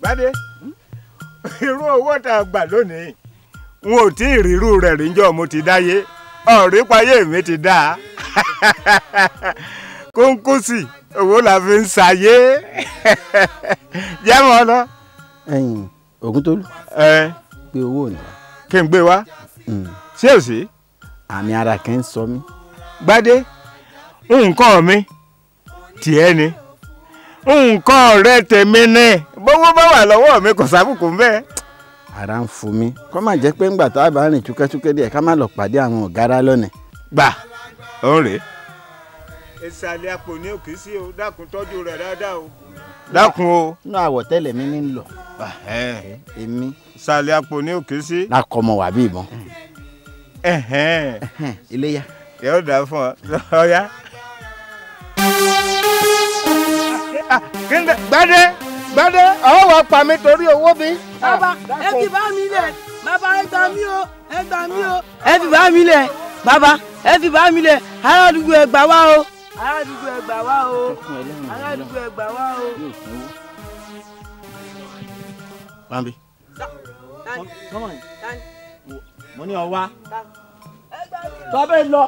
gbadé ah, irú owó tá a gbà lónìí n ò tí ì rírú rẹ̀ ríjọ́ mo ti dáyé ọ̀rí payé mi ti dáa kónkósì owó la fi ń ṣayé jẹ́ mọ́ lọ. ẹyin ògúntólú gbé owó ni wá. kí n gbé wá hmm. ṣé o sí. àmì ara kẹ́ ń sọ mí. gbadé nǹkan mi tiẹ̀ ni. nǹkan ọ̀rẹ́ tèmi ni bówó bá wà lọ́wọ́ mi kò sábùkù mbẹ́. ara ń fún mi kó má jẹ́ pé ńgbà tá a bá rìn túkẹ́túkẹ́ díẹ̀ ká má lọ pàdé àwọn ọ̀gára lọ́nà. gbà ó ń rèé. ìsàlẹ̀ àpò ní òkè sí o dákun tọ́jú rẹ̀ dáadáa o. dákun o. inú àwọ̀tẹ́lẹ̀ mi ní lọ. Ah, èmi. ìsàlẹ̀ àpò ní òkè sí. lakọmọ wà bí ìbọn. ya yóò dà fún ọ lọ́yà. gbadé gbadé ọwọ́ wa pa mi torí owó mi. bàbá ẹ fi bá mi lẹ̀ bàbá ẹ gbà mí o ẹ gbà mí o. ẹ fi bá mi bàbá ẹ fi bá mi ẹ gbà wá o. aládùúgbò ẹ gbà wá o. ẹ gbà wá o. mo ní tọ́ bẹ́ẹ̀ lọ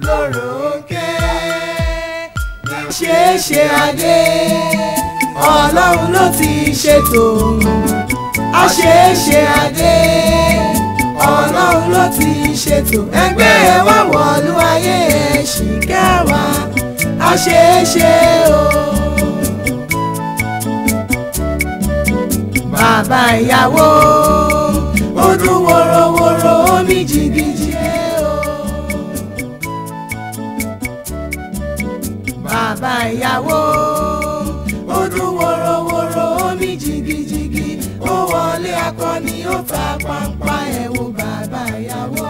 lórókè ṣeéṣe adé ọlọ́run ló ti ṣètò àṣeéṣe adé ọlọ́run ló ti ṣètò ẹgbẹ́ wa wọ̀lú ayé ṣìkẹ́ wa àṣeéṣe o. bàbá ìyàwó ó dún wòròwòrò mi. bàbá ìyàwó odún wòròwòrò omi jìgìjìgì ó wọlé akọni ó ta pàǹpà ẹ̀ wo bàbá ìyàwó.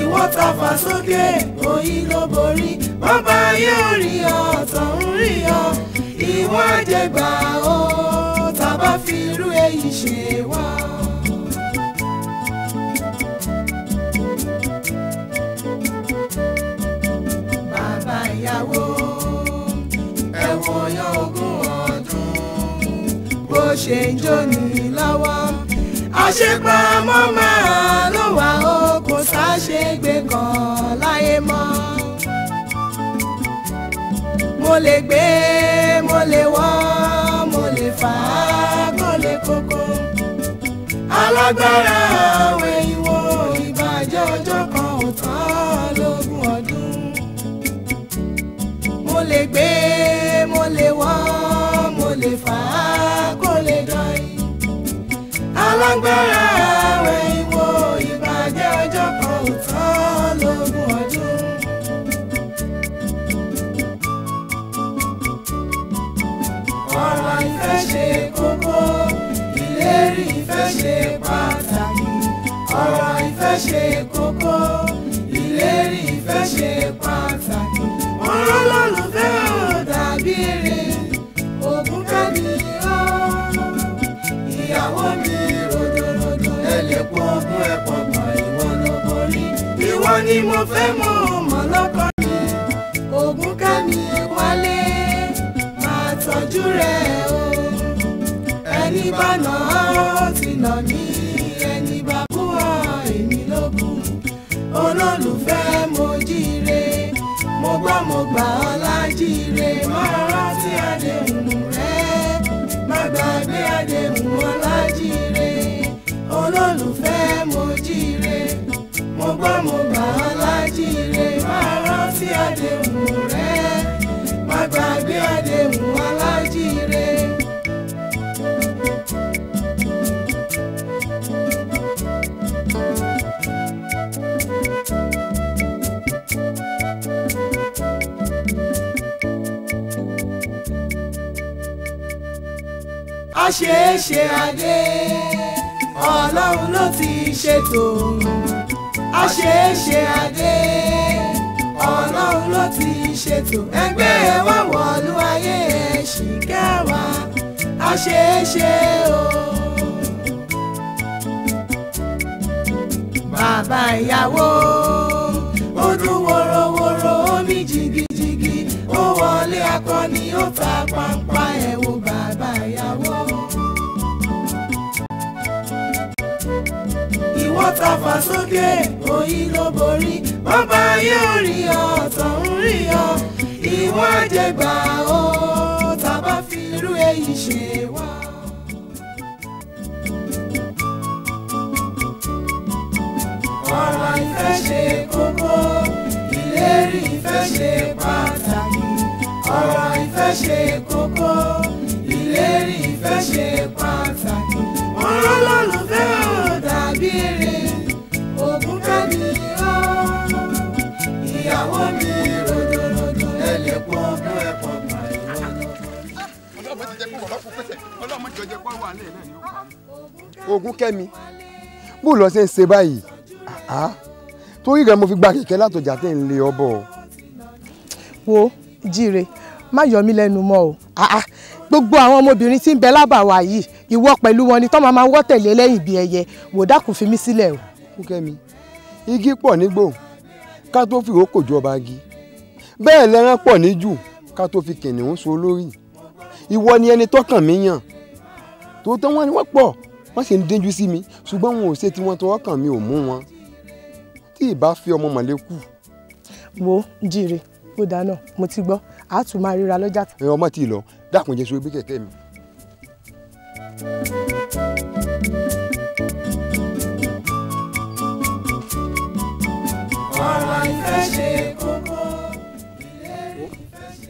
ìwọ ta fà sókè òyì ló borí bàbá yóò rí ọ tọ̀hún rí ọ ìwọ àjẹgbà ó tàbá fi irú èyí ṣe wá. ṣe ń jó ní lọ́wọ́ àṣepamọ́ máa ló wà ó kò sáṣegbé kan láyé mọ́ mo lè gbé mo lè wọ́ mo lè fà á kó lè kókó alágbára àwọn èèyàn wo ìbàjẹ́ ọjọ́ kan ò tán lógún ọdún mo lè gbé mo lè wọ́ mo lè fà á. alágbára. mo fẹ́ mọ ọmọ lọ́kàn mi ògùn ká mi wálé máa tọ́jú rẹ̀ o ẹni bá nà ó ti nà mí ẹni bá kú ọ èmi ló kù olólùfẹ́ mo jíire mo gbọ́ mo gbà ọ́ lájíire máa rántí àdéhùn rẹ má gbàgbé àdéhùn ọ lájíire olólùfẹ́ mo jíire mo gbọ́ mo gbà ọ́ lájíire àdéhùn rẹ má gbàgbé àdéhùn alájíire. àṣeéṣe adé ọlọ́run ló ti ṣètò àṣeéṣe adé ọlọ́run ló ti ṣètò ẹgbẹ́ wa wọ̀lú ayé ẹ̀ṣìnkẹ́ wa a ṣeé ṣe o. bàbá ìyàwó ó dún wòròwòrò omi jìgìjìgì ó wọlé akọni ó ta pàǹpà ẹ̀ wò bàbá ìyàwó. ìwọ́ta fà sókè. Okay òyìn ló borí bọ́ba yóò rí ọ tọ̀hún rí ọ ìwọ́n àjẹgbà ó tàbá fi irú èyí ṣe wá. ọ̀rọ̀ ìfẹ́ ṣe kókó ìlérí ìfẹ́ ṣe pàtàkì ọ̀rọ̀ ìfẹ́ ṣe kókó ìlérí ìfẹ́ ṣe pàtàkì. jọjẹ pọ́ wà lẹ́yìn náà ni ó parí. ogun kẹ́mi bó lọ ṣe ń ṣe báyìí torí rẹ mo fi gba kẹ̀kẹ́ látọjà tẹ̀ ń lé ọbọ̀. wo jíire má yọ mí lẹ́nu mọ́ o gbogbo àwọn ọmọbìnrin tí ń bẹ lábà wá yìí ìwọ pẹ̀lú wọn ni tọ́mọ máa wọ́ tẹ̀lé lẹ́yìn bí ẹyẹ wò dákun fi mí sílẹ̀ o. kúkẹ́mi igi pọ̀ nígbò ká tó fi òkò jọ ọba igi bẹ́ẹ̀ lẹ́ran pọ̀ níjù ká tó fi kìnìún so lórí ìwọ ni ẹni tọ́kàn mi yàn tòótọ́ wọn ni wọ́n pọ̀ wọ́n sì ń dínjú sí mi ṣùgbọ́n wọn ò ṣe tí wọ́n tọwọ́ kàn mí ò mú wọn tí ìbá fi ọmọ mọ̀lẹ́ kù. wo jíire mo dáná mo ti gbọ́ àá tún máa ríra lọ́jà. ẹ ọmọ tí ì lọ dákun jẹ́ sọ gbé mi.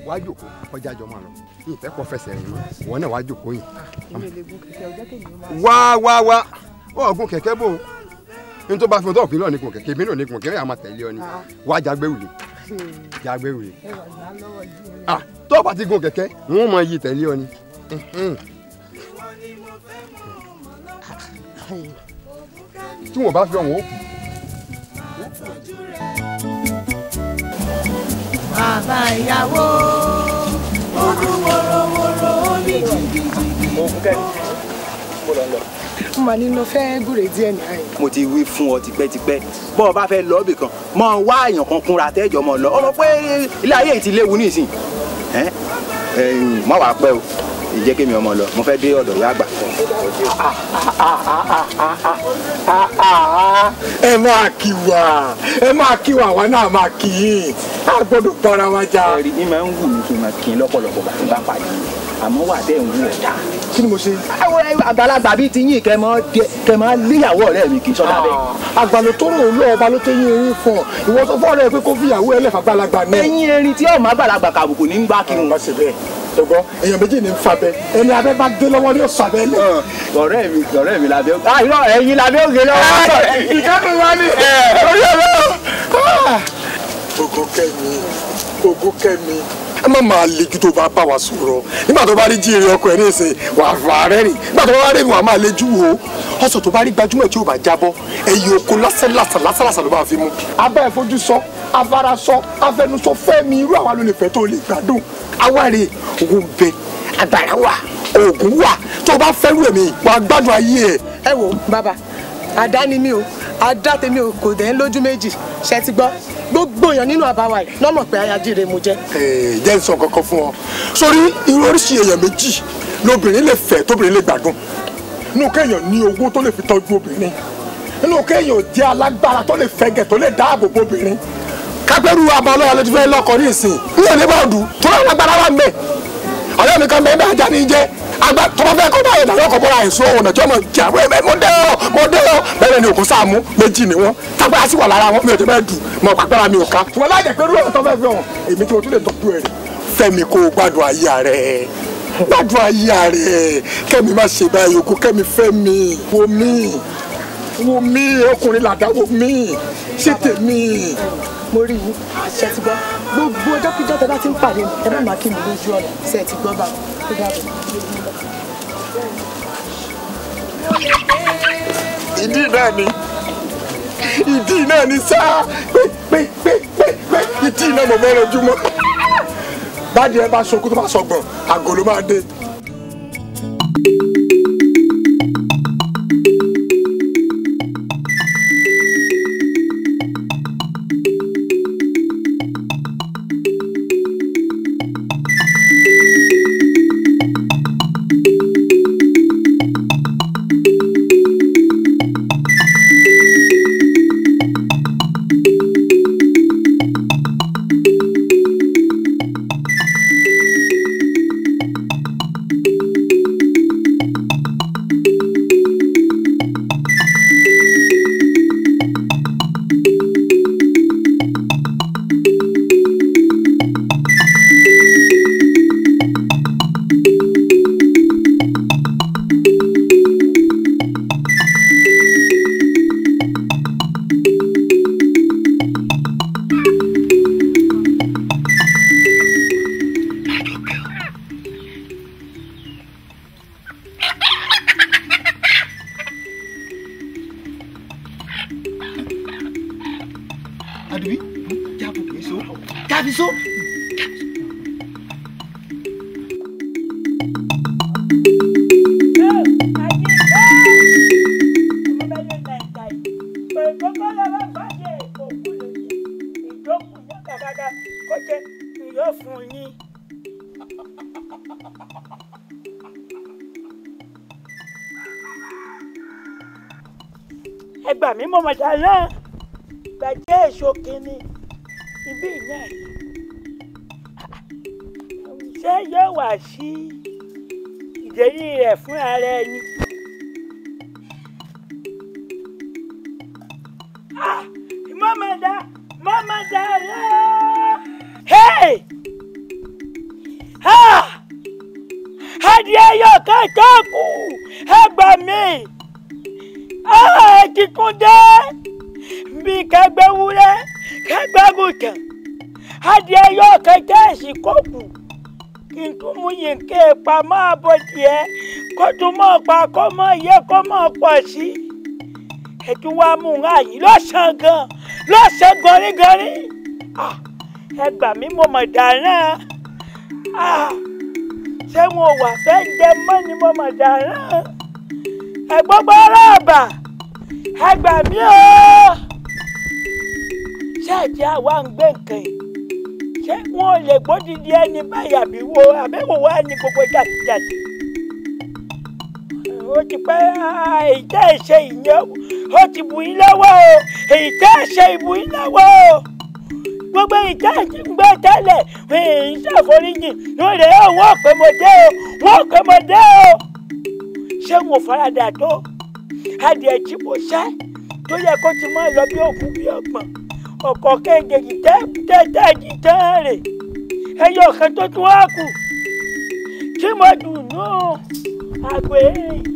ọ̀rọ̀ ìfẹ́ kọjá jọ lọ ìfẹ́ kọ fẹsẹ̀ wọn náà wá jókòó yìí wá wá wá wọ́n gun kẹ̀kẹ́ bò ó ní tó bá fi ọdọ́ òkè náà ní gun kẹ̀kẹ́ mi náà ní gun kẹ̀kẹ́ àmà tẹ̀lé ọ ni ah. wá jágbé wùlé jágbé wùlé tó bá ti gun kẹ̀kẹ́ wọ́n mọ iyì tẹ̀lé ọ ni. Hmm. tí wọn bá fi ọ̀hún ó kù. bàbá ìyàwó ojú wòròwòrò orí mo fún kẹ́ mo lọ lọ. mo mà ní lọ fẹ́ gòrè díẹ̀ ní àyè. mo ti wí fún ọ tipẹ́tipẹ́ bọ́ ọ bá fẹ́ lọ ibì kan mọ wá àyàn kan kúnra tẹ́jọ́ mọ lọ ọmọ pé ilé ayé yìí ti léwu nísìn mọ wàá pẹ́ o ìjẹ́ kémi ọmọ lọ mo fẹ́ dé ọ̀dọ̀ ìyá àgbà. ẹ máa wa ẹ máa kí wa àwa náà máa kí a gbọ́dọ̀ bára wa jà. ẹ rí i máa ń wù mí kí n máa kí n lọ́pọ̀lọpọ̀ bàtí bá pàdé àmọ́ wà á dẹ́ kí ni mo ṣe. àwọn àgbàlagbà bíi ti yín kẹ mọ kẹ mọ léyàwó ọ̀rẹ́ mi kì í sọdá bẹ́ẹ̀. Ah. àgbàlò tó rò lọ ọba ló tẹyìn erin fún ọ ìwọ sọ fún ọ̀rẹ́ pé kó fi ìyàwó ẹlẹfà gbàlagbà náà. ẹyin erin tí ọmọ àgbàlagbà kàbùkù ní gbà kí n. Ah, ṣùgbọ́n èèyàn méjì ní fàbẹ ẹni abẹ bá dé lọ́wọ́ ní ọ̀sán abẹ lẹ. Ah, ọ̀rẹ́ mi ọ̀rẹ́ mi làbẹ́ òkè. àìrọ̀ ẹ̀yin làbẹ́ òkè lọ́wọ́. ìjọba wa ni orí ọ̀rọ̀. ògùn kẹ́mi ògùn kẹ́mi ká má máa lejú tó bá bá wa sọ̀rọ̀ nígbà tó bá rí jíire ọkọ ẹ̀ ní ìsìn wà fà rẹ́rìn nígbà tó bá rí wà máa lejú wo ọsọ tó bá rí gbajúmọ̀ tí ò bá jábọ́ ẹ̀yìn oko lásán lásán lásán lásán ló bá fi mú. abẹ́ ìfojú sọ afárá sọ afẹnusọ fẹ́mi irú àwa ló lè fẹ́ tó lè gbádùn awáre òun bẹ àgbàrá wà oògùn wà tó bá fẹ́rù ẹ̀mí wà gbádùn ayé ẹ̀. ẹ wo bàbá àdá ni o adá tèmi ò kò dẹ̀ ń lójú méjì ṣe ti gbọ́ gbogbo èèyàn nínú àbáwá yìí lọ́mọ̀ pé ayájíire mo jẹ́. jẹ́ ìsọ kankan fún ọ sórí irú oríṣi èèyàn méjì lóbìnrin lè fẹ́ tóbìnrin lè gbádùn inú kéèyàn ní owó tó lè fi tọ́jú obìnrin inú kéèyàn jẹ́ alágbára tó lè fẹ́gẹ̀ tó lè dáàbò bóbìnrin kápẹ́rù àbọ̀ ọlọ́run ló ti fẹ́ lọ́kọ ní ìsìn ní òní bá dùn tó lọ́ọ́ lágbára wà mẹ́ẹ̀ ọ̀rẹ́ mi kan bẹ́ẹ̀ bá ajá ní jẹ́ agba tọ́mọ fẹ́ kọ́ báyìí làwọn ọkọ̀ bọ́ra ẹ̀sùn ọ̀nà tí ọmọ ìjà wẹ́ mẹ́ mo dé ọ mo dé ọ bẹ́ẹ̀ ni òkú sáàmú méjì ni wọ́n tágbára sì wà lára wọn mi ò tẹ́ bẹ́ẹ̀ dù mọ pàgbára mi ò ká. ṣùgbọ́n láì jẹ́ pé rúwẹ̀ tó fẹ́ fi hàn èmi tí mo tún lè tọ́jú ẹ̀ fẹ́mi kó o gbádùn ayé rẹ̀ gbádùn ayé rẹ̀ kẹ́mi má ṣe báyìí òkú kẹ́mi fẹ́mi wo mí wo mí ọkùnrin làdá wo mí ṣé tèmi. mo rí i ṣe ti gbọ́ gbogbo ọjọ́kíjọ́ tẹ bá ti ń pàdé ẹ má máa kí mi lójú ọ̀nà ṣe ti gbọ́ bá ó dàbọ̀. ìdí náà ni ìdí náà ni sáà pé pé pé pé pé ìdí náà mo mọ́ lójúmọ́. bá a di ẹ bá sọ kó tó bá sọ gbọ̀n àgọ́ ló máa dé. kó mọ iye kó mọ pọ̀ sí ẹ tún wá mú un àyìn lọ́sàn gan lọ́sàn gọrígọrí ah, ẹ gbà mí mo mọ̀ dáná ah, ṣé wọn ò wà fẹ́ jẹ mọ́ ni mo mọ̀ dáná ẹ gbọ́gbọ́ ọ̀rọ̀ ọ̀bà ẹ o ṣáàjì àwa ń gbé nǹkan yìí ṣé wọn ò lè gbódìdí ẹni báyìí àbí wo àbẹ́wò wa ni gbogbo jàdìjàdì èyí tẹ́ ẹ̀ ṣe ìyẹn ó ti bù yín lọ́wọ́ o èyí tẹ́ ẹ̀ ṣe ìbù yín lọ́wọ́ o gbogbo ìjà gbé tẹ́lẹ̀ èyí tẹ́ foríjì lóde ó wọ́n pé mo dé o wọ́n pé mo dé o ṣé mo faradà tó adìẹ tí mo ṣẹ́ tó yẹ kó ti máa lọ bí òkú bí ọgbọ̀n ọ̀pọ̀ kéńgèjì tẹ́ tẹ́ tẹ́ jì tẹ́ rè ẹyọ kan tó tún wá kù tí mo dùn náà àgbẹ̀ yìí.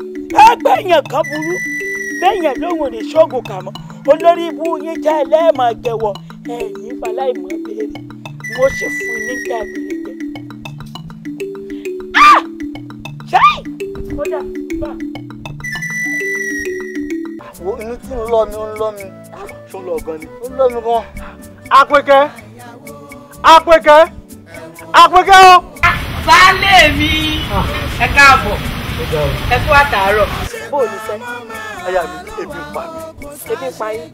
káàpẹ́ èèyàn kan burú bẹ́ẹ̀yàn lóhùn ní ṣọ́ọ̀gùn kà mọ́ olórí ibú yín jẹ́ ẹlẹ́ẹ̀mọ̀ jẹ̀wọ̀ ẹ̀yìn baláìmọ̀ béèrè mo ṣe fún yín jẹ́ àbílẹ̀ jẹ́. Ah! ṣẹ́yìn kódà bá. wo inú tí ń lọ mi ń lọ mi. Ah! ṣó ń lọ gan ni. ó ń lọ mi gan. apẹ̀kẹ́ apẹ̀kẹ́ apẹ̀kẹ́ o. Ah! baálé mi ẹ káàbọ̀ ẹ kú àtàárọ̀. bó o ní sẹ́. aya mi ebi ń pa mi. ebi ń pa yín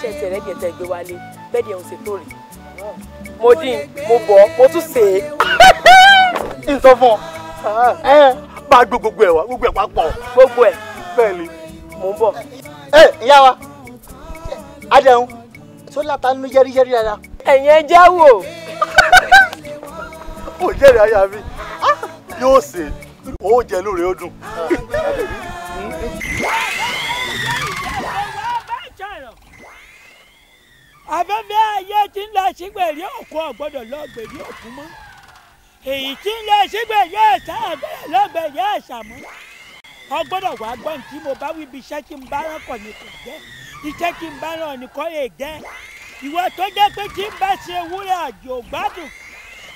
ṣe tẹ̀lé gẹ̀ẹ́tẹ̀ gbé wálé bẹ́ẹ̀ ni òun ṣètò rẹ̀ mo dín mo bọ̀ mo tún ṣe é. n sọ fún ọ bá ah. a gbé gbogbo ẹ wá gbogbo ẹ papọ̀. gbogbo ẹ bẹ́ẹ̀ ni mò ń bọ̀. ẹ ìyá wa adẹ̀hún tó láta nínú yẹ́rìyẹ́rì dáadáa. ẹ̀yin ẹ jẹ́ wò. jẹ́rìí aya mi ah, yóò ṣe é ó jẹ lóore ó dùn. afẹ́fẹ́ ayé tí ń lọ sígbèrí òkú ọ̀gbọ́dọ̀ lọ gbèrí òkú mọ́ èyí tí ń lọ sígbèrí ẹ̀sà àbẹ̀rẹ̀ lọ gbèrí ẹ̀sà mọ́ ọgbọ́dọ̀ wá gbọ́ ní tí mo bá wí bí iṣẹ́ tí ń bá rán kọ̀ ní kò jẹ́ iṣẹ́ tí ń bá rán ní kọ́ lè jẹ́ ìwọ tó jẹ́ pé tí ń bá ṣe wúrà àjò gbádùn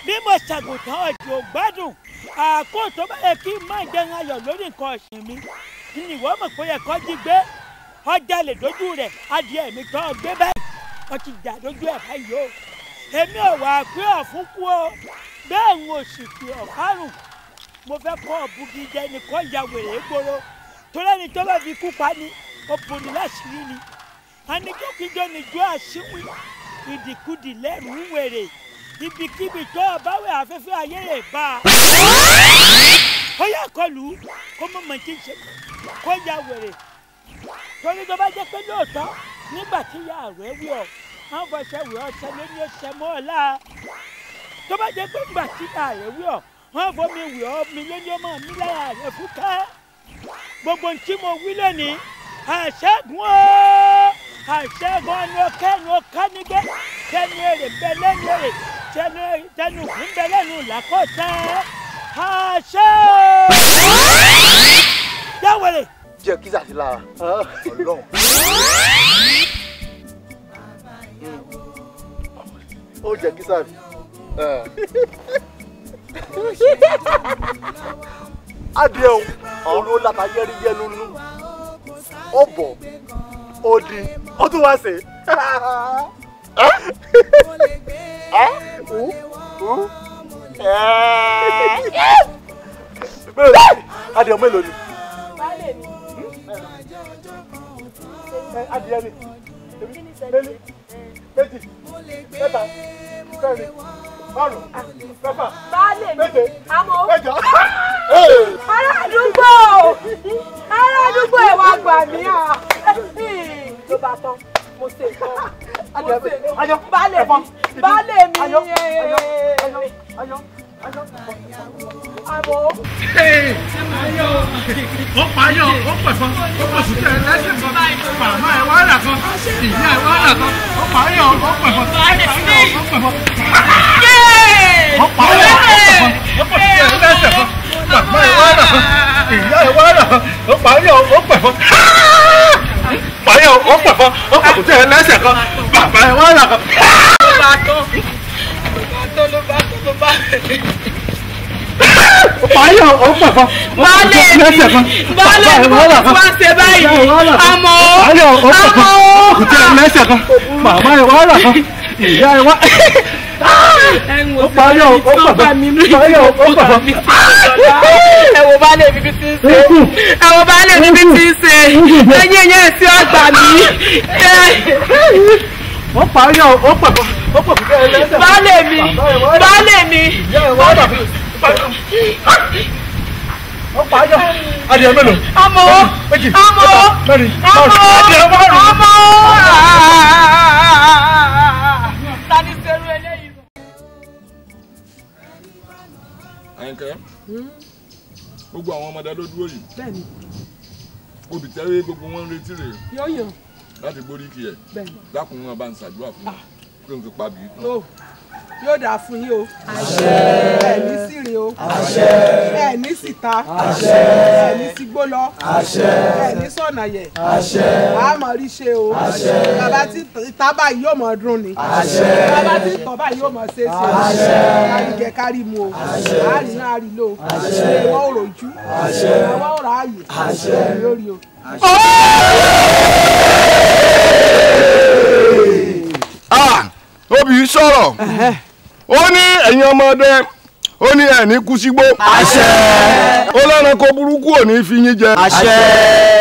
bí mo ṣàgùntàn àjò gbádùn àkó tó bá yẹ kí má jẹun ayọ̀ lórí nǹkan ọ̀sìn mi ni ìwọ mọ̀ pé ẹ̀kọ́ jí gbé ọjà lè dojú rẹ̀ adìẹ mi tọ́ gbé báyìí ọtí jà dojú ẹ̀ báyìí o èmi ò wà pé ọ̀fun kú o bẹ́ẹ̀ ń òsì pé ọ̀kárùn mo fẹ́ kọ́ ọ̀bùgì jẹ nìkan ya wèrè gbòòrò torí ẹni tó bá fi kú pa ni obìnrin láṣìírí ni anijó kíjọ nìjọ àṣìwìn ìdìkudì lẹ́rù ń wèrè ibikíbi tó o bá wẹ̀ afẹ́fẹ́ ayé rẹ̀ bá a. ó yà kọlù kó mọ̀ mọ̀ tí ń ṣe kó ya wèrè torí tó bá jẹ́ pé lóòótọ́ nígbà tí ya àwẹ̀ wí ọ́ wọ́n fọṣẹ wẹ̀ ọṣẹ lórí ọṣẹ mọ́ ọ láà tó bá jẹ́ pé nígbà tí ya àwẹ̀ wí ọ́ wọ́n fọmi wẹ̀ ọ́ mi lórí ọmọ mi lára rẹ̀ fúkẹ́ gbogbo ntí mo wí lónìí àṣẹ́gun ó àṣẹ́gun ọ̀nà kẹ́nu kánígẹ́ kẹ́nu èrè bẹ lẹ́nu èrè tẹnu kún bẹ lẹ́nu làkọ́tẹ́ àṣẹ. jáwèrè. jẹ kí sàṣì lára Ọlọ́run. Hmm. ó jẹ kí sàṣì. adìẹ òun olóòlà ta yẹri yẹ lulú ó bọ̀ ó di ó tún wá sí. mélòó ni adìẹ mélòó ni. adìẹ ni méjì mẹ́ta mẹ́rin márùn mẹ́fà méje mẹ́jọ. ará àdúgbò ará àdúgbò ẹ̀ wá gbà mí à ló bá tán mo ṣe tán mo ṣe tán baálé mi baálé mi àmọ́. ó payọ́ ó pẹ̀fọ́ ó pẹ̀sù tẹ̀ lẹ́sìn kan màmá ẹ̀ wá rà kan ìyá ẹ̀ wá rà kan ó payọ́ ó pẹ̀fọ́ ó pẹ̀fọ́ ó pẹ̀fọ́ wọ́n pa ọ́ wọ́n pọ̀ sí ẹ̀rọ lẹ́sẹ̀ fún màmá ẹ̀ wá náà ìyá ẹ̀ wá náà ó pa ọ́ yọ ó pẹ̀ fún pa ọ́ yọ ó pẹ̀ fún ó pẹ̀ kò sí ẹ̀rọ lẹ́sẹ̀ kan màmá ẹ̀ wá náà kan. ló bá tán ló bá tán ló bá Báyọ̀ ó pẹ̀ fún. Bálẹ̀ mi bálẹ̀ mi mo máa ṣe báyìí. Àmọ́ ó àmọ́ ó. Kò tẹ́ ẹ lẹ́sẹ̀ kan. Màmá ẹ wá rà kan. Ìyá ẹ wá ó bá lè bíbí tí ń ṣe ẹ bá lè bíbí tí ń ṣe ẹyín ẹyẹ sí ọgbà mi. ó parí ọ̀ ó pàpà ó pàpà bẹ́ẹ̀ lẹ́sẹ̀. baálé mi baálé mi. ìyá ẹ̀ ó parí ọ̀ adìyẹ mélòó. ọmọ ọmọ ọmọ ọmọ. àyìnkẹ́ hmm. gbogbo àwọn ọmọdé ló dúró yìí obì tẹ́wé gbogbo wọn ń retí rẹ̀ láti gbóríkì ẹ̀ dákun wọn bá ń ṣàdúrà fún un ah. kí n fi pa bìí tán. Oh yóò dáa fún yín o. àṣẹ. ẹ̀ẹ́ni sì rìn o. àṣẹ. ẹ̀ẹ́ni sì ta. àṣẹ. ẹ̀ẹ́ni sì gbó lọ. àṣẹ. ẹ̀ẹ́ni sọ̀nà yẹ̀. àṣẹ. a máa rí ṣe o. àṣẹ. bàbá tí ìta báyìí yóò máa dùn ni. àṣẹ. bàbá tí ìtọ̀ báyìí yóò máa ṣe é ṣe. àṣẹ. kárí jẹ kárí mu o. àṣẹ. àárín náà rí lò. ìwọ òrò ojú. ìwọ òrò ààyè. lórí o. àṣẹ. ah obìnrin sọ̀rọ̀. ó ní ẹ̀yin ọmọdé ó ní ẹ̀ ní kùsígbó. àṣẹ. ó lọ́nà burúkú ò ní fi yín jẹ. àṣẹ.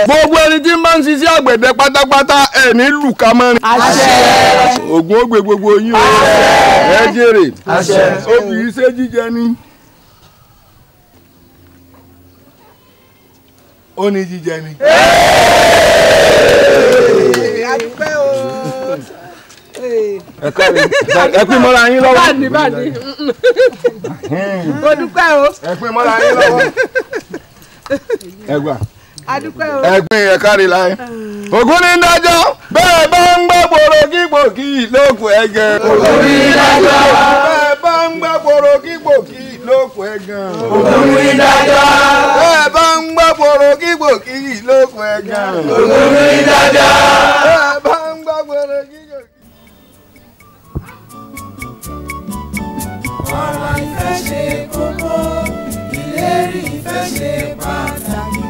gbogbo ẹni tí ń bá ń ṣiṣẹ́ àgbẹ̀dẹ pátápátá ẹ̀ lùkà mọ́rin. àṣẹ. ògùn gbogbo yín o. ẹ jèrè. àṣẹ. obì yìí jíjẹ ni. ó ní jíjẹ ni. ẹ pín mọ́ra yín lọ́wọ́. báàdì báàdì mo dúpẹ́ o. ẹ pín mọ́ra yín lọ́wọ́. ẹ gbà ẹgbin ẹ̀ka rẹ̀ láyé. ògùn ní dájọ́ bẹ́ẹ̀ bá ń gbọ́ pòròkìpòkì lókun ẹ̀gàn. ògùn ní dájọ́ bẹ́ẹ̀ bá ń gbọ́ pòròkìpòkì lókun ẹ̀gàn. ògùn ní dájọ́ bẹ́ẹ̀ bá ń gbọ́ pòròkìpòkì lókun ẹ̀gàn. ògùn ní dájọ́ bẹ́ẹ̀ bá. ọ̀rọ̀ ìfẹ́ ṣe kókó ìlérí ìfẹ́ ṣe pàtàkì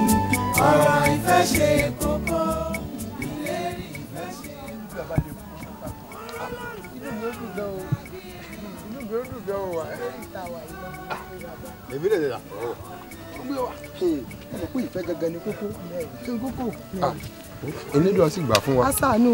ọ̀rọ̀ ìfẹ́ ṣe kókó ìlérí ìfẹ́ ṣe pàtàkì. èmi lè dà ọ́ gbé ìfẹ́ gangan ni kókó kókó. Elédùn ah, sì gbà fún wa. a ṣàánú.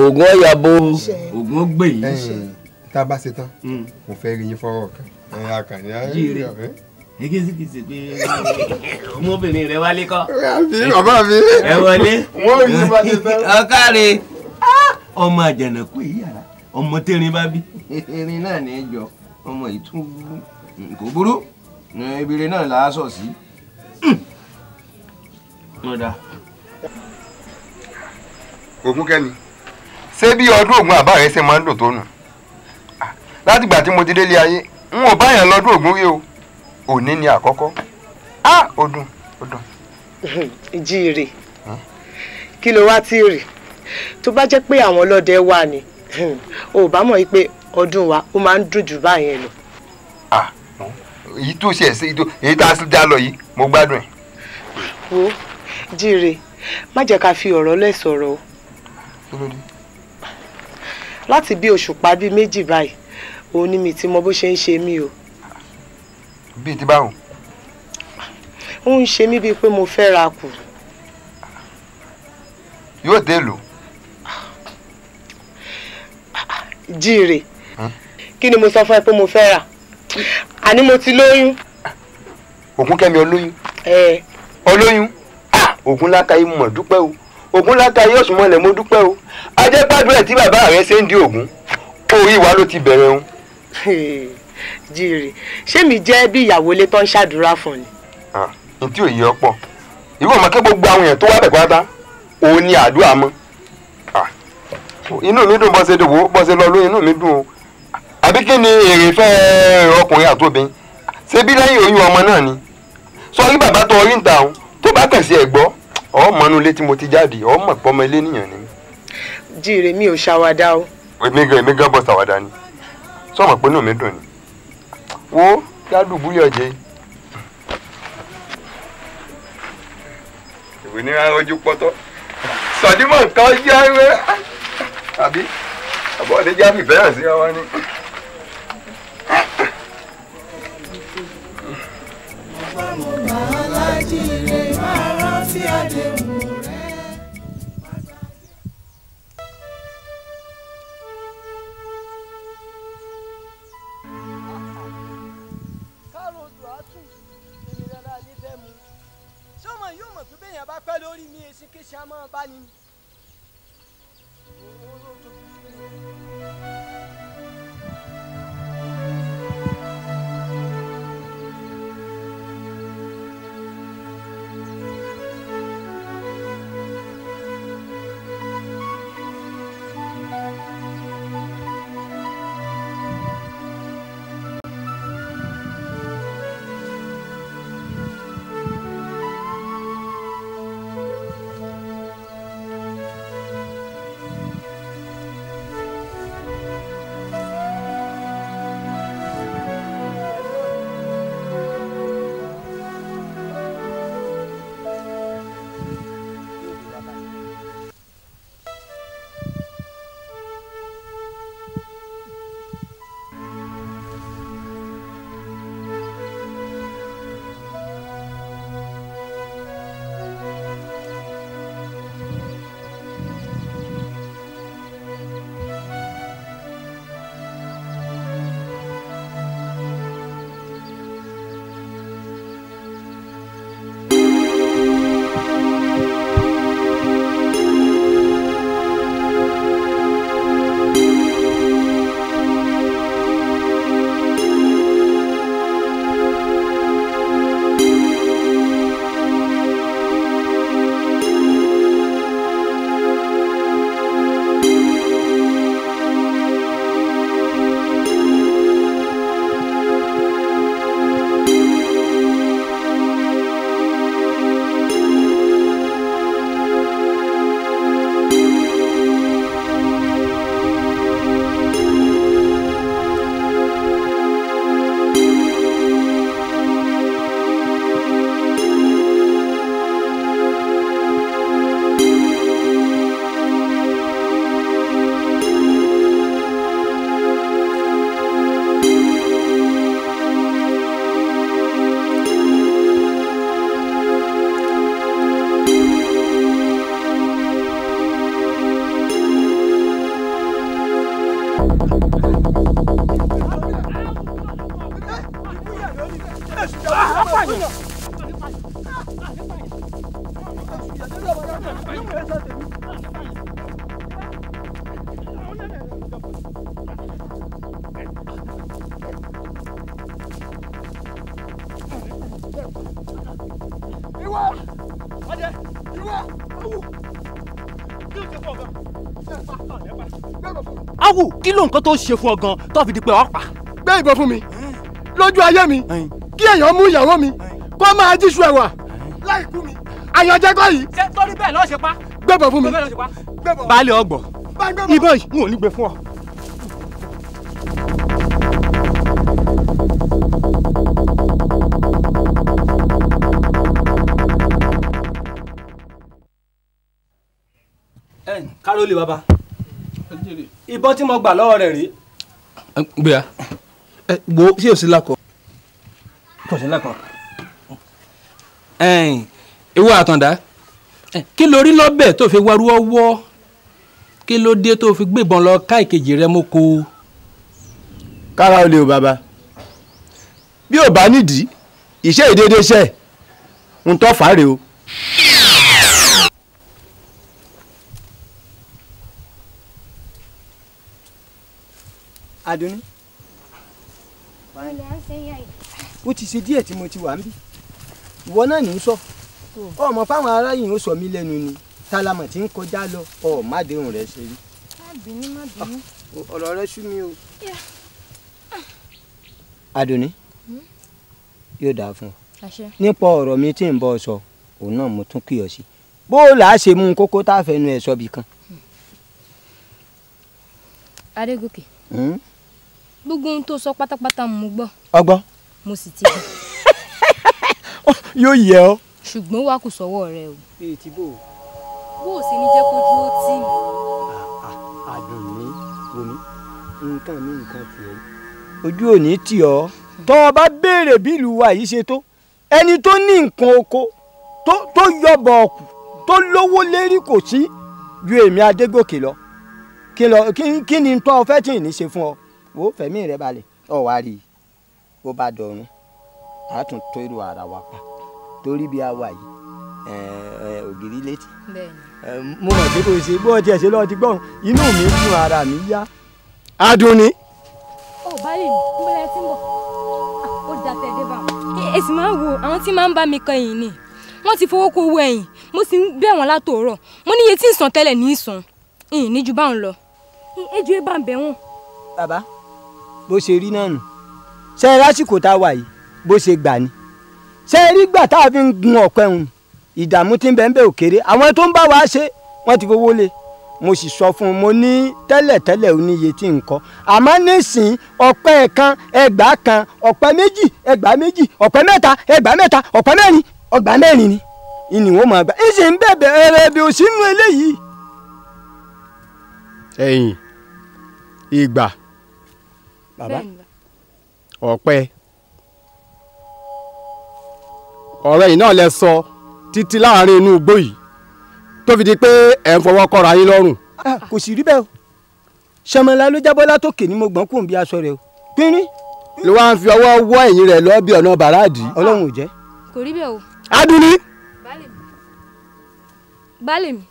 oògùn ọ̀yàbò oògùn gbè yín. tá a bá ṣe tán hmm. mo fẹ́ rí yín fọ́rọ̀ kan ẹ̀yà kan ní àárín ọ̀rẹ́. ege sì kìí ṣe pé ọmọbìnrin rẹ wálé kọ́. bàbá mi ẹ wọlé. wọ́n rí bá ṣe tán. ọ̀kàrẹ̀ ọmọ àjànàkú yìí yàrá ọmọ tẹ́rin bá bí. erin náà ní jọ ọmọ ìtún kò burú ibire náà là á sọ sí. lọ́dà. kẹ́ni ṣé bí ọdún ògùn àbá rẹ ṣe máa ń dùn tó nù ah, látìgbà tí mo ti délé ayé n ò bá yàn lọ́dún ògùn rí o òní ni àkọ́kọ́ á ah, ó dùn ó dùn. ìjíire hm? kí ló wá tí rè tó bá jẹ́ pé àwọn ọlọ́dẹ wà ní o ò bá mọ̀ pé ọdún wa ó máa ń dùn jù báyẹn lọ. Ah, hm. èyí tó ṣe ẹ̀sìn èyí tá a sì lọ yìí mo gbádùn ẹ̀. wo jíire má jẹ́ ká fi ọ̀rọ̀ lẹ̀ sọ̀rọ̀ o. kí láti bí òṣùpá bíi méjì báyìí òun ni mi ti mọ bó ṣe ń ṣe mí o. bíi ti báwo. ó ń ṣe mí bíi pé mo fẹ́ ra kù. yóò dé lò. jíire kí ni mo sọ fún ẹ pé mo fẹ́ rà àní mo ti lóyún. ògúnkẹ́mi olóyún. olóyún ah! ògúnlákàyé mọ̀ dúpẹ́ o ògún láta yóò sùn mọ́lẹ̀ mo dúpẹ́ o ajẹ́pàdúrà tí bàbá rẹ ṣe ń di ògún orí wa ló ti bẹ̀rẹ̀ o. jìrì ṣé mi jẹ́ bí ìyàwó ilé tó ń ṣàdúrà fún ni. n tí ò yí ọ̀pọ̀ ìwé ọmọ kí gbogbo àwọn èèyàn tó wá bẹ̀ pátá òun ni àdúrà mọ́ inú mi dùn bó ṣe dòwó bó ṣe lọ lóyún inú mi dùn o àbí kí ni èrè fẹ́ ọkùnrin àtòbìn ṣe bí lẹ́yìn oyún ọmọ náà ni sọ rí bàbá tó rí ń ta o tó bá tẹ̀sí ẹ̀ gbọ́ ọmọnú ilé tí mo ti jáde ọmọ ìpọmọ ilé nìyẹn ni. jíire mi ò ṣàwádà o. èmi gan èmi gan bọ́ ṣàwádà ni sọ̀mọ̀ pé inú mi dùn ni. wo ládùúgbò yọ̀jẹ̀. ìwé ní ojú pọ́tọ́ sọ̀dímọ̀ nǹkan jẹ́ ewé àbí àbọ̀dé jábì fẹ́ràn sí ọwọ́ ni. Báwo bá alájíire sí àdéhùn rẹ. lórí mi èsì kéṣe a máa bá ni. Táíwò kí ló nǹkan tó ṣe fún ọ gan tó fi di pé ọ pa. gbé ìbọn fún mi lójú ayé mi kí èèyàn mú ìyàwó mi kó máa jíṣu ẹwà láì kú mi àyànjẹ kọ yìí. ṣé torí bẹ́ẹ̀ lọ́ọ́ ṣe pa. gbẹ̀bọ̀ fún mi baálé ọgbọ̀ ìbọn yìí n ò ní gbé fún ọ. ẹ kárólì bàbá ìbọn tí mo gbà lọ́wọ́ rẹ̀ rí. gbéra ẹ wo ṣé o sí lakọ. kò sí lakọ. ewu àtàndá kí lórí lọ́bẹ̀ tó fi wárú ọwọ́ kí ló dé tó fi gbébọn lọ ká ìkejì rẹ mọ́kọ. kára olè o bàbá bí ò bá nídìí ìṣe ìdédé ṣe ń tọ́ fàárẹ̀ o. Adunni. o ti ṣe díẹ̀ tí mo ti wà ń bí ìwọ náà ní í sọ ọmọ fáwọn aráyìn ó sọ mí lẹ́nu ni tálámà tí ń kọjá lọ ọ má déhùn rẹ ṣe rí. má bínú ah, ọ̀rọ̀ rẹ sú mi o. Adunni hmm? yóò dáa fún ọ nípa ọ̀rọ̀ mi tí ń bọ́ ọ sọ òun náà mo tún kí ọ sí bó o là á ṣe mú un kókó tá a fẹnu ẹ sọ bì kan. Hmm? gbogbo ohun tó sọ pátápátá mo gbọ́. ọgbọ́. mo sì ti bọ̀. yóò yẹ ọ. ṣùgbọ́n wa kò sọ́wọ́ rẹ o. bí etí bò. bó o sì ní jẹ́ kó dúró tì mí. àdùnní omi nǹkan mi nǹkan tiẹ̀. ojú ò ní tì ọ́ tọ́ ọ bá béèrè bí ìlú wa yìí ṣe tó ẹni tó ní nǹkan oko tó yọ̀bọ̀ ọ̀kù tó lówó lérí kò sí ju èmi adégòkè lọ kí ni tó ọ fẹ́ tì ní ṣe fún ọ wo fẹ̀mí rẹ balẹ̀ ọ̀ wá rí i bó bá dọ̀run a tún tó irú ara wa pa torí bí a wà yìí ògiri létí mo mọ̀ pé kò ṣe bó ọ tiẹ̀ ṣe lọ́ọ́ ti gbọ́n inú mi fún ara mi yá. Adùnní. ó báyìí ń bẹ̀rẹ̀ tí ń bọ̀ ah, ó da tẹ̀lé bá wọn. èsì máa ń wo àwọn tí máa ń bá mi kan yìí ni wọ́n ti fowó kó owó ẹ̀yìn mo sì ń bẹ̀ wọ́n látòórọ̀ mo níye tí ń san tẹ́lẹ̀ ní ìsan ìyìn níjú báwọn lọ. ejò ẹ bá ń bẹ̀ wọ́n. bàbá bó ṣe rí náà nù ṣe é lásìkò tá a wà yìí bó ṣe gbà ni ṣe é rí gbà tá a fi ń gun ọ̀pẹ òun ìdààmú tí ń bẹ ń bẹ òkèrè àwọn tó ń bá wa ṣe wọ́n ti fowó lé mo sì sọ fún un mo ní tẹ́lẹ̀tẹ́lẹ̀ oníye tí n kọ́ àmọ́ nísìnyí ọ̀pẹ kan ẹgbàá kan ọ̀pẹ méjì ẹgbàá méjì ọ̀pẹ mẹ́ta ẹgbàá mẹ́ta ọ̀pẹ mẹ́rin ọgbà mẹ́rin ni ìní wọn máa gbà ẹ sì ń bẹ̀bẹ̀ ẹrẹ bí o sínú eléyìí. ẹ̀yìn ìgbà bàbá ọ̀pẹ ọ̀rẹ́ yìí náà lẹ sọ títí láàrin inú igbó yìí tó fi di pé ẹ̀ ń fọwọ́ kọ́ra yín lọ́rùn. Ah, kò sì rí bẹ́ẹ̀ o sọmọlá ló jábọ́ látòkè ni mo gbọ́n kó n bí aṣọ rẹ o pínrín. ló wá ń fi ọwọ́ wọ́ ẹ̀yìn rẹ̀ lọ bí ọ̀nà bàràdì. Ah, ọlọ́run ò jẹ́. kò rí bẹ́ẹ̀ o. adúní. baálé mi.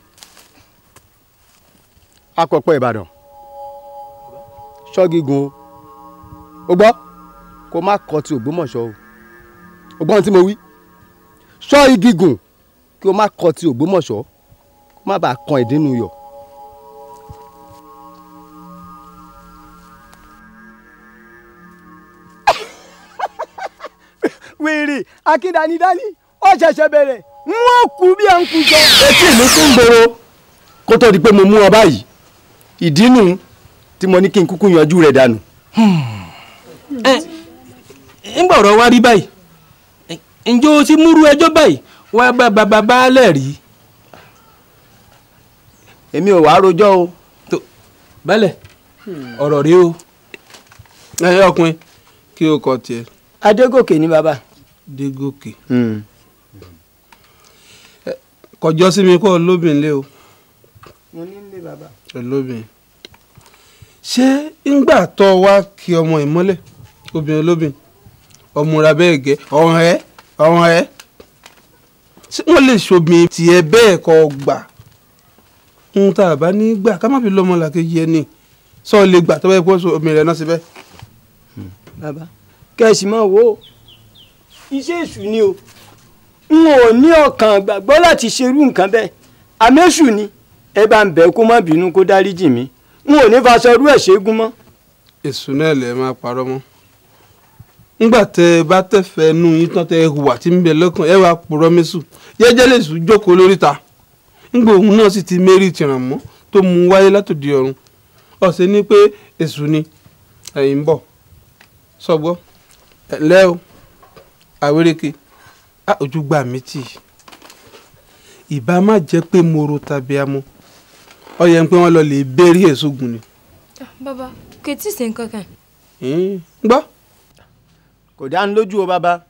akọ̀pọ̀ ìbàdàn ṣọ́gígun o o gbọ́ kó má kọ́ ti Ògbómọ̀ṣọ́ o o gbọ́ ohun tí mo wí ṣọ́ igi gùn kí o má kọ́ ti Ògbómọ̀ṣọ́ kó má bàa kan ìdínú yọ̀. wèrè akíndanidání ó ṣẹ̀ṣẹ̀ bẹ̀rẹ̀ wọ́n kú bí à ń kú jọ. etí ìlú tún gbòòrò kó tó di pé mo mú ọ báyìí ìdí nù tí mo ní kí n kúkú yanjú rẹ̀ dànù. Hmm. ńgbà ọ̀rọ̀ wa rí báyìí ǹjẹ́ o ti múrú ẹjọ́ báyìí wá bá bàbá baálẹ̀ rí. èmi ò wá rojọ́ o. tó bẹ́lẹ̀ ọ̀rọ̀ rí o. ẹ ọkùnrin kí o kọ adégòkè ni bàbá. adégòkè. Hmm. kọjọ́ sí mi kó o o. mo ní lé bàbá. ẹ lóbìn. ṣé obìnrin olóbìn ọmọra bẹ́ẹ̀ gẹ́ ọ̀hún ẹ ọ̀hún ẹ ṣé wọ́n lè ṣobìnrin tiẹ̀ bẹ́ẹ̀ kọ́ gbà ń tá bá ní gbà ká má fi lọ́mọ làkejì ẹni sọ lè gbà tó bá yẹ so obìnrin rẹ̀ náà síbẹ̀. bàbá kẹ̀sì máa wò ó iṣẹ́ èṣù ni o n ò ní ọkàn gbàgbọ́ láti ṣerú nǹkan bẹ́ẹ̀ àmẹ́ṣù ni ẹ bá ń bẹ̀ kó má bínú kó dáríjì mi n ò ní faṣọ rú ẹ̀ ṣẹ́gun mọ́. èṣù náà lè máa parọ́ mọ́. ńgbà tẹ bá tẹfẹ nu yín tán tẹ hùwà tí ń bẹ lọ́kàn ẹ wàá pòrọ mẹsù jẹ́jẹ́ lè jókòó lórí ta ńgbà òun náà sì ti mẹrí tìràn mọ tó mú wáyé látòdì ọ̀run ọsẹ ni pé èṣù ni ẹ̀yin bọ̀ sọgbọ ẹlẹ o àwérèké a ojú gbà mí tì ìbá má jẹ́ pé mo ro tàbí amọ ọ yẹ pé wọ́n lọ lè bẹrí èṣù gùn ni. Ah, bàbá kò tí ì ṣe nǹkan kan. gbọ́. kò dá ń lójú o bàbá.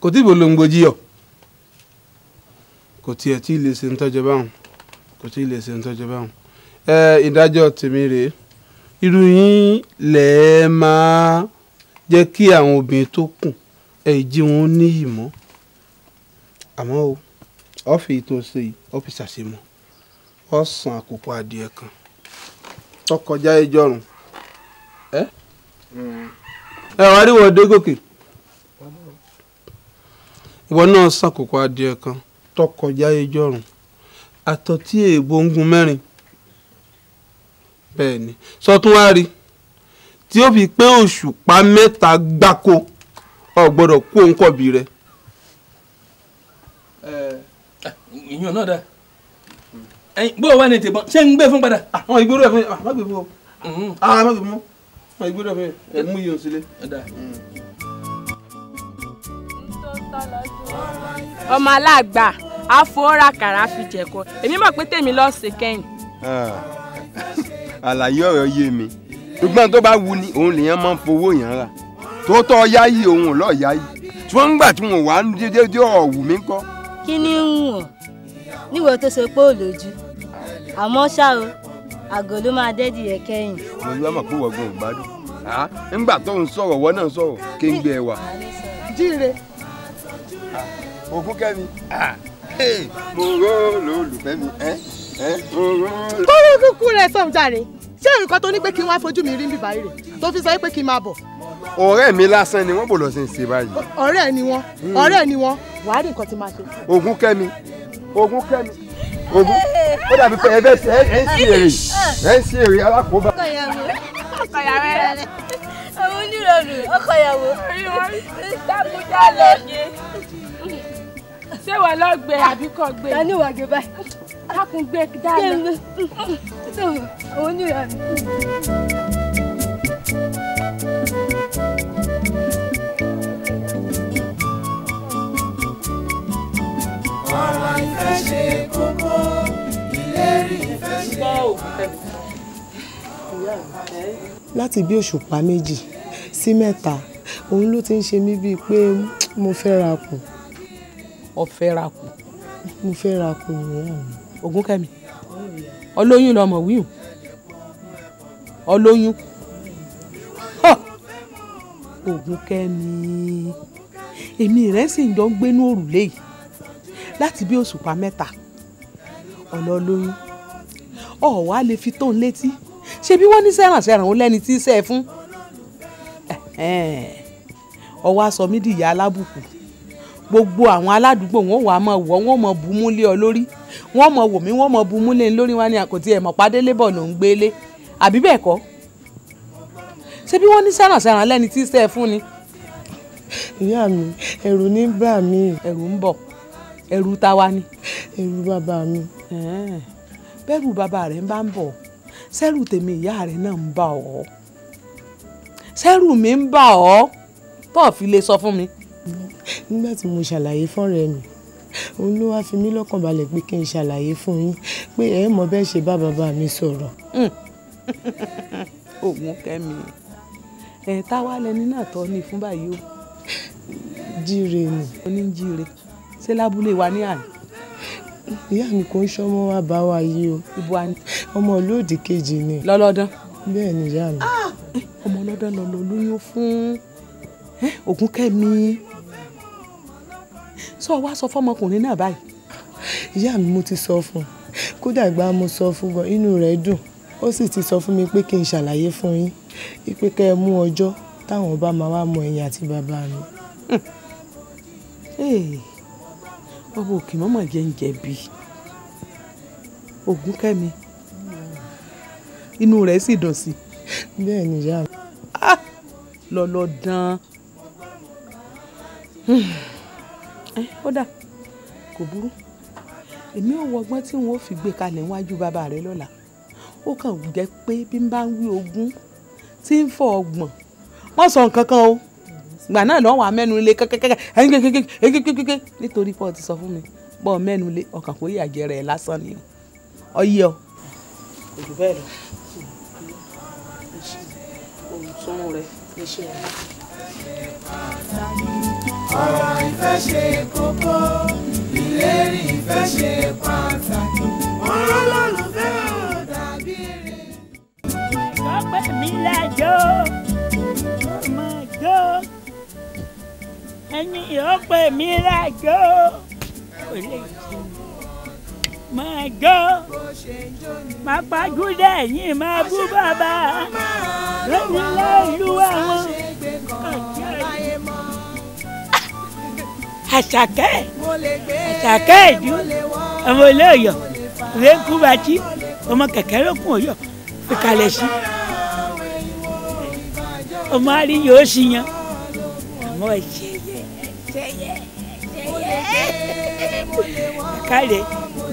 kò tí ìbòlóńgbò jiyọ kò tiẹ̀ tí ì lè ṣe ń tọ́jọ báwọn kò tí ì lè ṣe ń tọ́jọ báwọn. ẹ ìdájọ́ tèmi rèé irú yín lẹ̀ máa jẹ́ kí àwọn obìnrin tó kù ẹ jí wọn níyì mọ́ àmọ́ o ọ́fì tó ṣe yìí ọ́fíìsì àṣemọ́ wọ́n san àkókò adìẹ kan tọkọjá ẹjọ́rùn ẹ́. Mm. ẹ̀wá rí wọ́n dé gòkè ìwọ náà sàkókò adìẹ kan tọkọjá ejò ọ̀run àtọ̀tí ègbóngun mẹ́rin ni sọtún wá tí ó fi pé pa mẹ́ta gbáko o gbọ́dọ̀ rẹ. náà o ń gbé ah, ọ ma gbọ́dọ̀ fẹ́ ẹ mú yìí òsílẹ̀. ọmọ aláàgbà àfọwọ́ra kàrà fi jẹ̀kọ èmi mọ̀ pé tèmi lọ́ọ́ ṣe kẹ́yìn. àlàyé ọ̀rọ̀ yé mi ṣùgbọ́n tó bá wu ni òun lèèyàn máa ń fowó yẹn rà tó tọ́ ya yìí òun ò lọ́ọ́ ya yìí tí wọ́n ń gbà tí wọ́n wà á dédé ọ̀wù mi kọ́. kí ni ń wọ̀n níwọ̀n tó ṣe pé ò lójú àmọ́ ṣá o àgò ló máa dẹ́dì ẹ̀ kẹ́yìn. olú àmọ̀ pé wọ́n gun ògbádùn ńgbà tó ń sọ̀rọ̀ wọ́n náà sọ̀rọ̀ kí n gbé ẹ wà. jíire ògún kẹ́mi mo ró lólùfẹ́ mi mo ró. kóró kúkú rẹ sọ̀rọ̀ jàre ṣé nǹkan tó ní pé kí n wá fojú mi rí bí báyìí rè tó fi sọ pé kí n máa bọ̀. ọ̀rẹ́ mi lásán ni wọ́n bò lọ sí ṣe báyìí. ọ̀rẹ́ ni wọ́n hmm. ọ̀rẹ́ ni wọ́n wàá rí nǹkan tí máa ṣe. ògún kẹ́mi ògún kẹ́mi ogun ó dàbí pé ẹ bẹ ṣe ẹ ń sí èrè ẹ ń sí èrè alákòóbá. ọkọ ìyàwó ọkọ ìyàwó rẹ àwọn onírọ̀rù ọkọ ìyàwó rí wọn dákúndá lọ́gẹ ṣé wà lọ́gbẹ àbí kọ́ gbé. ta ni wàá gbé báyìí. dákun gbé dáná. ṣé òun onírọ̀rù. ìfẹ́ ṣe kókó ìlérí ìfẹ́ ṣe kókó. láti bí òṣùpá méjì sí mẹ́ta òun ló ti ń ṣe mí bíi pé mo fẹ́ ra kù. o fẹ́ ra kù. mo fẹ́ ra kù wọ́n. Ògúnkẹ́mi olóyún lọmọ wíwù olóyún Ògúnkẹ́mi èmi rẹ̀ sì ń jọ ń gbénú òrùlé yìí láti bí òṣùpá mẹ́ta ọ̀nà olóyún ọ̀wá lè fi tóun létí ṣebí wọ́n ní sẹ́ràn sẹ́ràn ó lẹ́ni tí í sẹ́ ẹ fún ọwọ́ aṣọ mi dìyà alábùkù gbogbo àwọn aládùúgbò wọn wà á mọ wọ wọn mọ bùmú lé ọ lórí wọn mọ wò mí wọn mọ bùmú lé lórí wọn ni àkòtí ẹ̀ mọ̀ padélébọ̀ ló ń gbélé àbí bẹ́ẹ̀ kọ́ ṣebí wọ́n ní sẹ́ràn sẹ́ràn lẹ́ni tí í sẹ́ ẹ fún ni. ìyá mi ẹ̀rù ní bà mí. ẹ̀rù ń bọ̀ ẹrù táwa ni. ẹrù bàbá mi. bẹ́ẹ̀rù bàbá rẹ̀ ń bá ń bọ̀ sẹ́rù tèmi ìyá rẹ̀ náà ń bà ọ́ sẹ́rù mi ń bà ọ́ tó fi lè sọ fún mi. nígbà tí mo ṣàlàyé fọ́nrẹ́ mi òun ló wáá fi mí lọ́kàn balẹ̀ pé kí n ṣàlàyé fún yín pé ẹ mọ bẹ́ẹ̀ ṣe bá bàbá mi sọ̀rọ̀. Hmm. òun kẹ́mi ẹ̀ táwa lẹni náà tọ́ ni fún báyìí o. jíire ni. oníjíire ṣé lábúlé wa ní àná. ìyá mi kò ń ṣọmọ wa bá wa yìí o. ibo a ní. ọmọ olóòdì kejì ni. lọ́lọ́dán. bẹ́ẹ̀ ni ìyá mi. Ah! ọmọ ọlọ́dán lọ lóyún fún Ògúnkẹ́mi sọ wá sọ fọmọkùnrin náà báyìí. ìyá mi mo ti sọ fún un kódà ìgbà mo sọ fún gan inú rẹ̀ dùn ó sì ti sọ fún mi pé kí n ṣàlàyé fún yín pé kẹ́ ẹ mú ọjọ́ táwọn bá máa wá mọ ẹ̀yìn àti bàbá mi ọba òkè mọ́mọ́ jẹ́ ń jẹ̀bi ògúnkẹ́mi inú rẹ̀ sì dùn sí. bẹ́ẹ̀ ni ìyá mi. Ah! lọ́lọ́ dán kódà eh, kò burú èmi ò wọgbọ́n tí wọn ò fi gbé kalẹ̀ níwájú bàbá rẹ lọ́la ó kàn jẹ́ pé bí n bá ń wí ogún tí ń fọ ọgbọ̀n wọ́n sọ nǹkan kan o gbà náà lọ́wọ́ amẹ́nu lé kẹ́kẹ́kẹ́ ẹ̀ńkẹ́kẹ́kẹ́ nítorí pọ́ọ̀ ti sọ fún mi bọ́ mẹ́nu lé ọkàn kò yà jẹrẹ ẹ̀ lásán ni ọ yẹ ọ. kò bẹ́ẹ̀ lọ ohun tó ń rẹ iṣẹ́ rẹ. ọ̀rọ̀ ìfẹ́ ṣe kókó ìlérí ìfẹ́ ṣe pàtàkì ọ̀rọ̀ lọ́lùfẹ́ ò dàbí eré. ìgbọ́pẹ́ mi lẹ́jọ́ ọmọ ìjọ́ ẹni yóò pè mí lájọ́ kò lè jù máa jó máa pàjùdé yìí máa bú bàbá lórí lóòlù àwọn àṣàkẹ́ àṣàkẹ́ ìdú ọmọ olóòyọ̀ rẹ́kú bàtí ọmọ kẹ̀kẹ́ lókun òyọ̀ fìkàlẹ̀ sí ọmọ àríyọ̀ ó sì yan àmọ́ ẹ̀jẹ̀. kalẹ̀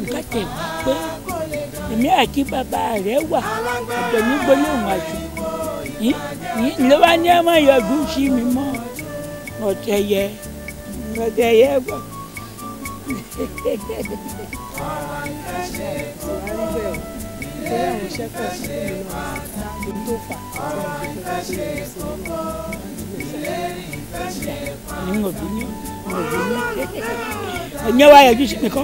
nǹkan tẹ̀ wá pé èmi àti bàbá rẹ̀ wà ọ̀dọ̀ mi gbólóhùn àjò ló wá ní ọmọ yọdún sí mi mọ́ ọ̀tẹ̀yẹ ọ̀tẹ̀yẹ gbọ́. Ìgbéyàwó iṣẹ́ pọ̀ sí ìlú ju si mi kọ.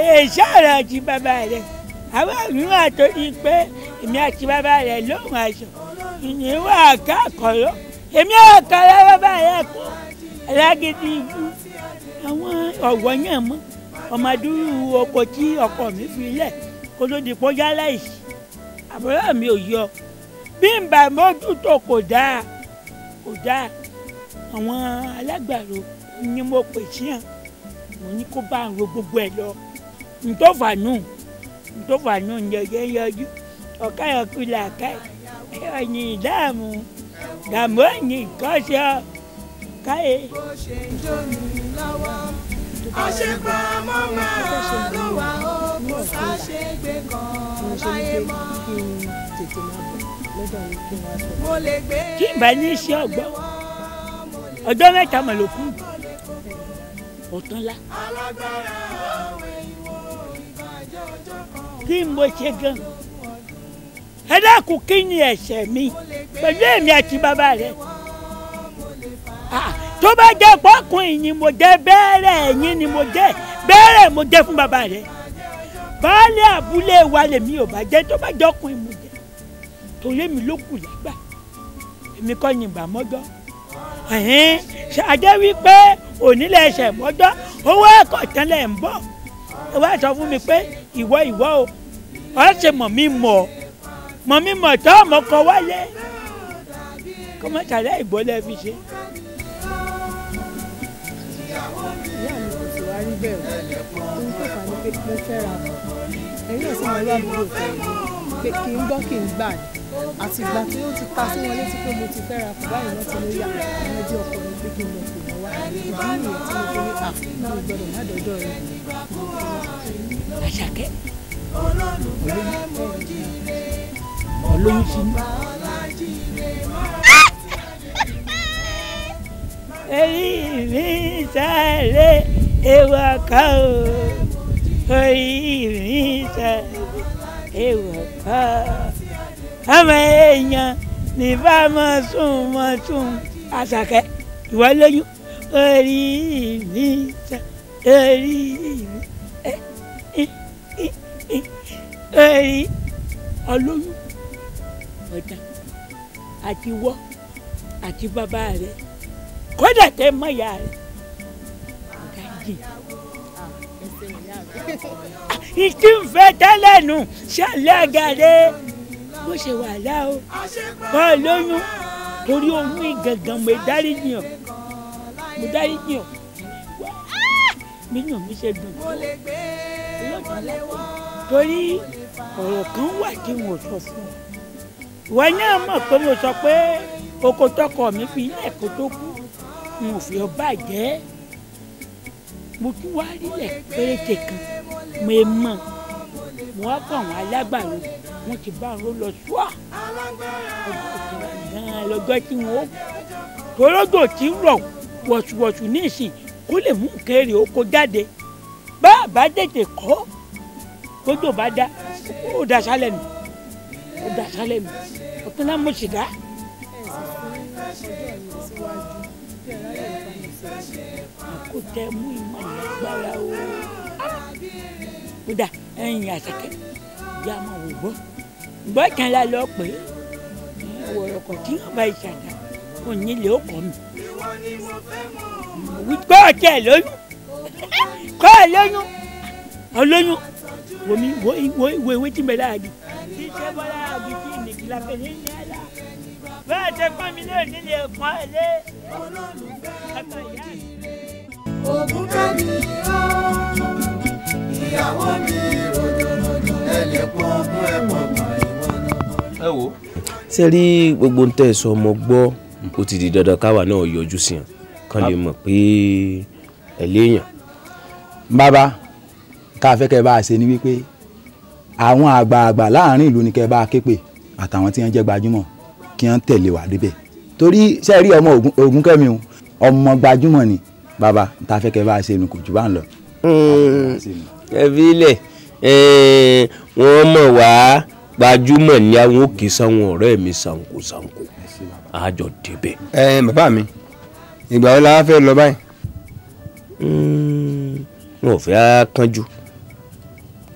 èsà ọ̀rọ̀ àti bàbá rẹ̀ àwọn àmìwà tó di pé èmi àti bàbá rẹ̀ lóhùn àṣọ ìníwà àkàkọ̀rọ̀ èmi àkàrà bàbá rẹ̀ kú alágídí ibú àwọn ọ̀wọ́ yẹn mọ́ ọmọdúró oko tí ọkọ mi fi lẹ̀ kó tó di pé ó yá láìsí àbúrò mi ò yọ bí n bá mójútó kò dáa kò dáa àwọn alágbàro ni mo pè sí hàn mo ní kó bá ń ro gbogbo ẹ lọ ntọ́fà nù ntọ́fà nù njẹ́jẹ́ yọjú ọ̀ka yọkú là ká ọ̀yìn ìdáàmú dààmú ọ̀yìn kọ́sọ́ káyé. bó ṣe ń jó kí n bá ní iṣẹ́ ọgbọ́n ọjọ́ mẹ́ta mọ̀ ọ̀tún la. alágbára òwe kí n mo ṣe gan ẹ kí ni ẹ̀ṣẹ̀ mi pẹ̀lú èmi àti bàbá rẹ tó bá jẹ́ pọkùnrin ni mo jẹ́ bẹ́ẹ̀rẹ̀ ẹ̀yìn ni mo jẹ́ bẹ́ẹ̀rẹ̀ mo jẹ́ fún bàbá rẹ baálé àbúlé wa lèmi ò bá jẹ́ tó bá jẹ́ ọkùnrin mo jẹ́ torí èmi ló kù lágbà èmi kọ́ yìnbà mọ́jọ́ ṣàjẹ́ wípé òní lẹ̀ mọ́jọ́ owó ẹ̀kọ́ tán ń bọ̀ ó wá sọ fún mi pé ìwọ ìwọ o ọ ṣe mọ̀ mí mọ̀ mọ̀ mí mọ̀ tọ́ ọmọ kan wáyé kó má ṣàlẹ́ ìgbọ́lẹ̀ fi ṣe. ìyá mi gbọ́ kí n gbà ní àtìgbà tí ó ti ta sí wọn létí pé mo ti fẹ́ra kò báyìí wọ́n lóyà ẹ̀yìn ọjọ́ ọkọ mi pé kí ìdí nìyẹn tí mo fi ní à mo gbọ́dọ̀ má dọ́jọ́ rẹ̀ àṣàkẹ́ olóyún ti ní. Ah! èyí mi sáré ewa ká o èyí mi sáré ewa ká ọmọ èèyàn ní bá a máa sùn máa sùn àṣàkẹ́ ìwọ lóyún orí mi ta orí mi orí ọlọ́yún ọ̀dà àti wọ́ àti bàbá rẹ̀ kódà tẹ mọ́ ìyá rẹ̀ ọ̀gá yìí ìtì ń fẹ́ tẹ́lẹ̀ nù ṣàlẹ́ àgàdé bó ṣe wà láò kọ́ torí oyún ìgàngàn mọ̀ ìdáríjì mo dárí yàn mi yàn mi ṣe dùn torí ọ̀rọ̀ kan wà tí mo sọ fún ọ ìwọ náà mọ̀ pé mo sọ pé oko tọkọ mi fi ilé tó kú n ò fi ọba jẹ́ mo tún wá rílẹ̀ péréte kan mo è e mọ̀ mo wá bọ̀ àwọn alágbàro wọn ti bá wọn lọ sùá ọjọ́ ìtura náà lọ́jọ́ tí wọn ó torógò tí ń rọ̀ wọ̀ṣùwọ̀ṣù ní ìsìn kó lè mú nǹkan èrè oko jáde bá a bá tètè kọ́ gbódò bá dá ó dá sálẹ̀ nù ó dá sálẹ̀ nù ọ̀tún náà mo sì dá. kò tẹ mú ìmọ̀ ìlágbára o ó dà ẹ̀yìn àṣàkẹ́ ìyá máa wò gbọ́ gbọ́ kan la pé wọ̀rọ̀kọ̀ tí wọ́n bá ìṣàdá òní lè ó kọ́ mi kọ́ ọ̀tẹ̀ lóyún kọ́ ọ̀ lóyún ọlóyún wòmí wo ìwé ìwé tí mi láàgì tí ṣe bọ́lá àgì tí nìkì la fẹ́ nílé àlá bẹ́ẹ̀ ṣe pọ́n mi náà nílé ẹ̀kọ́ ẹ̀lẹ́ ẹ̀kọ́ ìyá mi. ògùn kẹ́mi ó ìyàwó mi ròdòròdò ẹ lè pọ́ ọmọ ẹ̀pọ̀ mọ́ ìwọ náà. ẹ wo. ṣe rí gbogbo ń tẹ̀ sọ ọmọ gbọ́ ó ti di dandan káwa náà yọjú sí wọn kán lè mọ̀ pé ẹ léèyàn. bàbá tá a fẹ́ kẹ́ bá a ṣe ni wípé àwọn àgbààgbà láàrin ìlú ni kẹ́ bá a ké pè àtàwọn tí wọ́n jẹ́ gbajúmọ̀ kí wọ́n tẹ̀lé wa débẹ̀ torí sẹ́ẹ̀rí ọmọ Ògúnkẹ́mi o ọmọ gbajúmọ̀ ni bàbá tá a fẹ́ kẹ́ bá a ṣe ni kò jù bá ń lọ. ẹbí wọ́n mọ̀ wá gbajúmọ̀ ni àwọn òkè sanwó ọ̀rẹ́ mi sanko sanko àjọ débẹ̀. ẹ bàbá mi ìgbà wo la fẹ́ lọ báyìí. Hmm, n ò fẹ́ á kánjú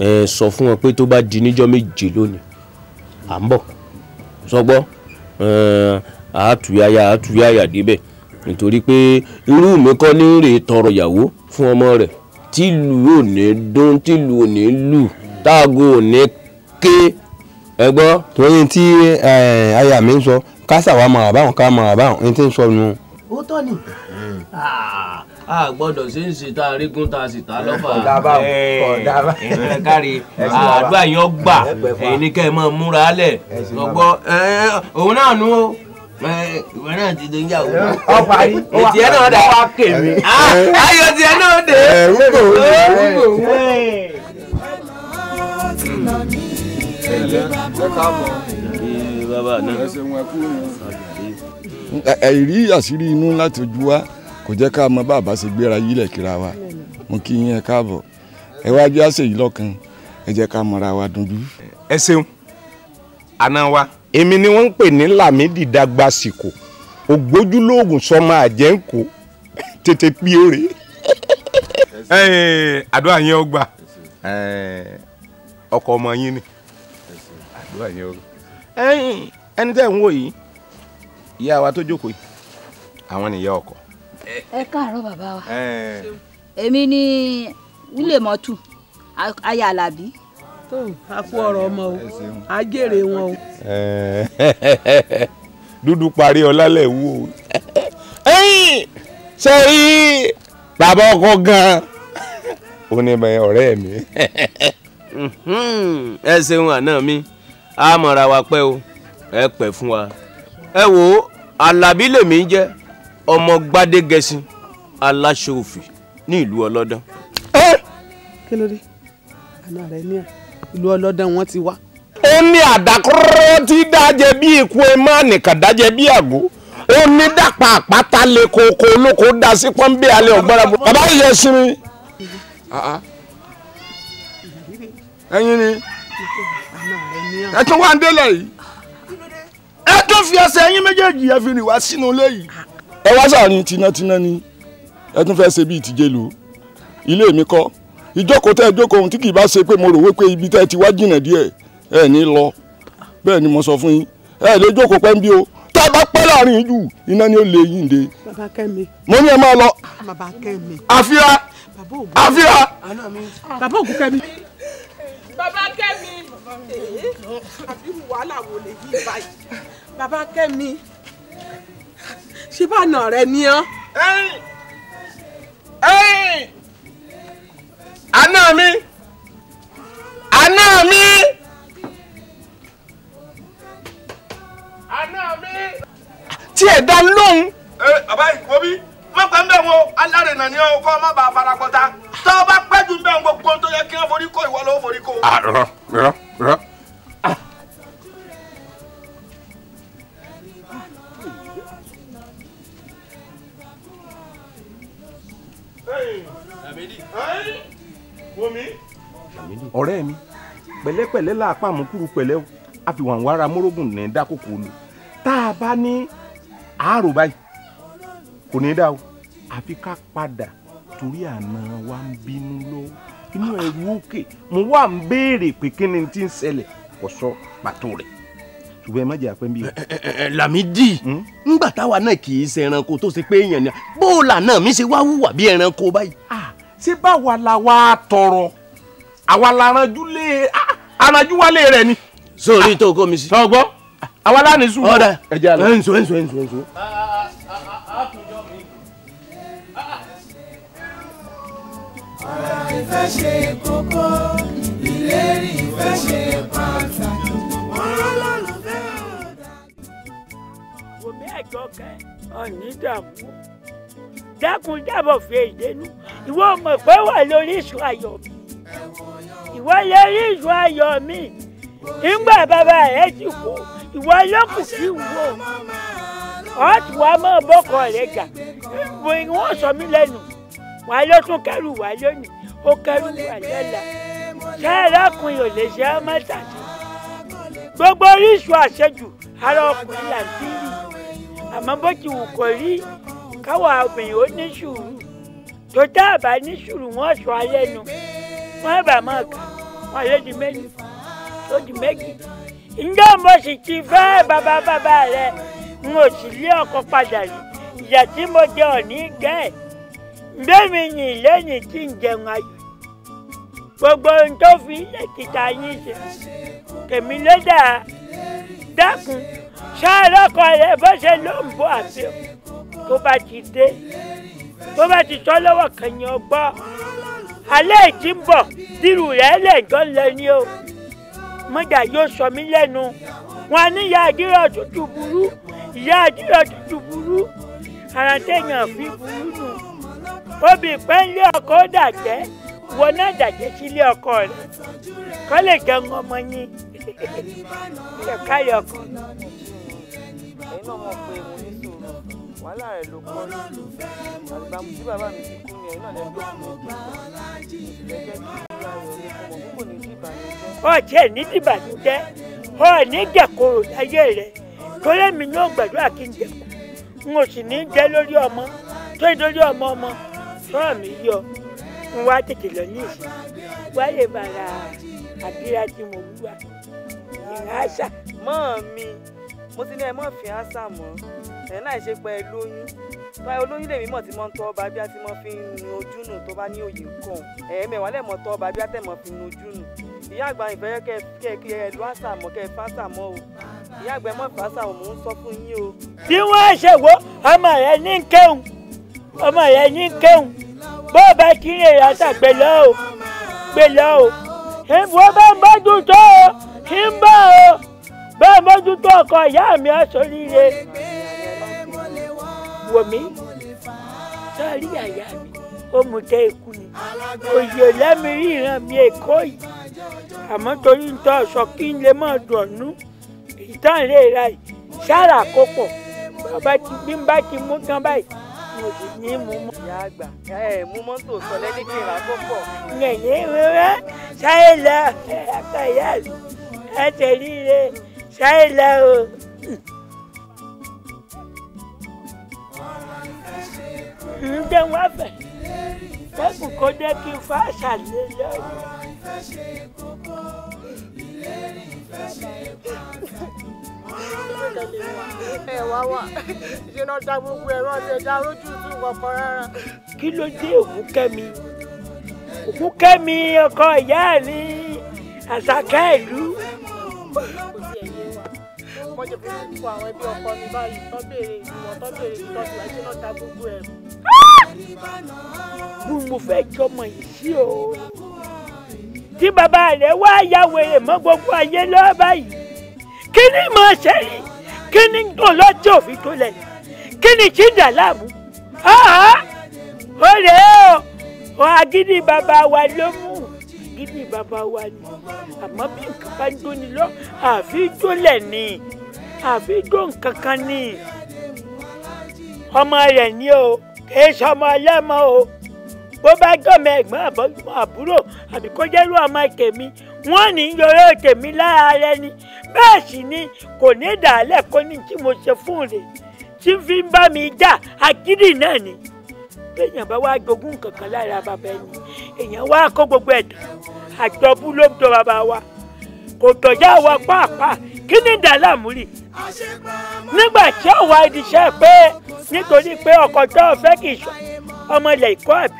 ẹ sọ fún wọn pé tó bá di níjọ́ méje lónìí à ń bọ̀ sọgbọ́ àtúyáyà àtúyáyà débẹ̀ nítorí pé irú mi kọ́ ní rè tọrọ ìyàwó fún ọmọ rẹ̀ tìlú ò ní dún tìlú ò ní lù táàgò ò ní ké ẹ gbọ́ torí tí aya mi ń sọ kásà wa máa báwọn ká máa báwọn ẹni tí ń sọ nu. ó tọ́ ni a gbọ́dọ̀ ṣe ń ṣe tá a rígun tá a sì ta lọ́fà ẹ kárí àdúrà yẹn gbà ẹ̀yin ni kẹ́ ẹ máa múra lẹ̀ lọ́gbọ́ òun náà nu o ìwọ náà ti dé yàwó ọ̀pá yìí ètí ẹ̀ náà dá wa kèmí ayọ̀ tiẹ̀ náà dé wúkọ̀ wúkọ̀ wúkọ̀. àìrí àṣírí inú láti ojú wa kò jẹ́ ká mọ bàbá ṣe gbéra yílẹ̀ kíra wa mo kí yín ẹ káàbọ̀ ẹ wá jẹ́ lọ́kàn ẹ jẹ́ ká wa ẹ ṣeun àná wa èmi ni wọ́n ń pè ní ògbójúlóògùn sọmọ àjẹǹkó tètè pí ọkọ ọmọ yín ni. àdúrà yẹn o. ẹ̀yin ẹni tẹ́ ń wò yìí ìyá wa tó jókòó yìí àwọn nìyá ọkọ. ẹ káàárọ̀ bàbá wa èmi ni wílèmọ́tù aya alábí. a kú ọ̀rọ̀ ọmọ o a wọn o. dúdú parí ọlálẹ̀ wò ó ṣe rí bàbá ọkọ gan-an ó ọ̀rẹ́ mi. ẹ ṣeun àná mi. a mọ̀ra wa pẹ́ o ẹ pẹ́ fún wa ẹ wo alábí lèmi ọmọ gbadégẹṣin aláṣọ ní ìlú ọlọ́dán. ẹ kí ló dé àná rẹ wọn ti wá. ó ní tí dájẹ́ bí ikú ẹ nìkan dájẹ́ bí àgó ó ní àpáta lè olóko dá sí alẹ́ ọ̀gbọ́n bàbá yìí yẹ ni. ẹ tún wá ń délẹ̀ yìí ẹ tún fi ẹsẹ̀ ẹyin méjèèjì ẹ fi rìn wá sínú ilé yìí. ẹ wá sàárín tinátiná ni ẹ tún fẹ́ ṣe bíi ìtìjẹ́ lu ilé mi kọ́ ìjókòó tẹ́ ẹ jókòó ohun tí kì í bá ṣe pé mo rò wípé ibi tẹ́ ẹ ti wá jìnnà díẹ̀ ẹ ní lọ bẹ́ẹ̀ ni mo sọ fún yín ẹ lè jókòó pẹ́ ń bí o tá a bá pẹ́ láàrin jù iná ni ó lè yín de. mo ní ẹ máa lọ. àfíà àfíà. bàbá ògùn kẹ́mi. Baba Kemi, àbí wàhálà wo lè yí báyìí bàbá kẹ́mi ṣé bá nà rẹ ni ọ́. àná mi àná mi. àná mi. tiẹ̀ dá lóhùn. ẹ bàbá ìwọ ni ọ kọ́ má bàa fara kọta tọ́ ọ bá pẹ́jù gbogbo tó yẹ kí wọ́n forí kó ìwọ ló forí kó. Ah, ọ̀rẹ́ mi pẹ̀lẹ́pẹ̀lẹ́ kúrú pẹ̀lẹ́ o a fi wàǹwá ara mórógùn ní dákòkò tá a bá ní àárò báyìí àfi ká padà torí àna wa ń bínú lọ́wọ́ inú ẹ̀rù òkè mo wà ń béèrè pé kí ni ti ń ṣẹlẹ̀ kò sọ pàtó rẹ̀ ṣùgbọ́n ẹ má jẹ́ àpẹ́ mi. Lámídì hmm? ńgbà táwa náà kì í ṣe ẹranko tó ṣe pé èèyàn ni bóòlà náà mi ṣe wá hùwà bí ẹranko báyìí. ṣé báwa la wá tọrọ àwa la ranjú lé aranjú wálé rẹ ni. sórí tó kọ́ sọgbọ́n àwa lánìí sùn. ọ̀dà ẹ̀jẹ̀ àlọ́. ẹ̀ǹsọ̀ ẹ̀ǹsọ̀ ẹ̀ǹsọ̀ ẹ̀ǹsọ̀. ìfẹ́ ṣe kókó ìlérí ìfẹ́ ṣe pàtàkì wọ́n lọ́lọ́fẹ́ ọ̀dà. wò mí ẹ̀jọ́ kẹ́ ọ̀ní dákun jábọ̀ fi èdènú ìwọ mọ̀ pé wà lórí ìṣù ayọ̀ mi ìwọ lè ìṣù ayọ̀ mi nígbà bàbá rẹ ti kú ìwọ lọ́kùn kí wò ọ́ tí wàá mọ̀ rẹ gà wọ́n sọ mí lẹ́nu wàá lọ́tún kẹ́rù wàá lónìí ó kẹ́rù àyẹ̀là ṣẹ́ẹ̀rẹ́ ọkùnrin ò lè ṣe é mọ́tàṣe gbogbo oríṣun àṣejù ara ọkùnrin là ń bí rí àmọ́ bó ti wù kó rí káwọn obìnrin ó ní sùúrù tó tá àbá ní sùúrù wọ́n sọ alẹ́ nu wọ́n bá máa kà wọ́n lé di méjì tó di méjì ǹjẹ́ mo sì ti fẹ́ bàbá bàbá rẹ̀ n ò sì lé ọkọ padà rí ìyà tí mo jẹ ọ̀ ní gẹ́ẹ̀ gbẹ̀mí ni lẹ́yìn tí ń jẹun ayọ̀ gbogbo ohun tó fi ilé kìtà yín ṣe kèmí ló dáa dákun ṣáàlọ́kọ rẹ bó ṣe ló ń bọ àfi o tó bá ti dé tó bá ti sọ lọ́wọ́ kẹyìn ọgbọ́ alẹ́ ìtí ń bọ̀ dírù rẹ̀ lẹ́jọ́ lẹ́ni o mọ́jà yóò sọ mí lẹ́nu wọn ní ìyá àdírọ̀ tútù burú ìyá àdírọ̀ tútù burú àrántẹ́yàn fi burú nù obì pẹ́ ń lé ọkọ ó dàjẹ́ wọ náà dàjẹ́ sí ilé ọkọ rẹ̀ kọ́ lè jẹun ọmọ yín ẹ̀ka yọkọ. ẹ̀yin náà mọ̀ pé mo ní sòrò wàhálà rẹ̀ ló kọ́ ní àgbà tí bàbá mi ti kú ni ẹ̀yin náà lẹ́gbẹ́ mi ló dé lẹ́gbẹ́ mi ló rẹ̀ ọmọ púpọ̀ ní ìbànújẹ́. ọ̀jẹ̀ ní ìbànújẹ́ ọ̀ ní jẹ̀kọ̀rọ̀ láyé rẹ̀ torí mi ní ò gbàdúrà kí n jẹ̀kọ̀ n ò sì ní jẹ́ lórí ọmọ tó lórí ọmọ ọmọ bọ́ọ̀ mi yọ mo wá tètè lọ ní ìsìn wá lè bàrà àdírà tí mo wúwa ìhà àṣà. mọ́ mi mo ti ní ẹ mọ́ fi àṣà mọ́ ẹ̀ náà ṣe pé ẹ lóyún bá olóyún lèmi mọ̀ tí mo ń tọ́ ọba bí a ti mọ fi ń nu ojú nù tó bá ní òye nǹkan ẹ̀ẹ́mẹ̀wá lẹ̀ mọ̀ tọ́ ọba bí a tẹ̀ mọ̀ fi nu ojú nù ìyá àgbà ìfẹ́ kẹ́ kí ẹ lu àṣà mọ́ kẹ́ ẹ fásà mọ́ o ìyá àgbà ẹ mọ̀ fásà mò ń sọ fún yín o. bí wọ́n ṣe wo ọmọ rẹ ní kẹ́hùn ọmọ rẹ ní kẹ́hùn bó o bá kí èrè àtà pẹ̀lẹ́ o pẹ̀lẹ́ o ìwọ bá ń bójú tó o kí ń bọ̀ o bá ń bójú tó ọkọ ìyá mi aṣoríire wò mí sọ́ọ́rí àyà mi ó mú tẹ́ ikú ni òye lẹ́mi ríran mi èkó yìí àmọ́ torí ń tọ́ ọ̀ṣọ́ kí n lè mọ̀ dùnú ìtàn lè ra yìí sára kó pọ̀ bí n bá ti mú kan báyìí mo sì ní mú mọ́. ìyá àgbà ẹ mú mọ́tò sọ lẹ́ni kí n rà kó pọ̀. yẹ̀yẹ́ rẹ́rẹ́ ṣáyé lọ ẹ̀ka ìyá mi o. ń jẹ́ wá bẹ̀ kẹ́kùn kó jẹ́ kí n fa ṣàlẹ́ lọ́wọ́. ìlérí ìfẹ́ tẹ̀lé wa ẹ wá wà ṣe náà da gbogbo ẹ̀rọ ọ̀sẹ̀ ẹja rójú sí kankan rárá. kí ló dé òkúkẹ́mi òkúkẹ́mi ọkọ ìyá mi àṣàkẹ́ ìlú. mo jẹ pé kó yìí sí o tí bàbá rẹ̀ wá yàwó ẹ̀ mọ́ gbogbo ayé lọ́ọ́ báyìí kí ni mo ṣe yìí kí ni dùn lọ́jọ́ òfin tó lẹ̀ kí ni ṣì ń dà láàmú ó rè o agídí bàbá wa ló mú agídí bàbá wa ni àmọ́ bí nǹkan bá jóni lọ àfi jólẹ̀ ni àfi jó nǹkan kan ọmọ rẹ̀ ni o kì í ṣọmọ ọlẹ́mọ o bó bá jọmọ ẹ̀gbọ́n àbúrò àbí kó jẹ́rú ọmọ tèmi wọ́n ní yọrọ tèmi lára rẹ ni bẹ́ẹ̀ sì ni kò ní dàálẹ̀ kó ní tí mo ṣe fún rẹ̀ tí fi ń bá mi já agídì náà ni èèyàn bá wá jogún kankan lára bàbá ẹni èèyàn wá kó gbogbo ẹ̀dá àjọbú ló ń tọ bàbá wa kò tọ̀já wa pàápàá kí ni dàlámù rí nígbà tí ọ̀wá ìdíṣẹ́ pé nítorí pé ọkọ̀ tó fẹ́ kì sọ ọmọ ilẹ̀ ìkọ́ àbí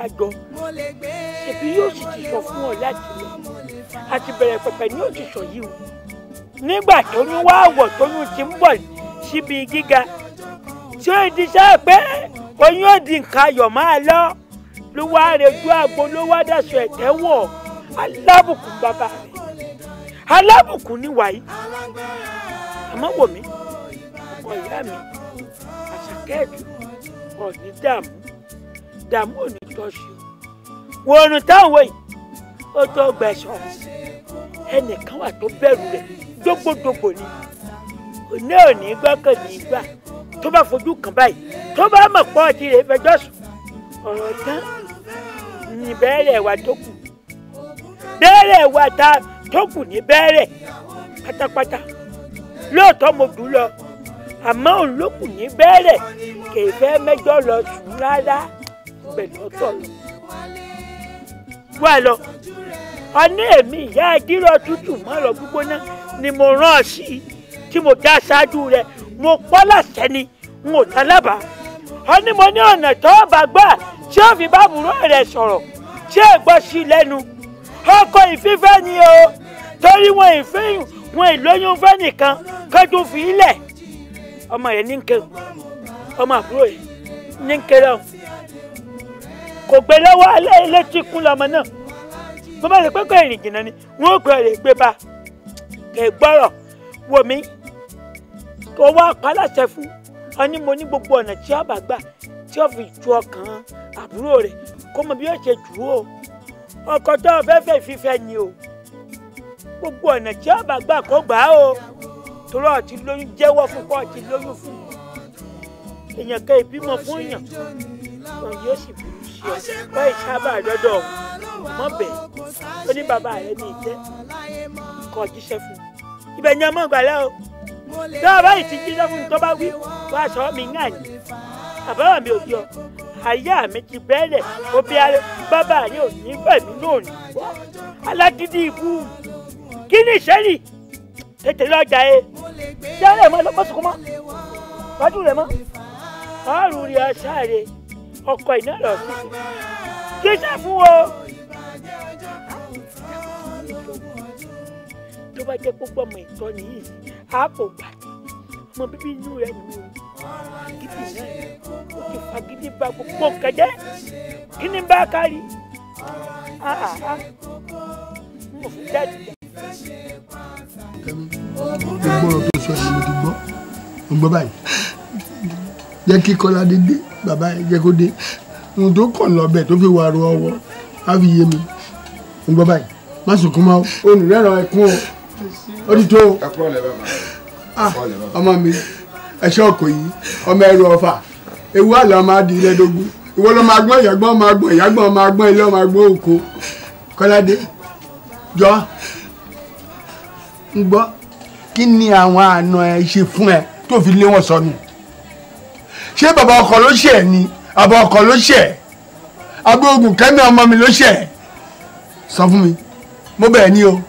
bá jọ ṣèbí yóò sì ti sọ fún ọ láti lọ àti bẹ̀rẹ̀ pẹ̀pẹ̀ ni yóò ti sọ yìí o nígbà tóyún wá wọ̀ tóyún ti ń bọ̀ síbi gíga tí ó di sáà pé oyún òdì nǹkan ayọ̀ máa lọ ló wá rejú àgbo ló wá dàsọ ẹ̀tẹ́ wọ̀ alábùkún bàbá rẹ̀ alábùkún ni wàyí àmọ́ wò mí ọkọ ìyá mi àṣàkẹ́ẹ̀dù ọ̀ní dààmú dààmú òní ṣọ́ọ̀ṣì o wòrùn táwọn yìí ó tó gbẹ̀ṣọ́ ẹnìkan wà tó bẹ̀rù rẹ̀ dógbòdógbò ni òní òní gbọ́kàn ní gbà tó bá fojú kàn báyìí tó bá mọ̀ pọ́ ọtí rẹ̀ fẹjọ́ sùn ọ̀rọ̀ tán ní bẹ́ẹ̀rẹ̀ wa tó kù bẹ́ẹ̀rẹ̀ wa ta tó kù ní bẹ́ẹ̀rẹ̀ pátápátá lóòótọ́ mo dùn lọ àmọ́ òun ló kù ní bẹ́ẹ̀rẹ̀ kì í fẹ́ mẹ́jọ lọ sùn rárá bẹ̀ lọ́tọ̀ lọ. wá lọ ọ ní èmi ìyá ìdírọ̀ tútù mọ́rọ̀ gbígbóná ni mo rán ọ sí i tí mo dá ṣáájú rẹ mo pọ́ láṣẹ ni n ò tá lábàá. ọ ní mo ní ọ̀nà tó bá gbà tí ó fi bá àbúrò rẹ sọ̀rọ̀ tí ò gbọ́ sí lẹ́nu ọkọ̀ ìfífẹ́ ni o torí wọn ìfẹ́yìn wọn ìlóyún fẹ́ nìkan kọjú fi ilẹ̀ ọmọ yẹn ní nkẹ́ ọmọ àbúrò yẹn ní nkẹ́ lọ́wọ́ kò gbé lọ́wọ́ alẹ́ ilé tí kún lọ́mọ náà mo bá lè pẹ́pẹ́ ìrìn jìnnà ni wọ́n gbọ́ lè gbé bá kè gbọ́rọ̀ wò mí kò wá paláṣẹ fún ọ ní mo ní gbogbo ọ̀nà tí ọba gbà tí ó fi ju ọkàn àbúrò rẹ̀ kó mọ bí ó ṣe jù ú o ọkọ tó o fẹ́fẹ́ fífẹ́ ni o gbogbo ọ̀nà tí ọba gbà kó gbà á o torí ọtí lóyún jẹ́wọ́ fún kọ́ ọtí lóyún fún èèyàn kan ìbímọ fún èèyàn yóò sì bímọ ọ wọ́n ìṣábà dọ́dọ̀ mọ́bẹ̀ ó ní bàbá rẹ ní ìtẹ́ kọ́ jíṣẹ́ fún un ibẹ̀ ni ọmọ ìgbàlẹ́ o tó o bá ìtì jíṣẹ́ fún un tó bá wí wá sọ mi ń hàn yín àbáwà mi ò bí ọ àyà mi ti bẹ́ẹ̀lẹ̀ òbí bàbá rẹ ò ní bẹ̀mí náà ní alágídí ibú kí ni ìṣẹ́lì tètè lọ́jà e. ẹ jẹ́rẹ̀ mọ́ lọ́mọ́sùkú mọ́ wájú rẹ̀ mọ́ ọ̀rùn rí aṣáà rẹ̀ ọkọ iná lọ sí jíjẹ fún wo. tó bá jẹ́ gbogbo ọmọ ìtọ́ nìyí a kò gbà mọ bíbí inú rẹ nù gidi náà o ti fagídí ba gbogbo nǹkan kí ni bá kárí ah, ah, ah. mo fi jáde. gbogbo tó ṣe ni mo ti gbọ́ mo báyìí jẹ́ kí kọ́ládé dé bàbá ẹ̀ jẹ́ kó dé ohun tó kàn lọ́bẹ̀ tó fi wà ro ọwọ́ á fi yé mi ń gbọ́ báyìí má sunkún máa olùrẹ́rọ̀ ẹkún o ó ti tó ah, ọmọ mi ẹ̀ṣọ́ ọkọ̀ yìí ọmọ ẹrù ọ̀fà ewu àlọ́ máa di ilẹ̀ dógún ìwọ ló máa gbọ́n ìyàgbọ́n máa gbọ́n ìyàgbọ́n máa gbọ́n ilé máa gbọ́n òkò kọ́ládé jọ ń gbọ́ kí ni àwọn àna ẹ ṣe fún ẹ tó fi lé wọn sọnù ṣé bàbá ọkọ ló ṣẹ̀ ni àbá ọkọ ló ṣẹ̀ agbóògùn kẹ́mi ọmọ mi ló ṣẹ̀ sọ fún mi mo bẹ̀ ni o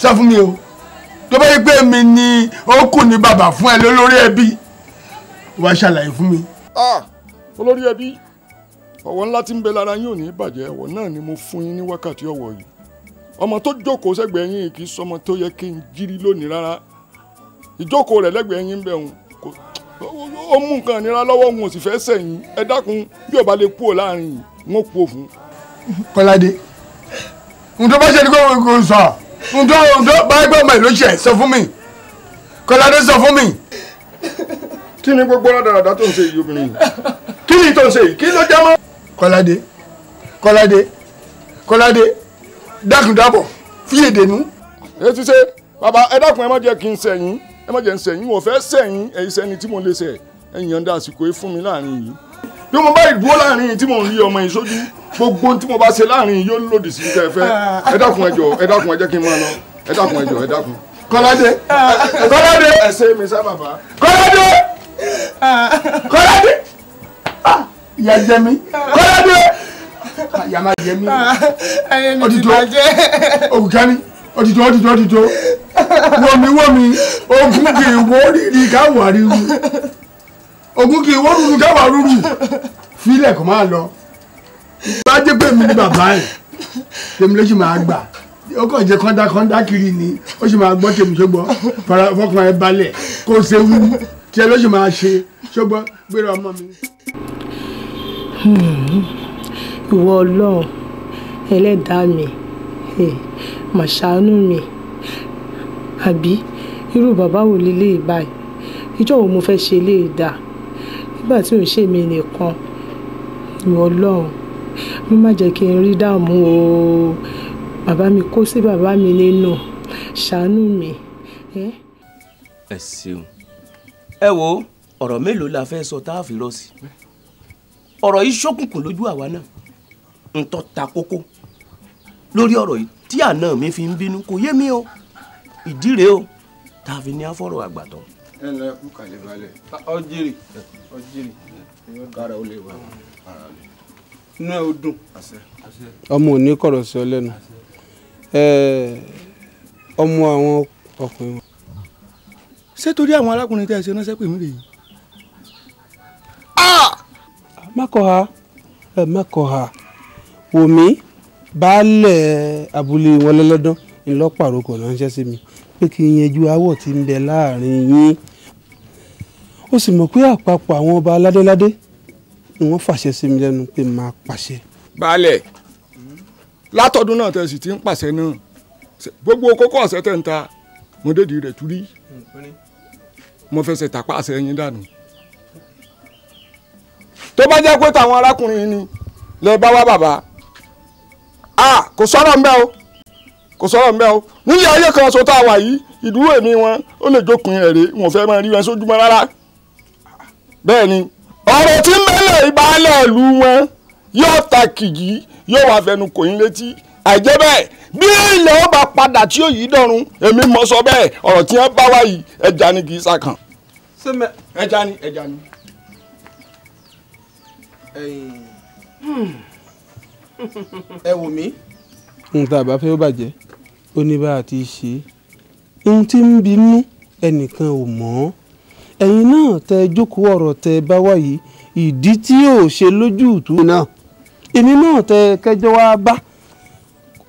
sọ fún mi o tó bá yẹ pé mi ni ó kù ní bàbá fún ẹ lólórí ẹbí wá ṣàlàyé fún mi. olórí ẹbí ọ̀wọ́ ńlá tí ń bẹ lára yín ò ní bàjẹ́ ọ̀wọ́ náà ni mo fún yín ní wákàtí ọ̀wọ́ yìí ọmọ tó jókòó sẹ́gbẹ̀ẹ́ yín kì í sọmọ tó yẹ kí n jírí lónìí rárá ìjókòó rẹ̀ lẹ́gbẹ̀ẹ́ yín bẹ̀ ó mú nǹkan ìnira lọ́wọ́ òun ò sì fẹ́ sẹ̀yìn ẹ dákun bí ọba lè kú ò láàrin yìí wọn kú òfun. kọ́ládé ǹdọ́ bá ṣe ní kò sọ ǹdọ́ ǹdọ́ bá ẹgbẹ́ ọmọ ìlú ṣe sọ fún mi kọ́ládé sọ fún mi. kí ni gbogbo rádaràdà tó ń ṣe yìí obìnrin yìí kí ni tó ń ṣe yìí kí ló já mọ́. kọ́ládé kọ́ládé kọ́ládé dákùn dábọ̀ fíyèdè nù. ètùsẹ́ bàbá ẹ dákun ẹ má jẹ́ kí n sẹ̀yìn ẹ má jẹ́ ń sẹ̀yìn wọ́n fẹ́ sẹ̀yìn ẹ̀yin sẹ́ni tí mo lè sẹ̀ ẹ̀yin yọ̀ǹda àsìkò yìí fún mi láàrin yìí bí mo bá ìdúró láàrin yìí tí mo ń rí ọmọ yìí sójú gbogbo tí mo bá ṣe láàrin yìí yóò lòdì sí tẹ́ ẹ fẹ́ ẹ dákun ẹ jọ̀ọ́ ẹ dákun ẹ jẹ́ kí n máa lọ ẹ dákun ẹ jọ̀ọ́ ẹ dákun kọ́ládé kọ́ládé ẹ ṣe mi sá bàbá kọ́ládé kọ́ládé ah, ìyá jẹ mi kọ́ládé ah, ìyá máa jẹ ah, mi odidi ògùn kẹ́ni òtítọ́ òtítọ́ òtítọ́ wọ́mi ogun kì í wọ́ rírì káwà ríru ogun kì í wọ́ rúru káwà rúru fílẹ̀ kò máa lọ bá pé mi ni bàbá ẹ̀ tèmi ló sì máa gbà ó kàn jẹ́ kọ́ńdá kọ́ńdá kiri ni ó sì máa gbọ́ tèmi ṣùgbọ́n fọkàn ẹ balẹ̀ kó ṣe wú tí ẹ ló sì máa ṣe ṣùgbọ́n gbéra ọmọ mi. Hmm, ìwọ ọlọ́run ẹlẹ́dàá mi mà ṣàánú mi àbí irú bàbá wo leléyìí báyìí ìjọ́ wo mo fẹ́ ṣe eléyìí dà nígbà tí ò ń ṣe mí nìkan ọlọ́run mi má jẹ́ kí n rí dààmú o bàbá mi kó sí bàbá mi nínú ṣàánú mi. ẹ ṣeun ẹ wo ọ̀rọ̀ mélòó la fẹ́ sọ tá a fi rọ sí ọ̀rọ̀ yìí ṣókùnkùn lójú àwa náà ń tọ́ ta kókó lórí ọ̀rọ̀ yìí tí àna mi fi ń bínú kò yé mi o ìdí rèé o tá a fi ní afọ́rọ̀ àgbàtọ́. ẹ lọ ẹkú kàlẹ́ balẹ̀ ọjírì ọjírì kára ó lè wà ara rẹ inú ẹ ó dùn. ọmọ ò ní kọ̀rọ̀ sí ọ lẹ́nu ọmọ àwọn ọkùnrin. ṣé torí àwọn arákùnrin tẹ́ ẹ ṣe ránṣẹ́ pè mí rèé. Ah! má ha má ha wò mí baálẹ̀ abúlé wọn lọ́lọ́dán ńlọ́pàrọ̀ kò ránṣẹ́ sí mi pé kí n yanjú aáwọ̀ tí ń bẹ láàrin yín ó sì mọ̀ pé àpapọ̀ àwọn ọba aládéládé ni wọ́n fàṣẹ sí mi lẹ́nu pé máa pàṣẹ. baálẹ̀ látọdún náà tẹ̀sí ti ń pàṣẹ náà gbogbo kókó ọ̀sẹ̀ tẹ̀ ń ta mo dédìí rẹ̀ tú rí mo fẹsẹ̀ tàpá àṣẹ yín dànù tó bá jẹ́ pé tàwọn arákùnrin ni lẹ bá wá bàbá ah kò sọ̀rọ̀ mbẹ́ o kò sọ̀rọ̀ mbẹ́ o nílé ayé kan so tá a wà yìí ìdúró èmi wọn ó lè jókòó èrè wọn fẹ́ máa rí wọn sójúmọ́ rárá bẹ́ẹ̀ ni ọ̀rọ̀ tí ń bẹ́lẹ̀ ìbálẹ̀ ìlú wọn yóò ta kìjì yóò wà fẹnu kò yín létí àìjẹ́ bẹ́ẹ̀ bí ilẹ̀ ó bá padà tí ó yìí dọ̀run èmi mọ̀ sọ bẹ́ẹ̀ ọ̀rọ̀ tí wọ́n bá wá yìí ẹja ni kì í sàkàn. sẹ́mẹ̀ ẹja ni ẹja ni. ẹ̀yìn. Hmm ẹ wò mí. ohun tá a bá fẹ́ ó bàjẹ́ ó ní bá a ti ṣe ohun tí ń bí mí ẹnìkan ò mọ̀ ọ́ ẹ̀yin náà tẹ jókòó ọ̀rọ̀ tẹ bá wà yìí ìdí tí yóò ṣe lójú ìtú náà èmi náà tẹ kẹjọ wá bá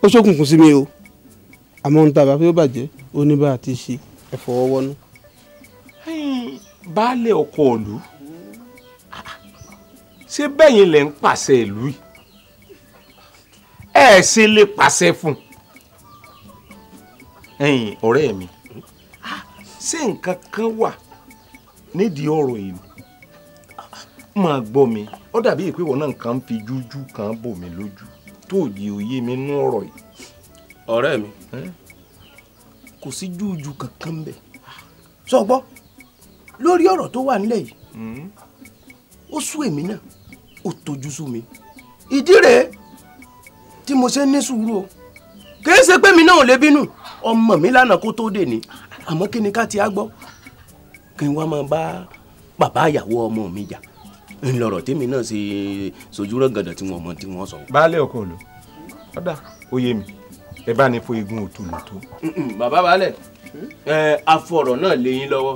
ó ṣókùnkùn sí mi o àmọ́ ohun tá a bá fẹ́ ó bàjẹ́ ó ní bá a ti ṣe ẹ fọwọ́ baálé ọkọ ìlú ṣé bẹ́yìn lẹ ń pàṣẹ ìlú yìí ẹ ṣe lè pàṣẹ fún ẹ̀yin ọ̀rẹ́ mi ah, ṣé nǹkan kan wà nídìí ọ̀rọ̀ yìí máa gbọ́ mi ó dàbí ìpè náà kàn ń fi jújú kan bò mí lójú tó di òye mi nú ọ̀rọ̀ yìí. ọ̀rẹ́ mi kò sí jújú kankan bẹ̀ sọ lórí ọ̀rọ̀ tó wà nílẹ̀ yìí hmm? ó sú èmi náà ó tojú sú mi ìdí rèé tí mo ṣe ní sùúrù o kìí ṣe pé mi náà ò lè bínú ọmọ mi lánàá kó tó dè ní àmọ́ kí ni ká ti á gbọ́ kí n wá máa bá bàbá ìyàwó ọmọ mi jà ńlọrọ̀ tèmi náà ṣe sojú rọ̀gàdàn tí wọ́n mọ tí wọ́n sọ. baálé ọkọ lò ọ̀dà ó yé mi ẹ bá ní fún igun òtún lò tó. bàbá baálẹ̀ ẹ afọ̀rọ̀ náà lé yín lọ́wọ́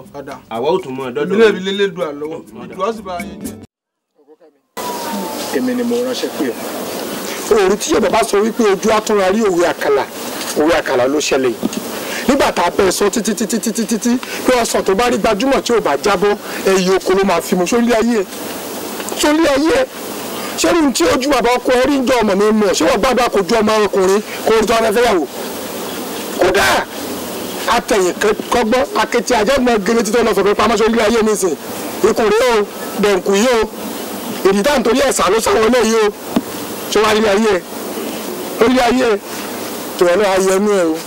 àwa ò tún mọ ọ̀dọ́dọ̀. ilé mi lélẹ́dùn àlọ́wọ́ ìdùnnú sì bá yẹn jẹ́. èmi ni mo ránṣẹ́ pé ọ òòrùn tí yẹn bàbá sọ wípé ojú atúnra rí òwe àkàlà òwe àkàlà ló ṣẹlẹ̀ yìí nígbà tá a bẹ́ẹ̀ sọ títí títí títí títí pé ọsàn tó bá rí gbajúmọ̀ tí ò bá jábọ́ ẹ̀yìn oko ló máa fi mu sórí ayé ẹ̀ sórí ayé ẹ̀ ṣé ní tí ojú bàbá ọkọ ẹ rí ń jọ ọmọ mi mọ̀ ṣé wọ́n gbàgbà kò ju ọmọ ọkùnrin kò rí tọ́lá fẹ́yàwó kódà atẹ̀yìn kọ́gbọ́n akétí ajẹ́gbọ́n gẹ́gẹ́ títọ́ lọ́sọ̀ fẹ́ pamọ́ sórí ayé nísìn ikùn rí o dẹ̀ǹkù yìí o èdè táà torí ẹ̀sà ló sáwọn eléyìí o tó wá rí ayé ẹ orí ayé ẹ tó ẹ lọ́ọ́ ayé ẹnu ẹ o.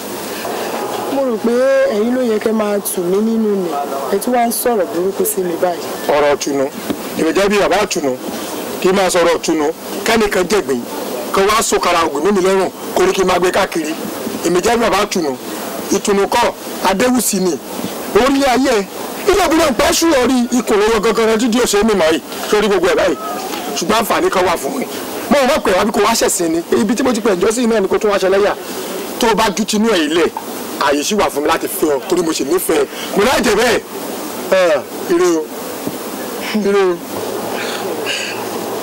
mo rò pé ẹ̀yin ló yẹ kẹ́ máa tù mí nínú mi ẹ tí wàá ń sọ̀rọ̀ burúkú sí mi báyìí. ọ̀rọ̀ tunu ìrẹ̀jẹ̀ bíi bàbá tunu kì í máa sọ̀rọ̀ tunu kẹ́nìkan jẹ̀gbìn kan wá so kara ògùn mímu lọ́rùn kórí kí n máa gbé káàkiri ìrẹ̀jẹ̀ bíi bàbá tunu ìtùnú adéwùsì ni orí ayé ilé ìgbìmọ̀ ìpàṣù ọ̀rí ikùn lọ́wọ́ gangan rẹ títí òṣèlú mi máa yìí sórí gbogbo ẹ̀ báyìí ṣùgbọ́n àǹfààní kan wà fún mi mo ò bá pè wá bí kò wá ṣẹ̀sìn ni pé ibi tí mo ti pè ǹjọ́ sí iná ni kò tún wá ṣẹlẹ́yà tó o bá dú tinú ẹ̀ ilẹ̀ àyè sì wà fún mi láti fẹ́ ọ torí mo sì nífẹ̀ẹ́ mo náà jẹ bẹ́ẹ̀ ẹ ire o ire o.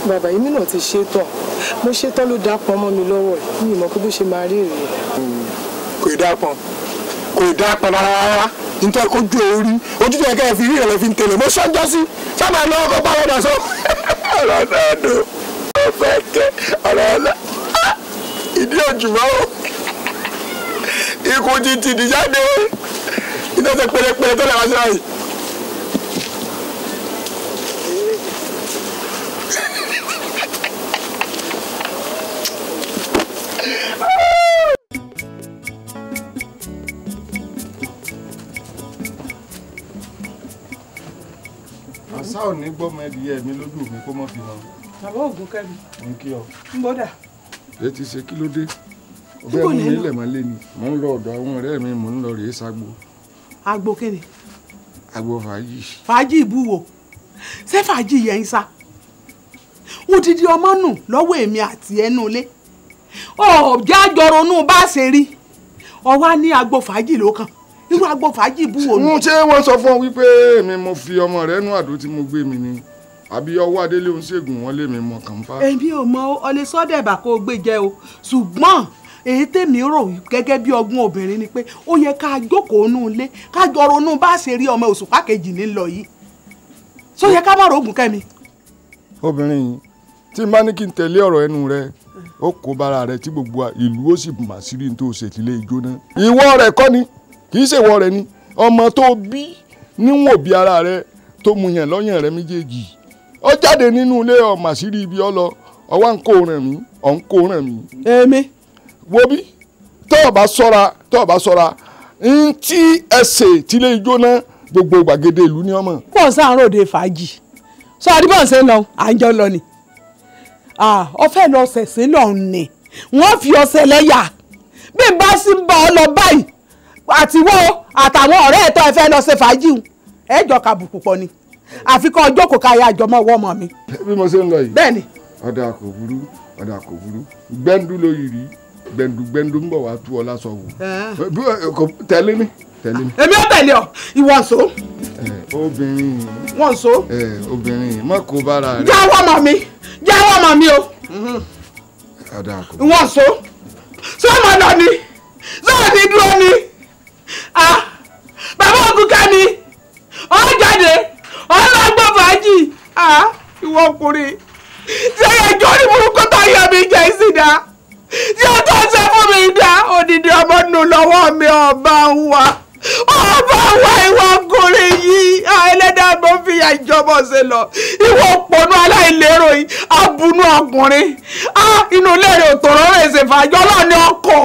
bàbá èmi náà ti ṣetán mo ṣetán ló dápọn mọ́ mi lọ́wọ́ yìí mi ì mọ̀ pé bó ṣe máa rí èrè. kò ì dápọn kò ì dápọn rárá rárá nítorí ojú orí ojú tó yẹ kẹ́ ẹ fi rí ìrẹ̀lẹ̀ fi ń tẹ̀lé mo ṣọ́jọ́ sí sábà lọ́wọ́ kọ́ bá wọn fẹ́ ké ọ̀rọ̀ ẹ̀ lọ ah! ìdí òjùmọ́ o ikú ti ti dìjáde iná tẹ pẹ̀lẹ́pẹ̀lẹ́ tó lè wá síra yìí. àṣà ò ní gbọ́mọ ẹbí ẹ̀mí lójú mi kó mọ́ fi hàn bàbá ògùn kẹ́mi. n kí ọ. n bọ́dà. ẹ ti ṣe kí ló dé ọbẹ̀ mi lẹ̀ máa lé ni mò ń lọ ọ̀dọ̀ àwọn ọ̀rẹ́ mi mò ń lọ rèé sagbo. agbo kíni. agbo fàájì. fàájì ìbúwo ṣé fàájì yẹn ń sá odidi ọmọ nù lọ́wọ́ èmi àti ẹnu ilé ọ̀já jọronú bá ṣe rí ọwá ní agbo fàájì ló kàn irú agbo fàájì ìbúwo ni. ṣé wọ́n sọ fún ọ wípé èmi mo fi ọmọ rẹ nú àdó tí mo gbé mi ni àbí ọwọ́ adélé ń ṣègùn wọn lé mi mọ kànfà. èmi ò mọ ọlẹ sọdẹ̀bà kó o gbé jẹ o ṣùgbọ́n èyí tèmi rò gẹ́gẹ́ bí ọgbọ́n obìnrin ni pé ó yẹ ká jókòó nù ilé ká jọ ronú bá ṣe rí ọmọ òṣùpá kejì ní lọ yìí ṣó yẹ ká má rògùn kẹ́mi. obìnrin yìí tí n bá ní kí n tẹ̀lé ọ̀rọ̀ ẹnu rẹ ó kó bára rẹ tí gbogbo ìlú ó sì mà sí rí tó ṣètìlẹ́ ìjó náà. ìwọ rẹ kọ́ ni kì í ṣèwọ rẹ ni ọmọ tó bí níwọ̀n bí ara rẹ tó mu yàn lọ́yàn rẹ méjèèjì ó jáde nínú ilé ọmọ sí ibi ọ lọ ọwọ́ ń kó ràn mí ọ̀ ń kó ràn mí. èmi. wo bí tọ́ ọ bá sọ́ra tọ́ ọ bá sọ́ra ń tí ẹsẹ̀ tílé ijó náà gbogbo gbàgede ìlú ní ọmọ. pọ̀ sáàrùn òde fàájì sọ adébọ̀nsẹ̀ lọ àjọ lọ ni ọfẹ́ lọ sẹ̀sìn lọ ni wọ́n fi ọsẹ̀ lẹ́yà bí n bá sì ń bọ̀ ọ lọ báyìí àtiwọ́ àtàwọn ọ̀rẹ́ ẹ̀tọ́ ẹ fẹ́ lọ ṣe fàájì ẹ jọ kàbùkù pọ̀ ni. àfi kọ́ ọjọ́ kò ká ya àjọmọ́ ọwọ́ ọmọ mi. bí mo ṣe ń lọ yìí. bẹẹni. ọ̀dà kò burú ọ̀dà kò burú gbẹ́ndú ló yìí rí gbẹ̀ndù gbẹ̀ndù ń bọ̀ wá tú ọ lásán wò. Eh, tẹ̀lé mi tẹ̀lé mi. èmi ò tẹ̀lé ọ ìwọ so. Eh, obìnrin. wọn so. Eh, obìnrin má kó bára rẹ. jáwọ́ ọmọ mi jáwọ́ ọmọ mi o. wọn so. sọ́mọ lọ ni sọ́ọ̀ ni dúró ni. ìwọ ọkùnrin ṣé ẹjọ́ ní burúkú tó yọ mí jẹ́ ìsìnà yóò tó ṣe fún mi dá odidi ọmọ nù lọ́wọ́ mi ọba wa ọba wa ìwọ ọkùnrin yìí ẹlẹ́dàá mo fi àìjọba ṣe lọ ìwọ òpònú aláìlérò yìí abunú ọkùnrin inú ilé òtòrò rẹ̀ ṣèfàjọ́ lọ́ọ̀ni ọkọ̀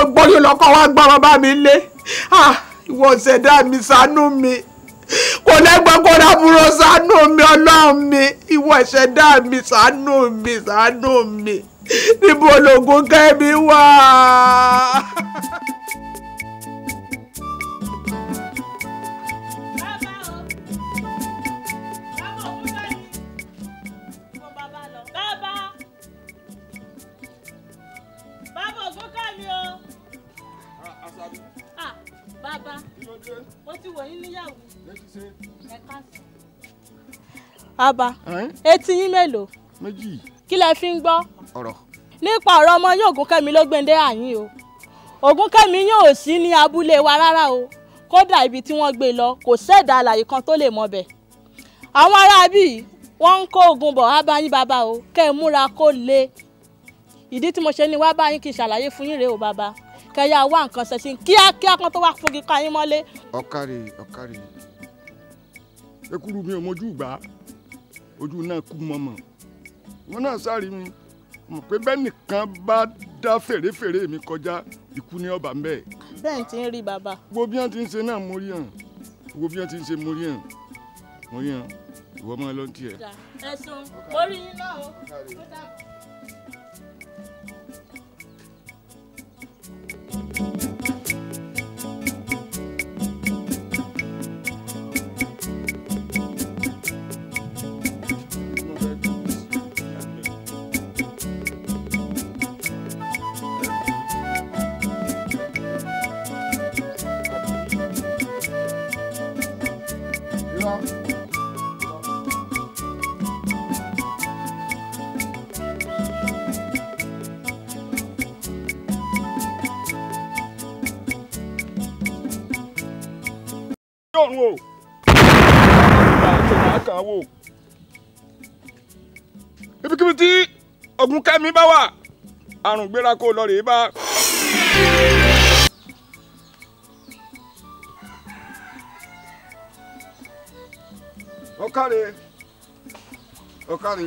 ọgbọ́n yìí lọ́kọ̀ wá gbọ́n bá mi lé ìwọ ṣẹ̀dá mi ṣàánú mi kò lẹ́gbọ́n kó rábúrò ṣàánú mi ọlọ́run mi ìwọ ìṣẹ̀dá mi ṣàánú mi ṣàánú mi níbo lògùn kẹ́mi wà. bàbá mo ti wọ̀ yín níyàwó ẹ̀ka sùn. bàbá etí yín mélòó. méjì. kí lẹ fi ń gbọ́. ọ̀rọ̀. nípa ọ̀rọ̀ ọmọ yín ògúnkẹ́mi ló gbẹ̀ndé àyín o ògúnkẹ́mi yóò sí ní abúlé wa rárá o kódà ibi tí wọ́n gbé lọ kò sẹ́ẹ̀dá àlàyé kan tó lè mọ bẹ̀. àwọn aráabí wọ́n ń kó oògùn bọ̀ wá bá yín bàbá o kẹ́ ẹ múra kó le ìdí tí mo ṣe ní wá bá yín kí n ṣàlàyé fún yín rèé o bàbá kẹyà wá nǹkan ṣe sí kíákíá kan tó wá fogi pa yín mọ́lé. ọ̀kàrè ọ̀kàrè ekuru mi ò mojú gbà ojú náà kú mọ̀mọ̀ wọn náà sáré mi mọ̀ pé bẹ́ẹ̀ nìkan bá dá fèrèfèrè mi kọjá ikú ní ọba mbẹ́. bẹ́ẹ̀ ti ń rí bàbá. wo bí wọ́n ti ń ṣe náà mórí hàn wo bí wọ́n ti ń ṣe mórí hàn mórí hàn ìwọ máa lọ tiẹ̀. ẹ̀sùn orí yín náà o. you ọ̀run o ìgbà tó kàn wò ibikíbi tí ogun kẹ́mi bá wà àrùn gbéra kó lọ rèé bá. ọ̀kàrè ọ̀kàrè.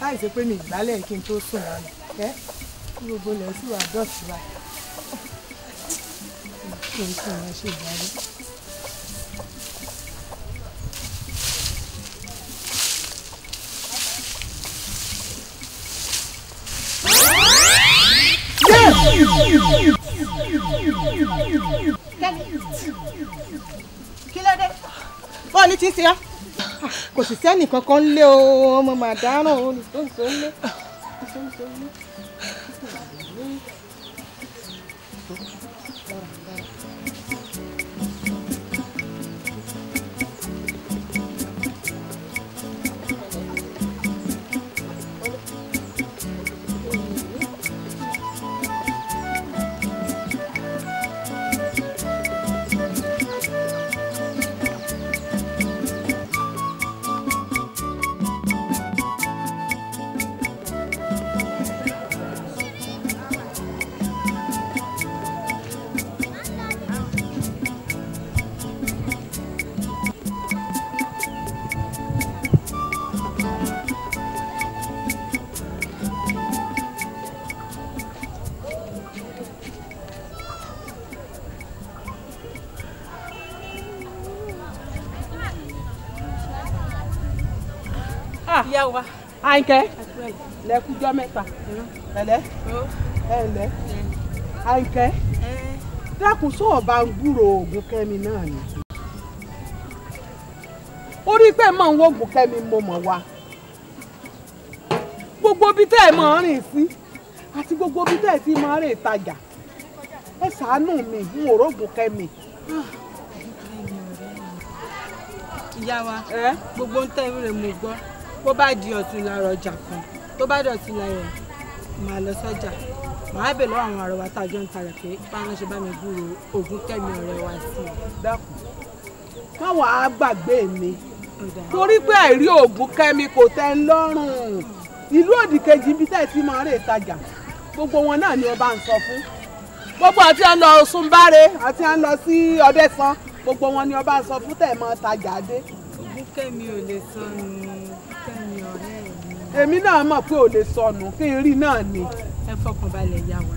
láì ṣe pé mi ìgbálẹ̀ kí n tó sùn lánàá ẹ́ gbogbo lẹ́sùn àdọ́sùn wa kí ló dé wọ́n ní tí ń ṣe ọ́ kò sì sẹ́nì kankan lé o ọmọ màdáràn o nìkan ń sọ ń lé. Àyìnkẹ́ lẹ́kújọ́ mẹ́ta ẹ̀lẹ́ ẹ̀lẹ́ Àyìnkẹ́ dákun sóò bá ń gbúrò oògùn kẹ́mi náà ni orí pé mọ̀ ń wọ́gùn kẹ́mi mo mọ̀ wá gbogbo bí tẹ́ ẹ̀ mọ̀ ń rìn sí àti gbogbo bí tẹ́ ẹ̀ ti mọ̀ ń rìn ìtajà ẹ ṣàánú mi n ò rógùn kẹ́mi. ìyá wa gbogbo ń tẹ́ ìwé rẹ̀ mo gbọ́ bó bá di ọ̀tún la rọjà kan tó bá dọ̀tún la yẹn màá lọ sọ́jà màá bè lọ́wọ́ àwọn àrò tá a jọ ń tarẹ̀ pé báwọn ṣe bá mi gbúrò ogún kẹ́mi ọ̀rẹ́ wa sí i. dákun má wàá gbàgbé mi torí pé àìrí ògùn kẹ́mi kò tẹ́ ń lọ́rùn ìlú òdìkejì ibi tẹ́ ẹ ti máa rè tajà gbogbo wọn náà ni ẹ bá ń sọ fún gbogbo àti à ń lọ Ọ̀ṣunbáre àti à ń lọ sí Ọdẹ́sán gbogbo wọn ni ọba ń sọ fún tẹ̀ mọ́ tajà dé kẹ́mi ò lè sọnù kẹ́mi ọ̀rẹ́ mi. èmi náà mọ̀ pé ò lè sọnù kí n rí náà ni. ẹ fọkàn balẹ̀ yá wa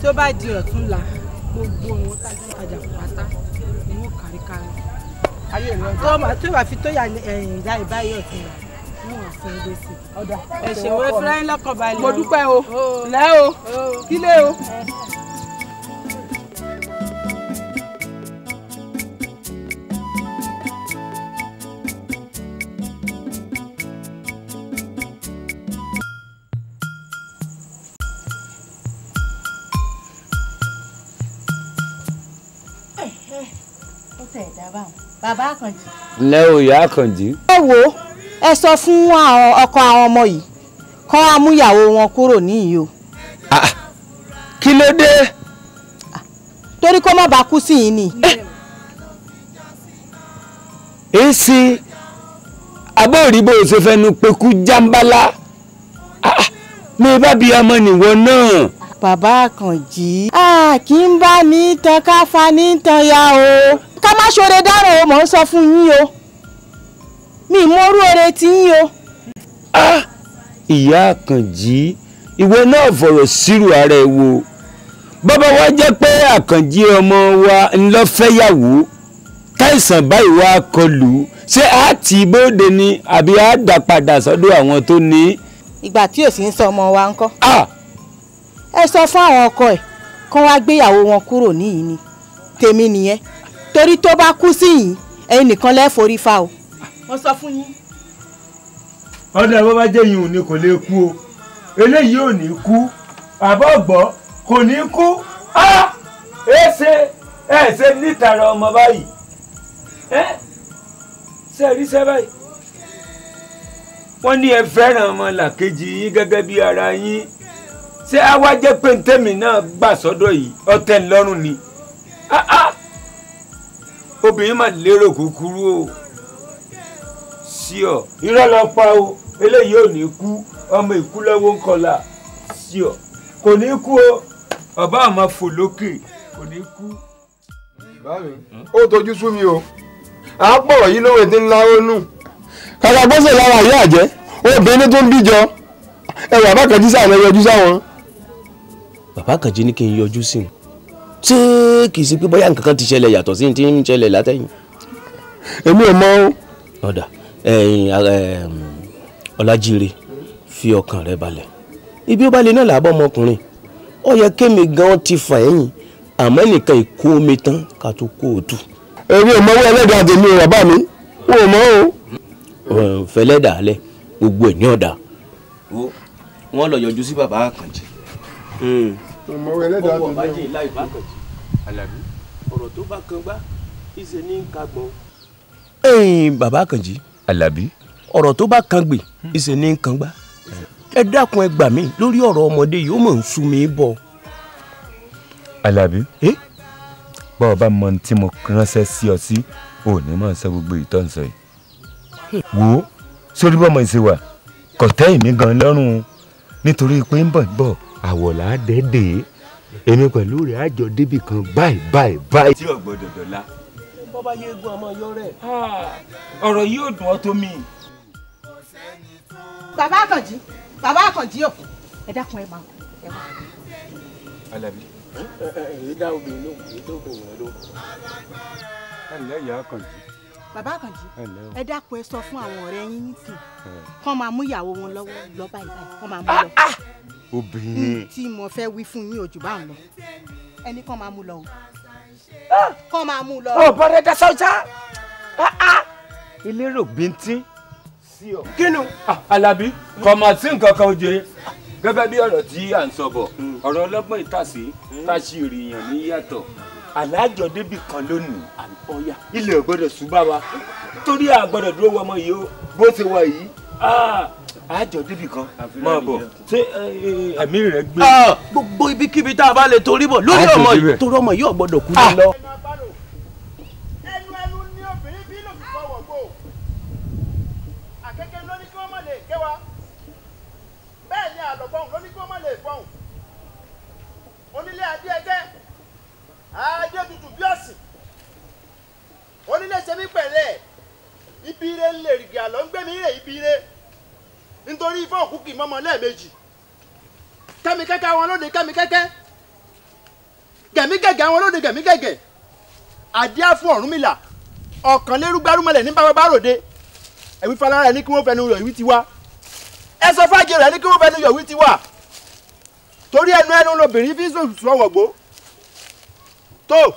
tó bá di ọ̀túnla gbogbo ohun tájú padà pátá ni wọ́n kárí kárí. ayé rẹ tó bá tó bá fi tó yà ẹ̀yìn ìyá ìbáyé ọ̀túnla ẹ ṣèwé fúláyín lọ́kàn balẹ̀. mo dúpẹ́ o lẹ́ o kílé o. bàbá àkànjì. ǹlẹ́ o ìyá àkànjì. ẹ wo ẹ sọ fún ọkọ àwọn ọmọ yìí kọ́ amúyàwó wọn kúrò níyìí o. kí ló dé. torí kó má bàa kú sí yìí ni. èsì eh! abóòrí bó o ṣe fẹnu pekú jámbálá mi bá bí ọmọ nìwọ náà. bàbá àkànjì. a kì bá ní tan káfa ní tan ya o ká má ṣoore dárò o mò ń sọ fún yín o mi mórú oore ti yín o. ìyá àkànjí ìwọ náà fọ̀rọ̀ sírù ara ẹ wo bàbá wa jẹ́ pé àkànjí ọmọ wa ńlọ fẹ́yàwó táìsàn báyìí wá kọlù ṣé a ti bóde ni àbí a dà padà sọ́dọ̀ àwọn tó ní. ìgbà tí òsì ń sọ ọmọ wa ńkọ́. ẹ sọ fún àwọn ọkọ ẹ kán wá gbéyàwó wọn kúrò níyìí ni tèmi nìyẹn torí tó bá kú sí yìí ẹ̀yin nìkan lẹ́ẹ̀ forí fa o. mo sọ fún yín. ọ̀dọ̀ ẹ̀ bó bá jẹ́ yìí ò ní kò lè kú o eléyìí ò ní kú àbọ̀ ọ̀gbọ́ kò ní kú á ẹ ṣe ẹ ṣe nítara ọmọ báyìí ẹ ṣe rí ṣe báyìí wọ́n ní ẹ fẹ́ràn ọmọ làkejì yín gẹ́gẹ́ bí ara yín ṣé àwa jẹ́ pé ntẹ́mi náà gbà sọ́dọ̀ yìí ọ̀tẹ̀ ńlọ́rùn ni. Ah, ah obìnrin mà lérò kúkúrú o sí ọ. irọ́ lọ pa o eléyìí ò ní kú ọmọ ìkúlẹ́wọ́ ń kọlà sí ọ kò ní kú o ọba àmọ́ fò lókè kò ní kú. báyìí ó tojú sú mi o à á pọ̀rọ̀ yìí lóore tí ń láwọ́ nù. kàkà gbọ́sẹ̀ lára àyè àjẹ́ obìnrin tó ń bíjọ ẹ̀rọ àbákanjí sáà lọ yọjú sáwọn. bàbá Kànjí ní kí n yọjú sí i ṣé kì í ṣe pé bóyá nǹkan kan ti ṣẹlẹ̀ yàtọ̀ sí ti ń ṣẹlẹ̀ látẹ̀yìn. èmi ò mọ o. ọ̀dà ọ̀làjire fi ọkàn rẹ balẹ̀ ibi ó bá lè náà làbọ̀ ọmọkùnrin ó yẹ kémi gan ti fà ẹ̀yìn àmọ́ nìkan ìkó omi tán ká tó kó o tù. èmi ò mọ owó ẹlẹ́dàá àtẹ̀mí bàbá mi n ò mọ o. fẹlẹ́dà alẹ́ gbogbo ẹ̀ ní ọ̀dà. wọ́n lọ yọjú sí bàbá àkànjì. Hmm ọmọwé ẹlẹ́dàá tó ní o. ọwọ́ bàjẹ́ ìlà ìbákan Àlàbí ọ̀rọ̀ tó bá kan gbá ìṣe ní kagbọ̀n. ẹ̀yin bàbá Àkànjí Àlàbí ọ̀rọ̀ tó bá kan gbè ìṣe ní kan gbá ẹ dákun ẹ gbà mí lórí ọ̀rọ̀ ọmọdé yìí ó mọ̀ ń sú mi bọ̀. Àlàbí eh? bá ọ bá mọ tí mo ránṣẹ́ sí ọ sí ò ní máa sọ gbogbo ìtọ́nsọ yìí eh. wò sórí bọ́mọ ìṣèwà kọ̀tẹ́ ìmí gan lọ́rùn nítorí pé ń bọ̀ ń bọ̀ àwọ̀là dẹ́dẹ́ èmi pẹ̀lú rẹ̀ àjọ débì kan báyìí báyìí báyìí. tí ọ̀gbọ́dọ̀ dọ̀la. bọ́bá yéégún ọmọ yọ rẹ̀. ọ̀rọ̀ yìí ò dùn ọ́ tó mi. bàbá àkànjí bàbá àkànjí òkú ẹ dákun ẹ máa ẹ wá. alábí. èyí dá obìnrin lóhùn èyí tó bò wọ́n lóhùn. ẹ ǹlẹ́ ìyá àkànjí. bàbá àkànjí ẹ dákun ẹ sọ fún àwọn ọ̀rẹ́ yín nìsín kán máa mú ìyàwó wọn lọ́wọ́ lọ́ báyìí obìnrin. tí mo fẹ́ wí fún yín ojú bá ń lọ ẹni kan máa mú lọ o ah! kan máa mú lọ. ọ̀ bọ́dẹ̀ dá sọ́jà elérò ah, ah. bíntín kínú alábí kọ̀mọ̀tì nǹkan kan jẹ gẹ́gẹ́ bí ọ̀rọ̀ tí à ń sọ bọ̀ hmm. ọ̀rọ̀ ọlọ́gbọ́n ìtàsí hmm. táṣìírí yàn ní yàtọ̀ alájọ débì kan lónìí àbọ̀yà ilé ò gbọ́dọ̀ ṣùgbọ́n wa torí a gbọ́dọ̀ dúró wọmọ yìí ó bó ṣe wà yìí àjọ débi kan máa bọ̀ ṣé ẹ̀mí rẹ̀ gbé. Ah, gbogbo ibikíbi tá a bá lè torí bọ̀ lórí ọmọ yìí torí ọmọ yìí ò gbọ́dọ̀ kú ah! lọ. ẹnu ẹnu ni obìnrin bí lòun kọ wọ̀gbọ́ àkékè ló ní kí wọ́n má lè ké wa bẹ́ẹ̀ ni àlọ́gbọ́n ló ní kí wọ́n má lè fọ́hùn onílé adé ẹgẹ́ adé tutù bí ọ̀sìn onílé ṣe mí pẹ̀lẹ́ ibi ire ń lè rìgì àlọ́ ń gbé mi rè ibi ire nítorí ifá òkú kì í mọ́mọ́ lẹ́ẹ̀mejì kẹ́mi kẹ́kẹ́ wọn lóde kẹ́mi kẹ́kẹ́ gẹ̀mí gẹ̀gẹ̀ wọn lóde gẹ̀mí gẹ̀gẹ̀ àdíá fún Ọ̀rúnmìlà ọ̀kan lérú gbárùmọ̀lẹ̀ ní bàbá báròde ẹ̀wí falára ẹ̀ ní kí wọ́n fẹnu yọ̀ ìwí ti wá ẹ sọ fájì rẹ̀ ní kí wọ́n fẹnu yọ̀ ìwí ti wá torí ẹnu ẹnu lobìnrin fi ń sòsù sọ̀wọ̀ gbó tó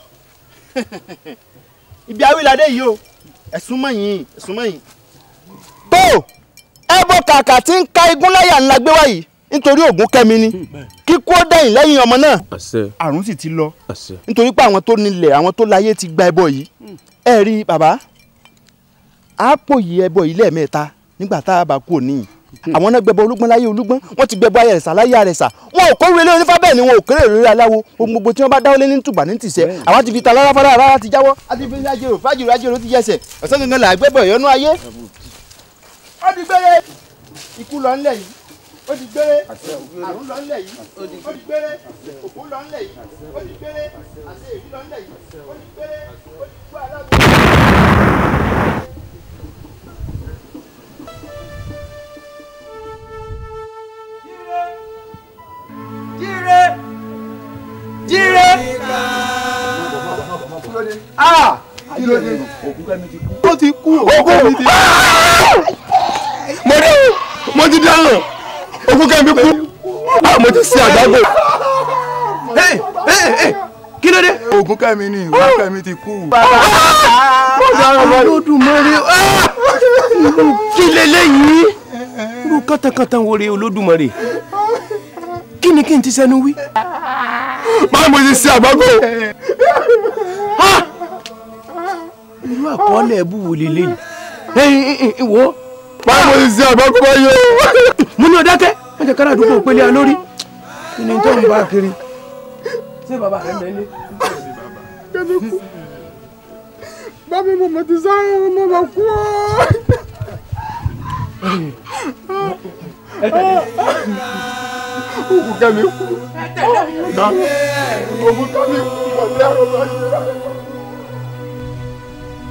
ibi awílàdé yìí o ẹ̀sùn mọ̀yìn ẹ̀sùn mọ̀yìn tó ẹbọ kàkà tí ń ka igun láyà ńlá gbé wáyìí nítorí ògùn kẹmi ni hmm. kíkú ó dẹ̀yìn lẹ́yìn ọmọ náà àrùn sì ti lọ nítorí pé àwọn tó nílẹ̀ àwọn tó láyé ti gba ẹbọ yìí hmm. ẹ rí bàbá àpò yìí ẹbọ yìí lẹ́ẹ̀mẹ́ta nígbà tá a bá kú òní hmm. àwọn náà gbẹbọ olúgbọ́n láyé olúgbọ́n wọ́n ti gbẹbọ ayẹrẹsà láyé àrẹsà wọn ò kórè lórí nífà bẹ́ẹ̀ ni wọn ò kéré lórí aláwo ohun gbogbo tí wọ́n bá dáwọ́lé ní tùbà ní tìṣẹ àwọn ti fi ta lára fara rárá ti jáwọ́ àti fi ní ajérò fájìrò ajérò ti yẹsẹ̀ ọ̀sán gangan là gbẹbọ ìyọnú ayé ó di gbére ikú lọ ńlẹ̀ yìí ó di gbére àrùn lọ ńlẹ̀ yìí ó di gbére òkú lọ ńlẹ̀ yìí ó di gbére àti èyí lọ ńlẹ̀ yìí ó di gbére ó di gbó aláwọ̀. Jíire! Jíire! Jíire! Ah! kí ló dé ògúnkẹ́mi ti kú. ó ti kú ògúnkẹ́mi ti kú. mo dé mo ti dáhùn ògúnkẹ́mi kú mo ti ṣe àgbàgbọ́. kí ló dé. ògúnkẹ́mi ni ògúnkẹ́mi ti kú. mo dáhùn lọ. ló dùn mọ́ rí ah, kí lélẹ́yìí irú kàtàkàtà wo re Olódùmarè kí ni kí n ti sẹ́nu wí. báwo mo ti ṣe àgbàgbọ́ irú àkọọ́lẹ̀ ẹ̀bù wò lélẹ̀ yìí wo. báwo ni sí àbákúbá yìí o. mo ní o dákẹ́ wọ́n jẹ́ kára àdúgbò pélé a lórí kí ni tó ń bá a kiri. ṣé bàbá rẹ mẹ́lẹ́. bábí mo mọ̀ ti sáré mo mọ̀ kú ọ́. Ogun kẹ́mi kú. Ogun kẹ́mi kú. Ọ̀dẹ́rùn-ún.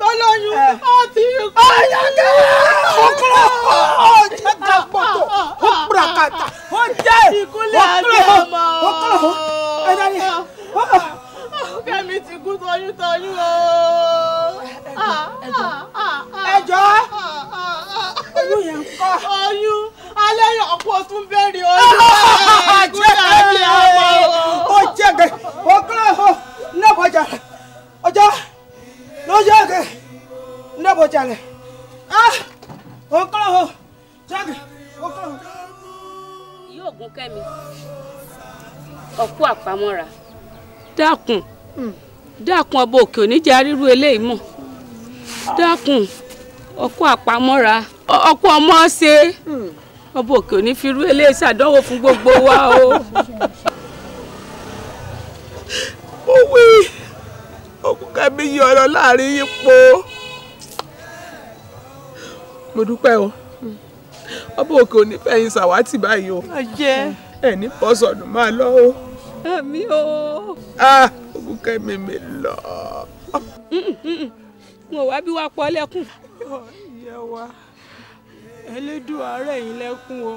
tọ́lọ́yún àti ikú. ọ̀yàkẹ́ ọ̀kúrọ̀ ọ̀jẹ̀dá pọ̀tọ̀ ọ̀kúrakàtà ọ̀jẹ̀ ìkúlẹ̀ àti ọmọ. ọ̀kúrọ̀ ẹ̀dáyẹ. Ah, ah. ah, kẹ́mi ti kú tọ́yún tọ́yún o. ẹjọ́ oyún yẹn kọ́. oyún alẹ́ yọ̀pọ̀ tún bẹ̀rẹ̀ oyún. ìkúlẹ̀ àti ọmọ. káàbọ̀ jalẹ̀ ó kọ́ ọ jáde ó kọ́ ọ. yóò gún kẹ́mi ọ̀pọ̀ àpamọ́ra dákun hmm. dákun ọba òkè oníjà ríru eléyìí mọ̀ dákun ọkọ àpamọ́ra ọkọ ọmọ ṣe ọba hmm. òkè òní fi rú eléyìí ṣàdánwò fún gbogbo wa o. mo wí òkú kẹ́mi yọ ọ lọ láàrin yín po mo dúpẹ́ o ọba òkè ò ní fẹ̀yìn sàwátì báyìí o ẹ ní pọ́sọ̀nù máa lọ o. àmì o. Ah, olùkọ́ mi mi lọ. wọn wá bí wàá pọ̀ lẹ́kùn. ìyá wa ẹlẹ́dùn àárẹ̀ yìí lẹ́kùn o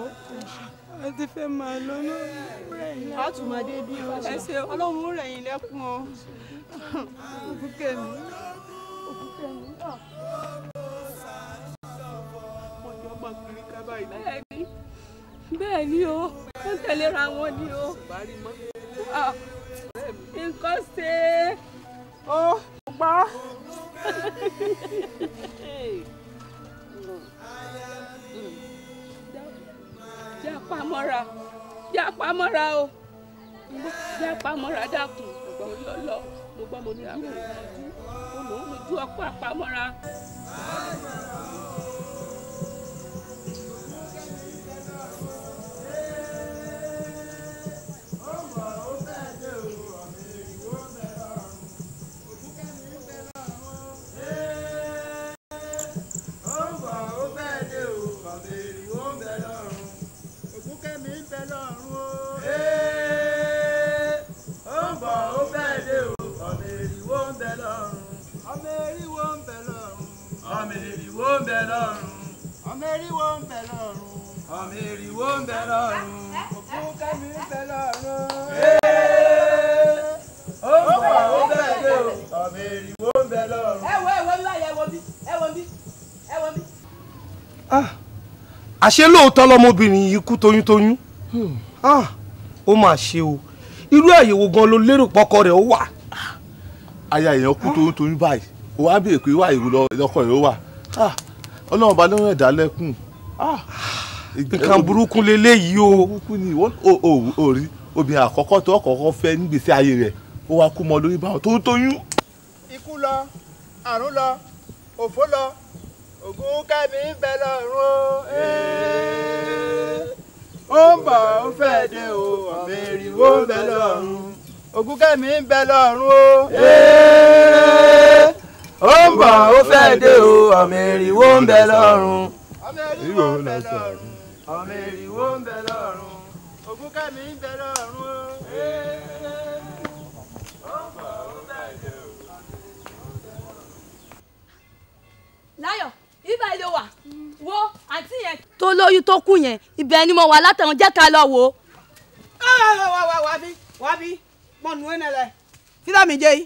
a ti fẹ́ máa lọ lọ́rùn a tún máa dé bí o ẹ ṣe ọlọ́run rẹ̀ yín lẹ́kùn o òkú kẹ́mi òkú kẹ́mi bẹ́ẹ̀ni bẹ́ẹ̀ni o wọ́n tẹ̀léra wọn ni o ah, nǹkan ṣe o gbọ́. já pamọ́ra já pamọ́ra o já pamọ́ra dákun ọ̀gbọ́n orí ọlọ́ mo gbọ́ mo ní dúró ojú ọ̀pọ̀ àpamọ́ra. eriwo ń bẹ lọ́run. ọmọ eriwo ń bẹ lọ́run. òkú kẹ́mi ń bẹ lọ́run. ó ń bọ̀ ó bẹ́ẹ̀ dé o. ọmọ eriwo ń bẹ lọ́run. ẹ wo ẹ wo bí báyìí ẹ wo bí ẹ wo bí ẹ wo bí. Ah, àṣé lóòótọ́ lọmọbìnrin yìí kú toyúntoyún hmm, ah, ó mà ṣe o irú àyẹ̀wò gan ló lérò pọ́kọ rẹ̀ ó wà. aya èèyàn kú toyúntoyún báyìí ó wá ń béèrè pé irú àyẹ̀wò lọ́kọ rẹ̀ ó wà. Ah, ọlọ́run ọba lọ́rùn ẹ̀dá lẹ́kùn ah, nǹkan burúkú leléyìí o burúkú ni ìwọ ò rí obìnrin àkọ́kọ́ tó kọ́kọ́ fẹ́ nígbèsè ayé rẹ̀ ó wá kú mọ lórí báwọn tó ń tóyún. ikú lọ àrùn lọ òfó lọ ògùn kẹ́mi ń bẹ lọ́rùn ó ń bọ̀ ó fẹ́ dé o ọ̀bẹ ìrìwó ń bẹ lọ́rùn ògùn kẹ́mi ń bẹ lọ́rùn ó ó ń bọ̀ ó fẹ́ dé o ọmọ èrìwó ń bẹ lọ́rùn. ọmọ èrìwó ń bẹ lọ́rùn. ọmọ èrìwó ń bẹ lọ́rùn. ògùn ń bẹ lọ́rùn o. láyọ̀ ibà ló wà wo àǹtí yẹn. tó lóyún tó kú yẹn ibẹ̀ ni mo wà látẹ̀wọ̀n jẹ́ ká lọ wò. wà wà wà wà bí wà bí mọ̀nù ẹ̀ nẹ̀lẹ̀ fílàmì jẹ́ yìí.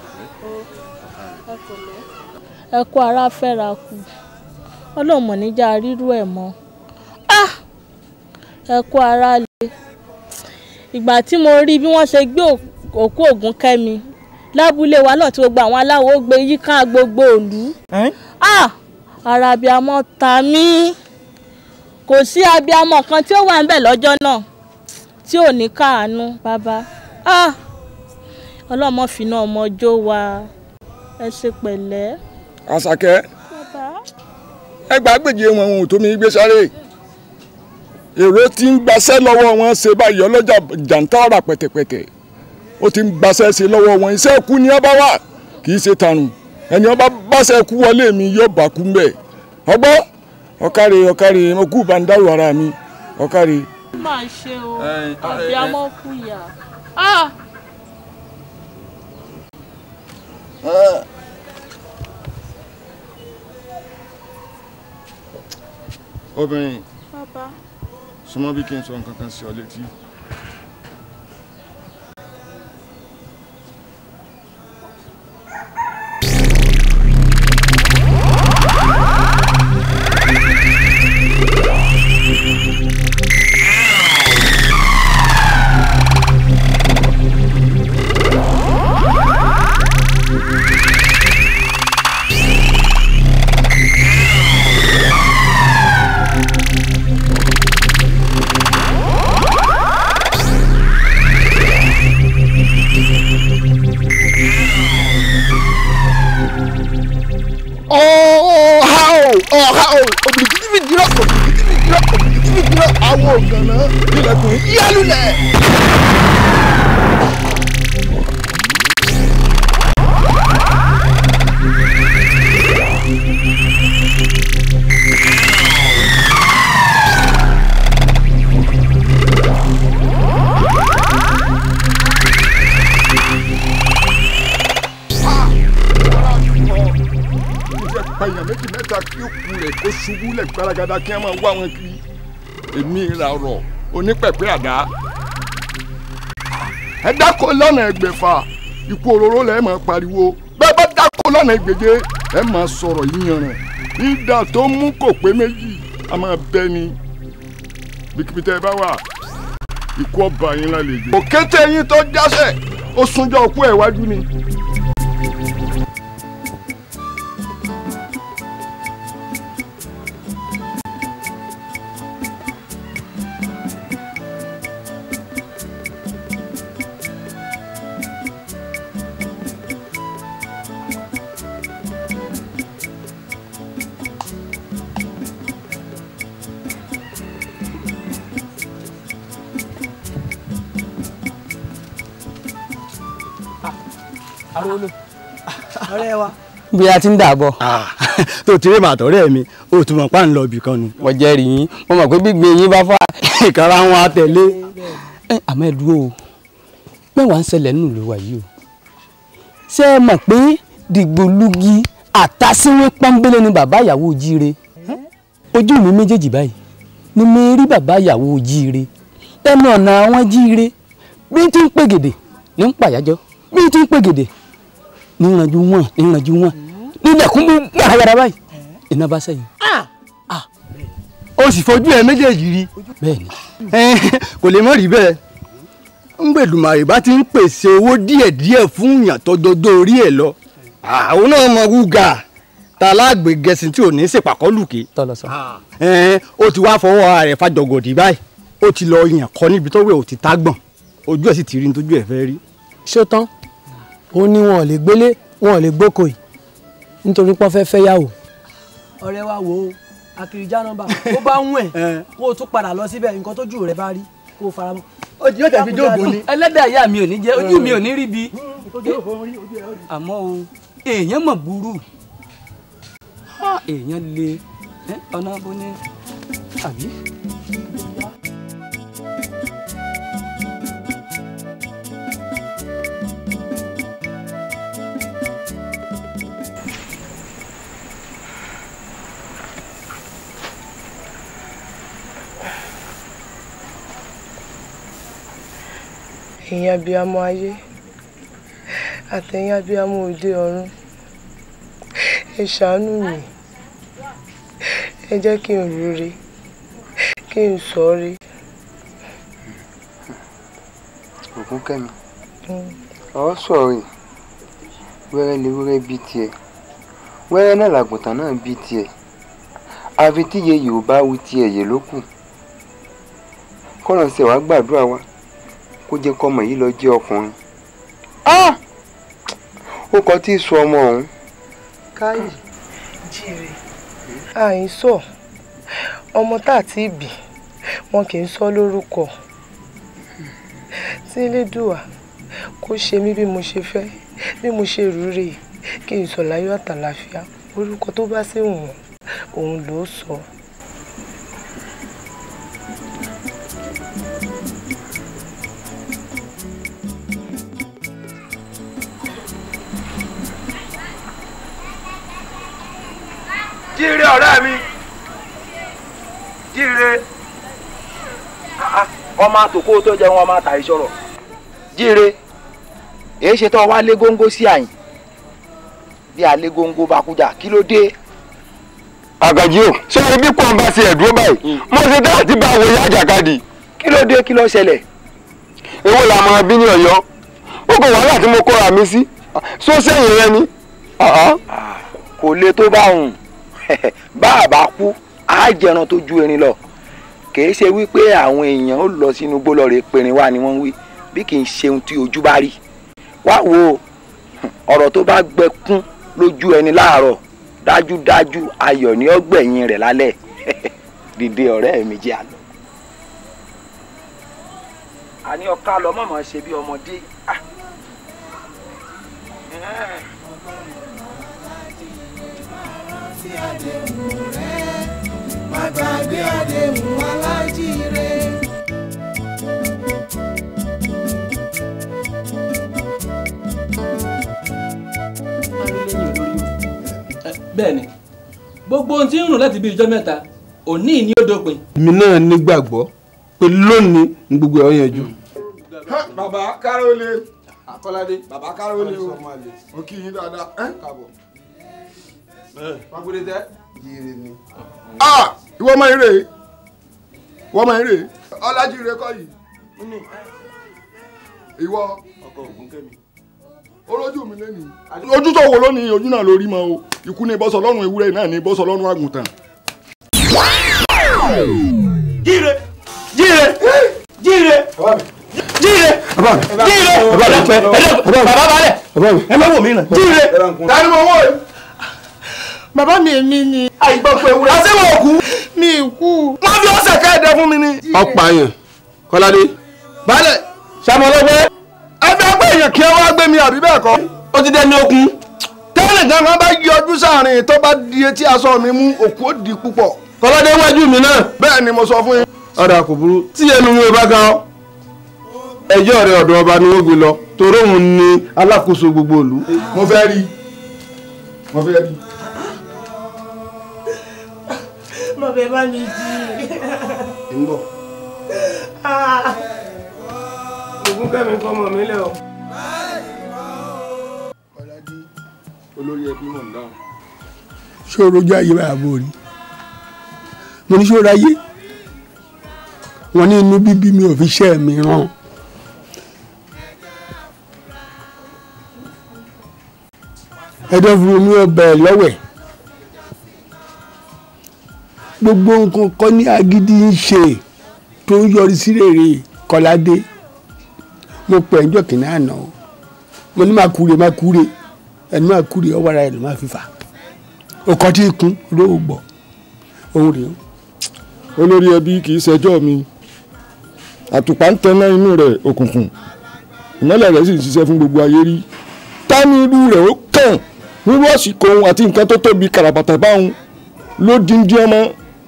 ẹ kú ara fẹ́ra kù ọlọ́run mọ̀ níjà rírú ẹ̀ mọ́ ah! ẹ kú ara le ìgbà tí mo rí bí wọ́n ṣe gbé òkú ògún kẹ́mi lábúlé wa náà tí gbogbo àwọn aláwo gbé yíká gbogbo ìlú ah! ara abiamọ ta mí kò sí abiamọ kan tí ó wà ń bẹ̀ lọ́jọ́ náà tí ò ní káàánú bàbá. Ah. ọlọ́mọ fínà ọmọ jó wa ẹ ṣe pẹ̀lẹ́. àṣàkẹ́ ẹ gbàgbèjì wọn ohun tó gbé sáré èrò tí ń gbaṣẹ́ lọ́wọ́ wọn ṣe báyìí ọlọ́jà jàǹtàrà pẹ̀tẹ̀pẹ̀tẹ̀ ó ti ń gbaṣẹ́ ṣe lọ́wọ́ wọn iṣẹ́ ẹ̀kú ni ọba wà kì í ṣe ẹni wọlé mi yóò bá kú mo kú bá ń dárò ara mi ó o àbí obìnrin súnmọ́ bí kí n sọ nǹkan kan sí ọ létí. ọ̀ha òbìtìbì dúró òbìtìbì dúró òbìtìbì dúró àwọn ògànná nílẹ̀kùn yálùlẹ̀. síta kí òkú rẹ̀ kó ṣubú lẹ̀ gbaragada kí wọ́n máa wá wọn kiri èmi ra ọ̀rọ̀ onípẹ̀pẹ́ àdá ẹ dáko lọ́nà ẹgbẹ̀fà ikú òróró lẹ̀ máa pariwo bẹ́ẹ̀ bá dáko lọ́nà ẹgbẹ̀je ẹ máa sọ̀rọ̀ yíyanràn ìdà tó mú kò pé méjì a máa bẹ́ ni bíkíbi bá wà ikú ọba yín lálejò. òkété yín tó jáṣẹ̀ ó súnjọ́ òkú ẹ̀ wájú ni. bí a ti ń dàbọ̀. Ah, tó tiré màtọ́ rẹ̀ mi ó tún mọ̀ pa ń lọ ibì kan nu. mo jẹ́rìí yín mo mọ̀ pé gbígbé yín bá fà ìkara wọn á tẹ̀lé. àmọ́ ẹ dúró o mẹ́wàá ń ṣẹlẹ̀ nínú ìlú wa yìí o ṣé ẹ mọ̀ pé dìgbòlugi àtàsíwé pọ́nbélé ni bàbá ìyàwó jíire ojú mi méjèèjì báyìí ni mo rí bàbá ìyàwó jíire ẹnu ọ̀nà àwọn jíire bí tí ń pègèdè ní ń pàyàjọ bí tí ń pègèdè níranjú wọn níranjú wọn nílẹ̀kùn mú gbàràgàrà báyìí iná bá sẹ́yìn. Ah! Ah! o sì fojú ẹ méjèèjì rí. bẹ́ẹ̀ni. kò lè mọ̀ rí bẹ́ẹ̀ ngbèdùmàrè bá ti ń pèsè owó díẹ̀díẹ̀ fún ìyàn tọdọdọ orí ẹ̀ lọ àwọn ah, náà mọ wúgà ta láàgbè gẹ̀ẹ́sì tí ò ní ṣèpàkọ́ lùkè. tọ́lọ sọ. ó ti wá fọwọ́ ara rẹ̀ fàjọgòdì báyìí ó ti lọ yàn kọ́ níbi tọ́wé o ti tágbọ̀n ojú ẹ̀ sì ti rí ní tójú ẹ̀ fẹ́ rí. ṣé o tán ó ní wọn ò lè gbélé wọn ò lè gbóko yìí nítorí pọ́n fẹ́ fẹ́ yàwó. ọ̀rẹ́ wa wo akirija nọ́mbà ó bá ń wẹ̀ kó o tún padà lọ síbẹ̀ nǹkan tójú rẹ̀ bá rí kó o fara mọ́. ó ti yóò tẹ̀ fi dóògùn ni. ẹlẹ́dàá ìyá mi ò ní jẹ́ ojú mi ò ní rí bi hmm, àmọ́ o èèyàn mọ̀ burú èèyàn le ọ̀nà bó ní àbí. ẹ̀yin abiyamọ ayé àtẹ̀yin abiyamọ òde ọ̀run ẹ ṣàánú mi ẹ jẹ́ kí n rúre kí n sọ̀re. Ògúnkẹ́mi ọ sọ̀rọ̀ yìí wẹ́rẹ́ bí tiẹ̀ wẹ́rẹ́ náà làgùntàn náà bí tiẹ̀ àfi tíye Yorùbá wu tiẹ̀ yè lókù kọ́nà ṣe wàá gbàdúrà wa kó jẹ́ kọ́ ọmọ yìí lọ jẹ́ ọkùnrin ó kọ tí ì sọ ọmọ ọ̀hún. káyì jèrè àìsọ ọmọ tá a ti bí wọn kì í sọ lórúkọ tí elédùà kó ṣe mí bí mo ṣe fẹ́ bí mo ṣe rú rè kí n sọ láyọ̀ àtàlàfíà orúkọ tó bá sì wọ̀n òun ló sọ. So. jíire ọ̀rẹ́ mi jíire ọmọ àtòkó tó jẹ wọn ọmọ àtàrí sọ̀rọ̀ jíire èyí ṣe tó wá lé góńgó sí àyìn bí alé góńgó bá kújà kí ló dé. àgàjì o ṣé ibi kan bá ṣe ẹ̀dúró báyìí hmm. mo ṣe dá àti bá àwọn ìyá àjàkadì. kí ló dé kí ló ṣẹlẹ̀. èwo la máa bí ní ọ̀yọ́ ó kò wàhálà tí mo kóra mi sí sọ sẹ́yìn rẹ ni. Ah, kò le tó bá òun bá a bá kú á jẹran tó ju erin lọ kìí ṣe wípé àwọn èèyàn ó lọ sínú igbó lọ rè perin wá ni wọ́n ń wí bí kì í ṣe ohun tí ojú bá rí wá wo ọ̀rọ̀ tó bá gbẹ lójú ẹni láàárọ̀ dájúdájú ayọ̀ ni ó gbẹ̀yìn rẹ̀ lálẹ́ dìde ọ̀rẹ́ mi jẹ́ àná. àní ọ̀ka lọ mọ̀mọ́ ṣe bí ọmọdé. Ah. àdéhùn rẹ má gbàgbé àdéhùn alájíire. bẹ́ẹ̀ni gbogbo ohun tí ń rùn láti bí ìjọ mẹ́ta òní ni ó dópin. èmi náà nígbàgbọ́ pé lónìí ni gbogbo ẹ̀ ọ́ yanjú. bàbá kárólé akọ́ládé bàbá kárólé o mo yín dáadáa Fagbede tẹ́. Yèrè ni. Ìwọ máa ń rè é. Ìwọ máa ń rè é. Ọlájú rẹ kọ́ yìí. Ìwọ. Ọkọ ògùn kẹ́mi. Olójú mi lẹ́nu. Ojú tó wo lónìí ojú náà lórí mọ o. Ikú ni bọ́sọ̀ lọ́rùn ewúrẹ́ náà ni bọ́sọ̀ lọ́rùn àgùntàn. jire, jire, jire, jire, jire, jire, jire, jire, jire, jire, jire, jire, jire, jire, jire, jire, jire, jire, yìí bàbá mi èmi ni. àìgbọ́pọ̀ ewúrẹ́. àṣewọ̀ òkú. mi kú. wọ́n fi ọ̀sẹ̀ kẹ́ẹ̀dẹ fún mi ni. ọ̀pọ̀ àyàn kọ́ládé. baálẹ̀ sàmọlọ́gbẹ́. ẹ fẹ́ pé èèyàn kí ẹ wá gbé mi àbí bẹ́ẹ̀ kọ́. ó ti dẹni okun. tẹ́lẹ̀ gan kan bá yọjú sáàrin tó bá di etí aṣọ mi mú òkú ó di púpọ̀. kọ́ládé wájú mi náà. bẹ́ẹ̀ ni mo sọ fún yín. ọ̀dà kò burú tí ẹnu mi bá ga ọ ẹjọ́ rẹ ọ̀dọ̀ ọba ni wọ́n gbé lọ torí ni alákòóso gbogbo ìlú. mo fẹ́ rí mo fẹ́ rí. lọ́bẹ̀ bá mi jí. ń bọ̀. ògùn ah. kẹ́mi fọmọ mi lẹ̀ o. ọ̀làdí olórí ẹbí mọ̀ ń dáhùn. ṣé o rojú ayé báyà bò ni mo ní ṣé o ráyé wọn ní inú bíbí mi ò fi ṣẹ́ mi rán. ẹ̀dọ̀ fún mi ò bẹ̀ lọ́wẹ̀ gbogbo nǹkan kọ́ ní agídí ń ṣe tó ń yọrí sí rèrè kọ́ládé mo pẹ̀ ń jọ kìnìún àná o mo ní máa kúre máa kúre ẹni máa kúre ọwọ́ ara ẹ̀ máa fi ọkọ tí ì kún ló gbọ́ òun rèé. olórí ẹbí kì í ṣẹjọ́ mi àtùpà ń tẹná inú rẹ̀ òkùnkùn ìmọ́lẹ̀ rẹ̀ sì ń ṣiṣẹ́ fún gbogbo ayé rí ta ni irú rẹ̀ ó kàn nínú àsìkò òun àti nǹkan tó tóbi kàràbàtà báwọn ló dín dín ọmọ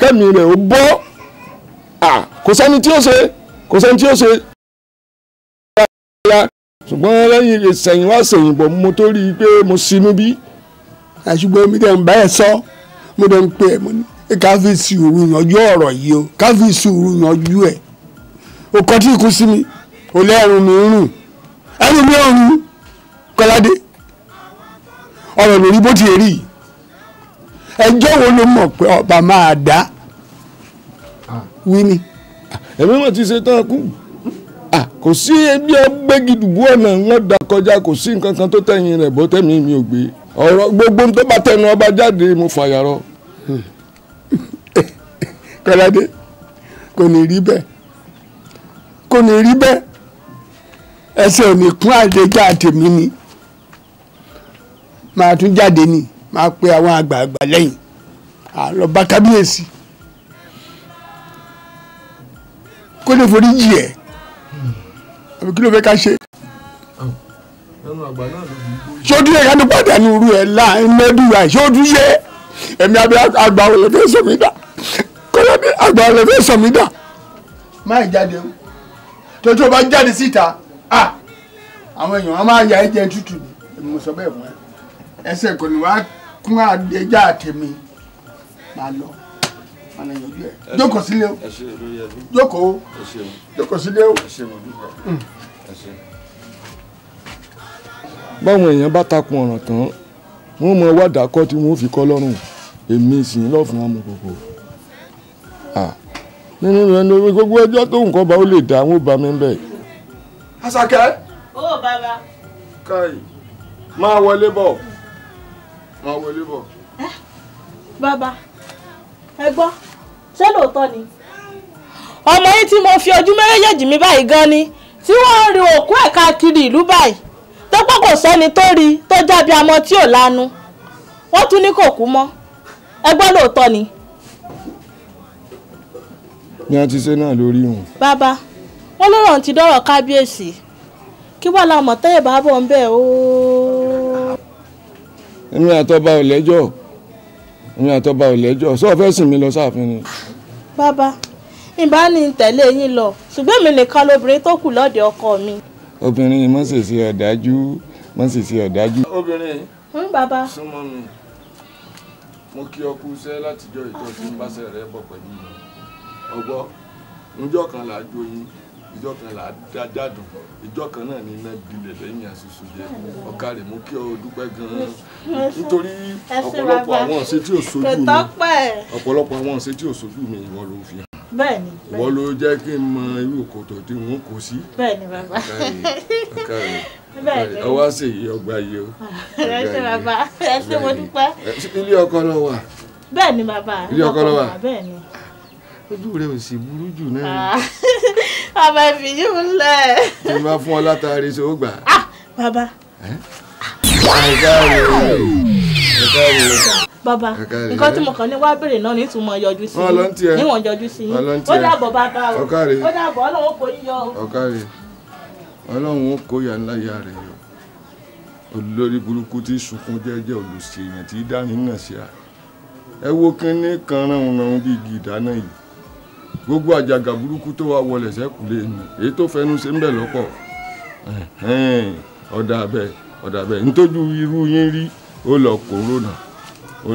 kẹ́mi rẹ̀ ó bọ́ kò sẹ́ni tí ó ṣe kò sẹ́ni tí ó ṣe ṣùgbọ́n lẹ́yìn ìsẹ̀yìn wá sẹ̀yìn bọ̀ mo tó rí i pé mo sinú bí. àṣùgbọ́n mi dẹ̀ ń bá ẹ sọ mo dẹ̀ ń pè é mo ní ká fi sùúrù yanjú ọ̀rọ̀ yìí o ká fi sùúrù yanjú ẹ̀ o kọ́ tí ikú sí mi o lẹ́rùn mi ń rùn ẹni mi ò rùn kọ́ládé ọ̀rọ̀ lórí bó ti rí ẹjọ́ wo ló mọ̀ pé ọba máa dá wí mi. ẹ̀mí mà ti ṣe tán kú kò sí ebi agbẹ́gidùbú ọ̀nà wọn da kọjá kò sí nǹkan kan tó tẹ̀yìn rẹ̀ bó tẹ̀mí mi ò gbé ọ̀rọ̀ gbogbo tó bá tẹnu ọba jáde mo fàyàrọ. kọ́ládé kò ní rí bẹ́ẹ̀ kò ní rí bẹ́ẹ̀ ẹsẹ̀ ò ní kún àdéjà tèmi ni màá tún jáde ni màá pe àwọn àgbààgbà lẹ́yìn àlọ́ bá kábíyèsí. kó lè forí jì ẹ́ àbí kí ló fẹ́ ká ṣe. ṣojú yẹ ká ní pàdánù irú ẹ láàrin mẹ́dùnúwà ṣojú yẹ ẹ̀mí àgbà olè fẹ́ sọ mí dà kọ́lá ní àgbà olè fẹ́ sọ mí dà. má ì jáde o tójú o bá jáde síta àwọn èèyàn á máa ya ẹ̀jẹ̀ tútù ni mo sọ bẹ́ẹ̀ fún ẹ ẹsẹ̀ kò ní wá kún àdéjà tèmi máa lọ ọ̀nà ìyọ̀jú ẹ̀ jókòó sílé o jókòó jókòó sílé o. Hmm. báwọn èèyàn bá takun ọ̀ràn tán wọ́n mọ wádàá kọ́ tí wọ́n fi kọ́ lọ́rùn èmi sì ń lọ́ọ̀fún amúkòkò nínú rẹ̀ ní gbogbo ẹjọ́ tó nǹkan bá ó lè dá àwọn òbá mi ń bẹ̀. Àṣàkẹ́. ó bàbá. káyì máa wọlé bọ̀ máa wọlé bọ̀. bàbá ẹ gbọ́ ṣé lóòótọ́ ni. ọmọ yìí tí mo fi ojú méjèèjì mi báyìí gan ni tí wọ́n rí òkú ẹ̀ káàkiri ìlú báyìí tó pọ̀ kò sẹ́ni tó rí tó jábí amọ tí ò lanu wọ́n tún ní kò kú mọ́ ẹ gbọ́ lóòótọ́ ni. ni a ti ṣe náà lórí òun. bàbá wọn lọ́rọ̀ ti dọ́rọ̀ kábíyèsí kí wàá la mọ̀ tẹ́yẹ̀ bá bọ̀ ń bẹ̀ ooo. èmi àtọ́ba ò lẹ́jọ́ èmi àtọ́ba ò lẹ́jọ́ sọ fẹ́ sìn mí lọ sáàfin ni. bàbá ìbá ni tẹ̀lé yín lọ ṣùgbọ́n èmi nìkan lobìnrin tó kù lọ́ọ̀dẹ ọkọ mi. obìnrin yìí mọ̀ sì ṣe ọ̀dájú mọ̀ sì ọ̀dájú. obìnrin yìí hmm, bàbá súnmọ́ mi mo kí ọ kú iṣẹ́ látijọ́ ìjọ tí ń báṣẹ́ rẹ bọ̀ pẹ̀lú mi ọgbọ́ níjọ́ kan làá yín ìjọ kan là á dájàdùn ìjọ kan náà ní iná dilẹ̀ lẹ́yìn àṣoṣo jẹ ọ̀ka rẹ̀ mú kí ọ dúpẹ́ gan-an nítorí ọ̀pọ̀lọpọ̀ àwọn ọ̀sẹ̀ tí ò sojú mi ọ̀pọ̀lọpọ̀ àwọn ọ̀sẹ̀ tí ò sojú mi ìwọ ló fi hàn ìwọ ló jẹ́ kí n mọ irú kòtò tí wọn kò sí. bẹ́ẹ̀ni bàbá ọkàrẹ ọkàrẹ ọgbà yìí o. Ah, ẹ ṣé bàbá ẹ ṣé mo dúpẹ́. ilé ọkọ lọ wà. bẹ́ẹ̀ni bàbá ilé ọkọ lọ wà bẹ́ẹ̀ni ojú rẹ ò sì burú jù náà. bàbá ìfìyí mi lẹ. tí n bá fún ọ látàrí ṣe ó gbà. Ah, bàbá. bàbá nǹkan tí mo kàn ní wá bèrè náà ní ìtumọ̀ yọjú sí i níwọ̀n yọjú sí i ó dàbọ̀ bàbá o ó dàbọ̀ ọlọ́run ó kó yíyọ o. ọ̀kàrè ọlọ́run ó kó yà ńlá ya rẹ̀ yọ olórí burúkú tí sunkún jẹ́jẹ́ olùsèyàn tí dání náà ṣe à ẹ wo kínní kan ráhùn ráhùn bíi igi ìdáná yìí gbogbo àjàgà burúkú tó wá wọlé sẹ́kùlé ni èyí tó fẹnu ṣe ń bẹ̀ lọ́pọ̀ ọ̀dà bẹ́ẹ̀ ọ̀dà bẹ́ẹ̀ ntójú irú yín rí ó lọ kòrónà ó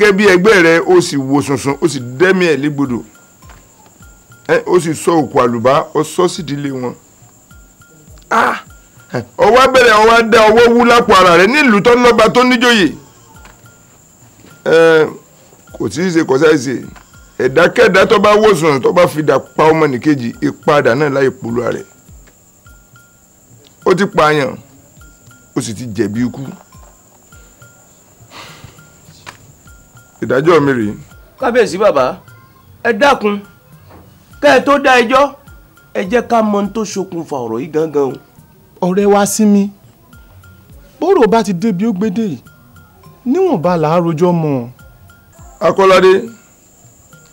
gẹ́gẹ́ bí ẹgbẹ́ rẹ ó sì wo sùnsùn ó sì dẹ́mi ẹ̀ légbodò ó sì sọ òkú àlùbá ó sọ sídìílé wọn ọwọ́ ah! abẹ́rẹ́ ọwọ́ adá ọwọ́ wú lápò ara rẹ nílùú tó lọ́ba tó níjòyè kò tí ì ṣe kò sáì ṣe ẹ̀dákẹ́dá tó bá wòsàn tó bá fi dà pa ọmọ nìkejì ìpadà náà láì polúwa rẹ̀ ó ti pààyàn ó sì ti jẹ̀bi ikú. ìdájọ́ mi rèé. kábíyèsí bàbá ẹ dákun kẹ́ ẹ tó dá ẹjọ́ ẹ jẹ́ ká mọ ohun tó ṣokùnfà ọ̀rọ̀ yìí gangan o. ọ̀rẹ́ wa sí mi bọ́rọ̀ bá ti débi ó gbédè yìí níwọ̀nba là á rojọ́ mọ́. akọ́ládé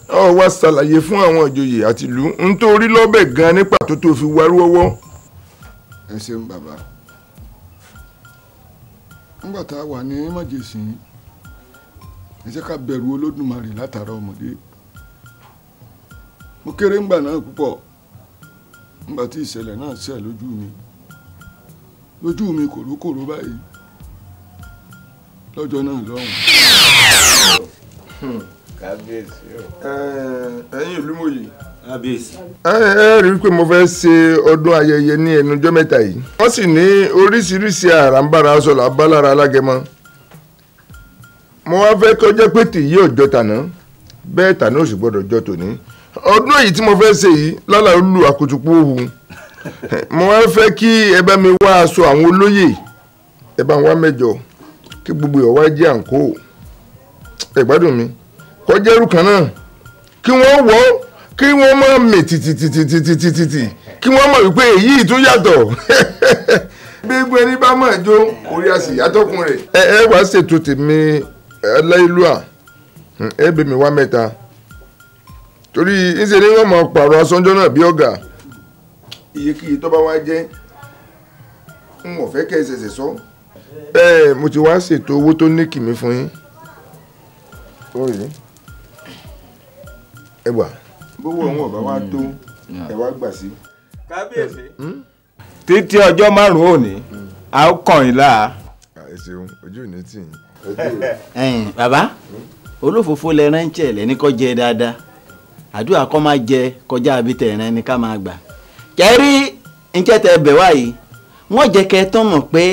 ọ wá ṣàlàyé fún àwọn ìjòyè àti ìlú nítorí lọ́bẹ̀ gan ní pàtó tó fi wárú ọwọ́. ẹ ṣeun bàbá nígbà tá a wà ní májèṣín ẹ jẹ́ ká bẹ̀rù olódùmarè látara ọmọdé mo kéré ńgbà náà púpọ̀ ńgbà tí ìṣẹ̀lẹ̀ náà ṣẹ̀ lójú mi lójú mi kòrókòró báyìí lọ́jọ́ náà lọ́hùn. Hmm, kábíyèsí ìlú mòye. ẹ ẹ rí i pé mo fẹ́ ṣe ọdún ayẹyẹ ní ẹnujọ́ mẹ́ta yìí wọ́n sì ní oríṣiríṣi àràǹbarà aṣọ làbálára mo wá fẹ́ kó jẹ́ pé tìyí ò jọ tàná bẹ́ẹ̀ ni. ò sì gbọ́dọ̀ jọ tòní ọdún èyí tí mo fẹ́ ṣe yìí lálà olú àkùtùpọ̀ òhu mo wá fẹ́ kí ẹ bá mi wá aṣọ àwọn olóyè ẹ bá wá mẹ́jọ kí gbogbo ìwà jẹ́ àǹkó ẹ mi kọjá ẹrú kan náà kí wọ́n wọ́ kí wọ́n má mì tìtìtìtìtìtìtì kí wọ́n mọ̀ wípé èyí tún yàtọ̀ bí gbẹ́ni bá mọ̀ jó orí àsìyàtọ̀kùn rẹ̀. ẹ ẹ wá ṣètò tèmi ẹlẹ́ìlú à hmm, ẹ̀bẹ̀ mi wá mẹ́ta torí ńṣe ni wọ́n mọ̀ pààrọ̀ asọ́njọ́ náà bí ọ̀gá iyekíye tó bá wá jẹ́ n ò fẹ́ kẹ́ ẹ ṣẹ̀ṣẹ̀ sọ. bẹ́ẹ̀ mo ti wá ṣètò owó tó ní kìmí fún yín ẹ gbà. gbogbo àwọn ọba wa tó ẹ wá gbà sí. kábíyèsí. Hmm? títí ọjọ́ márùn-ún òní a ó kàn yín láà. ẹ ṣeun ojú ò ní tì yín. bàbá olófòfó lẹ ránṣẹ́ lẹ́ni jẹ dáadáa àdúrà kọ́ máa jẹ kọjá abitẹ̀ rẹ ní ká máa gbà kẹrí njẹ́ wá yìí wọ́n tán mọ̀ pé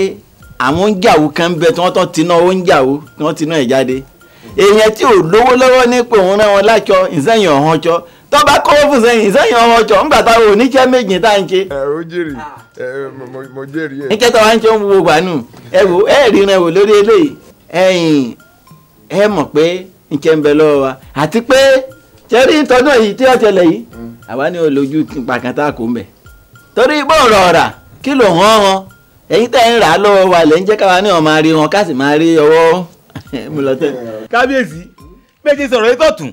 àwọn oúnjẹ kan bẹ tí tán tí tí ò lówó lọ́wọ́ ní pé òun rán wọn ọ̀hán tó bá kọ́ fún ọ̀hán ńgbà eyin ẹ mọ̀ pé ń bẹ wa àti pé chere tọ́jú èyí tí yìí hmm. ni olójú pàkàn tá a kò ń bẹ̀ torí bọ́ọ̀rọ̀ ọ̀rà kí ló hàn án wa lẹ́ ń jẹ́ káwa náà máa rí wọn ká sì máa rí ọwọ́ mo lọ tẹ́. kábíyèsí méjì sọ̀rọ̀ yìí tọ̀tún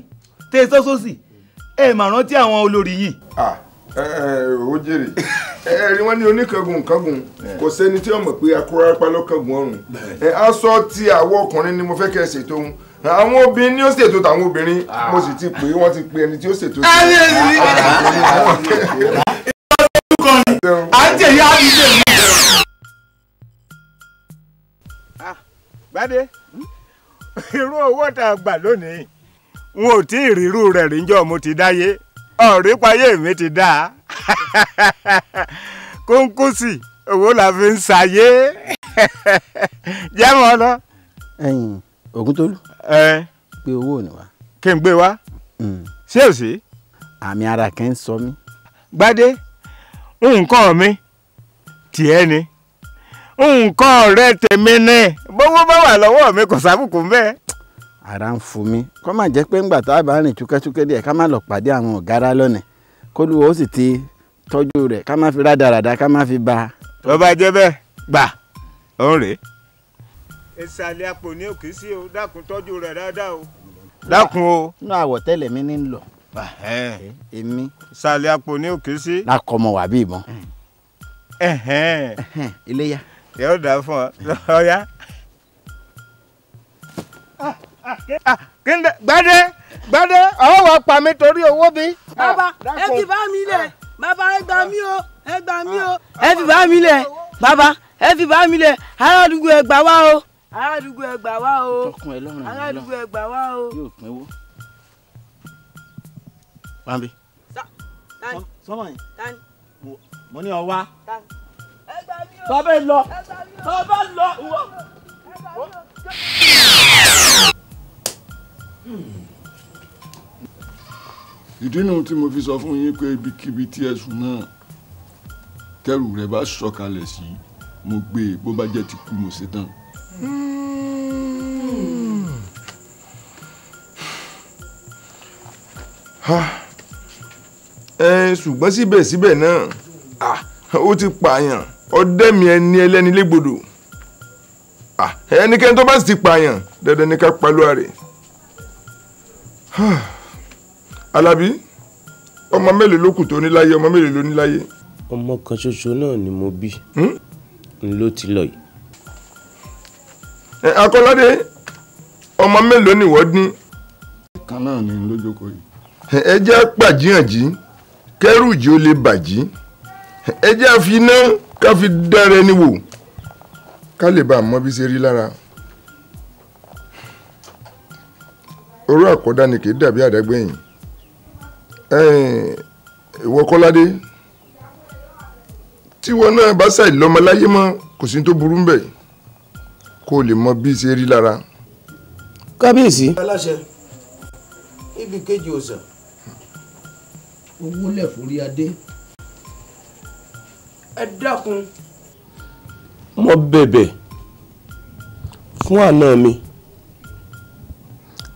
tẹ́ ẹ sọ́sọ́sì ẹ ẹ̀rí wọn ní oníkangun kangun kò sẹ́ni tí wọ́n mọ̀ pé akúrápá ló kangun ọrùn aṣọ ti àwọn ọkùnrin ni mo fẹ́ kẹ́ ẹ ṣètò ohun àwọn obìnrin ni ó ṣètò tàwọn obìnrin ah. mo sì ti pè wọ́n ti pè ẹni tí ó ṣètò. ayé mi ìgbà tó kọ ni à ń tẹ̀yà ìdè mi. Ah, gbadé hmm? irú owó tá a gbà lónìí n ò tí ì rírú rẹ̀ ríjọ́ mo ti dáyé ọ̀rí payé mi ti dá kónkósì owó la fi ń ṣayé jẹ́mọ́ ọ lọ. ẹyin Ògúntolú gbé owó ni wá. kí n gbé wá hmm. ṣé o sí. àmì ara kẹ́ ń sọ mí. gbadé nǹkan mi tiẹ̀ ni nǹkan ọ̀rẹ́ tèmi ni bówó bá wà lọ́wọ́ mi kò sábùkù ń ara ń fún mi kọ́ má jẹ́ pé ńgbà tá a bá rìn túkẹ́túkẹ́ díẹ̀ ká má lọ pàdé àwọn ọ̀gára lọ́nà kólúwo ó sì ti tọ́jú rẹ̀ ká má fi ká má fi ba. tó bá jẹ́ gbà òun rèé. ìsàlẹ̀ àpò o dákun tọ́jú rẹ̀ dáadáa o. dákun o. inú àwọ̀tẹ́lẹ̀ mi lọ. èmi. ìsàlẹ̀ àpò sí. wà ìbọn. iléyà. yóò kíndé gbadé gbadé ọwọ́ wa pa mi torí owó bi. bàbá ah, ẹ fi bá mi lẹ̀ ah. bàbá ẹ gbà mí o ẹ gbà mí o ah, ẹ fi bá mi lẹ̀ bàbá ẹ fi bá mi lẹ̀ ará àdúgbò ẹ gbà wá o ará àdúgbò ẹ gbà wá o ará àdúgbò ẹ gbà wá o. yóò pín wó. pambi. sọmọ yìí mo ní ọ wá tọ́ bẹ́ẹ̀ lọ tọ́ bẹ́ẹ̀ lọ ìdínú tí mo fi sọ fún yín pé ibikíbi tí ẹ̀sùn náà tẹrù rẹ̀ bá sọ̀kalẹ̀ sí mo gbé e bó bá jẹ́ ti kú mo ṣe tán. ṣùgbọ́n síbẹ̀síbẹ̀ náà ó ti pààyàn ọdẹ́mi ẹni ẹlẹ́ni légbodò ẹnikẹ́ni tó bá sì ti pààyàn dandan ni ká palúwa rẹ̀. Alábí ọmọ mélòó ló kù tó ní láyé ọmọ mélòó ló ní láyé. ọmọ kan ṣoṣo náà ni mo bí hmm? n ló ti lọ yìí. Akọ́ládé ọmọ mélòó ni wọ́n dín. kan náà ni lójókòó yìí. ẹ jẹ́ pàjíhànjí kẹ́rùjì ó lè bàjí ẹ jẹ́ àfi iná ká fi dára ẹni wò ká lè bá a mọ bí ṣe rí lára. oró àkọ́dá ni kì í dàbí àdágbẹ̀yìn ìwọ kọ́ládé tíwọ náà bá ṣàì lọ́mọ láyé mọ́ kò sí tó burú ńbẹ̀ kó o lè mọ bí ṣe rí lára. kábíyèsí. aláṣẹ ibi kejì òòsàn owó lẹ̀ forí adé ẹ dákun. mo bẹ̀bẹ̀ fún àna mi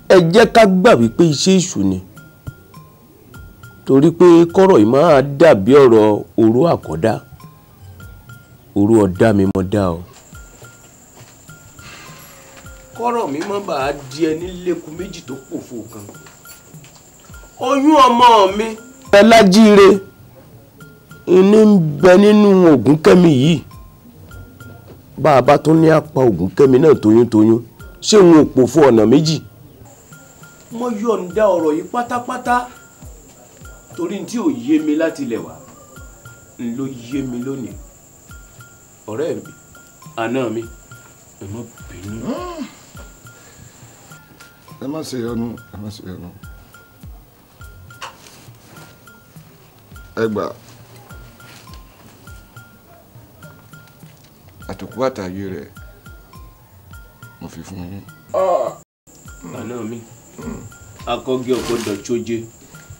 ẹ jẹ́ ká gbà wípé iṣẹ́ èṣù ni torí pé kọ́rọ̀ yìí máa dàbí ọ̀rọ̀ òru àkọ́dá òru ọ̀dá mi mọ́ dá o. kọ́rọ̀ mi má bàa di ẹni lẹ́kùn méjì tó pòfo kan oyún ọmọ mi. ẹ lájíire ní ń bẹ nínú ògùn kẹ́mi yìí bá a bá tún ní apá ògùn kẹ́mi náà toyúntoyún ṣé òun ò pòfo ọ̀nà méjì wọ́n yọ̀ǹda ọ̀rọ̀ yìí pátápátá torí tí ò yé mi láti ilẹ̀ wá ń ló yé mi lónìí ọ̀rẹ́ mi àná mi ẹ má bínú. Hm. ẹ má ṣe yọnu ẹ má ṣe yọnu ẹ gbà àtòkù àtàyè rẹ mo fi fún yín. àná mi. Mm. akọgi ọgbọ́dọ̀ tsoje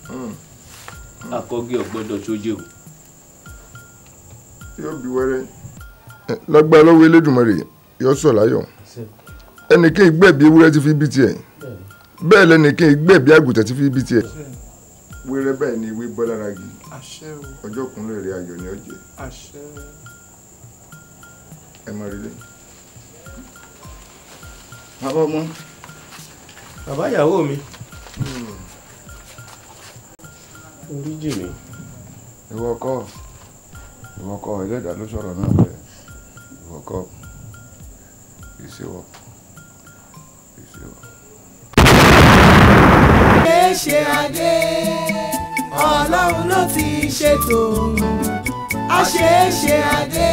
mm. mm. akọgi ọgbọ́dọ̀ tsoje o. yóò bí wẹ́rẹ́. lágbára lọ́wọ́ Elédùmarè yọ sọ láyọ̀ ẹnìkan ìgbẹ́bí ewúrẹ́ ti fi bí tiẹ̀ bẹ́ẹ̀ lẹ́nìkan ìgbẹ́bí àgùntàn ti fi bí tiẹ̀ wéré bẹ́ẹ̀ ni ìwé bọ́ lára gi ọjọ́ kúnlẹ̀ rẹ̀ ayọ̀ ni ó jẹ́ ẹ mọ̀ rí lé. ọmọ bàbá ìyàwó mi hmm. orí jì mí. ìwọ kọ́ ìwọ kọ́ ẹlẹ́dàá ló sọ̀rọ̀ náà bẹ́ẹ̀ ìwọ kọ́ ìṣèwọ ìṣèwọ. ṣé ṣe adé ọlọ́run ló ti ṣètò àṣeéṣe adé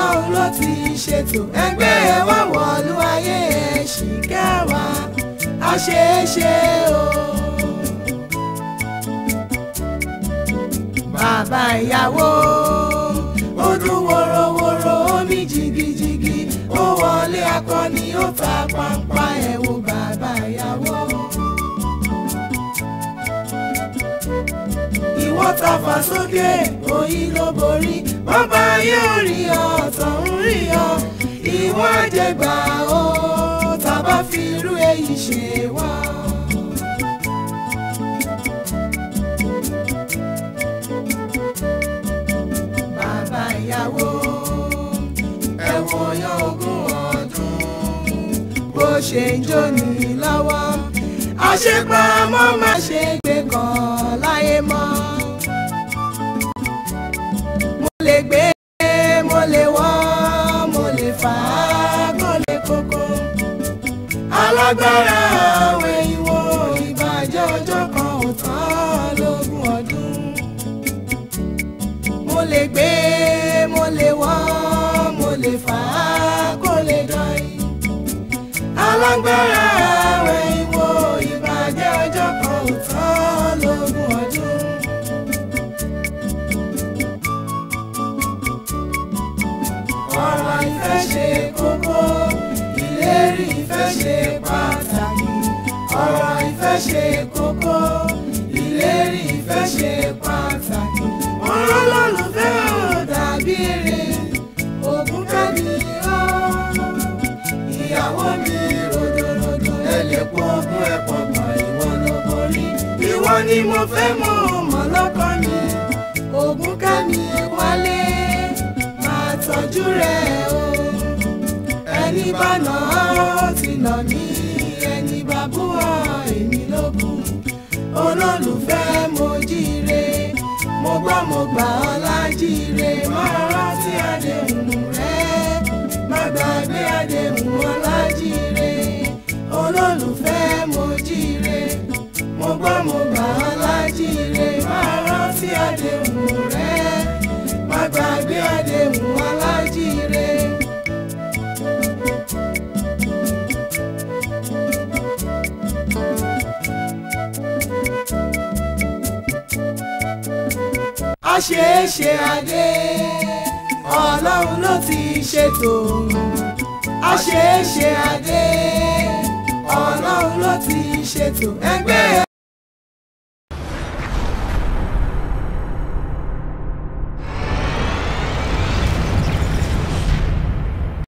ọlọ́run ló ti ṣètò ẹgbẹ́ ẹ wá wọ̀lú ayé ẹ ṣì kẹwàá a o. bàbá ìyàwó ó dún wòròwòrò omi jìgìjìgì ó wọlé akọni ó ta pàmpá ẹ̀ wo bàbá ìyàwó. wọ́n fà sókè òyìn ló borí bàbá yóò rí ọ tọ̀hún rí ọ ìwọ àjẹgbà o tá a bá fi irú èyí ṣe wá. bàbá ìyàwó ẹ wo ọyọ ogún ọdún bó ṣe ń jóni lọ́wọ́ àṣepamọ́ máa. agbára. fẹ́mọ̀ mọ̀ lọ́kàn mi ògùn ká mi wálé máa tọ́jú rẹ̀ o ẹni bá nà ó ti nà mí ẹni bá bú ọ èmi ló bú olólùfẹ́ mo jíire mo gbà mo gbà ọ́ lájíire máa rántí àdéhùn rẹ̀ má gbàgbé àdéhùn ọlájíire olólùfẹ́ mo jíire mo gbọ́ mo gbà á lájíire máa rántí àdéhùn rẹ má gbàgbé àdéhùn alájíire. a ṣeé ṣe adé ọlọ́run ló ti ṣètò a ṣeé ṣe adé ọlọ́run ló ti ṣètò ẹgbẹ́.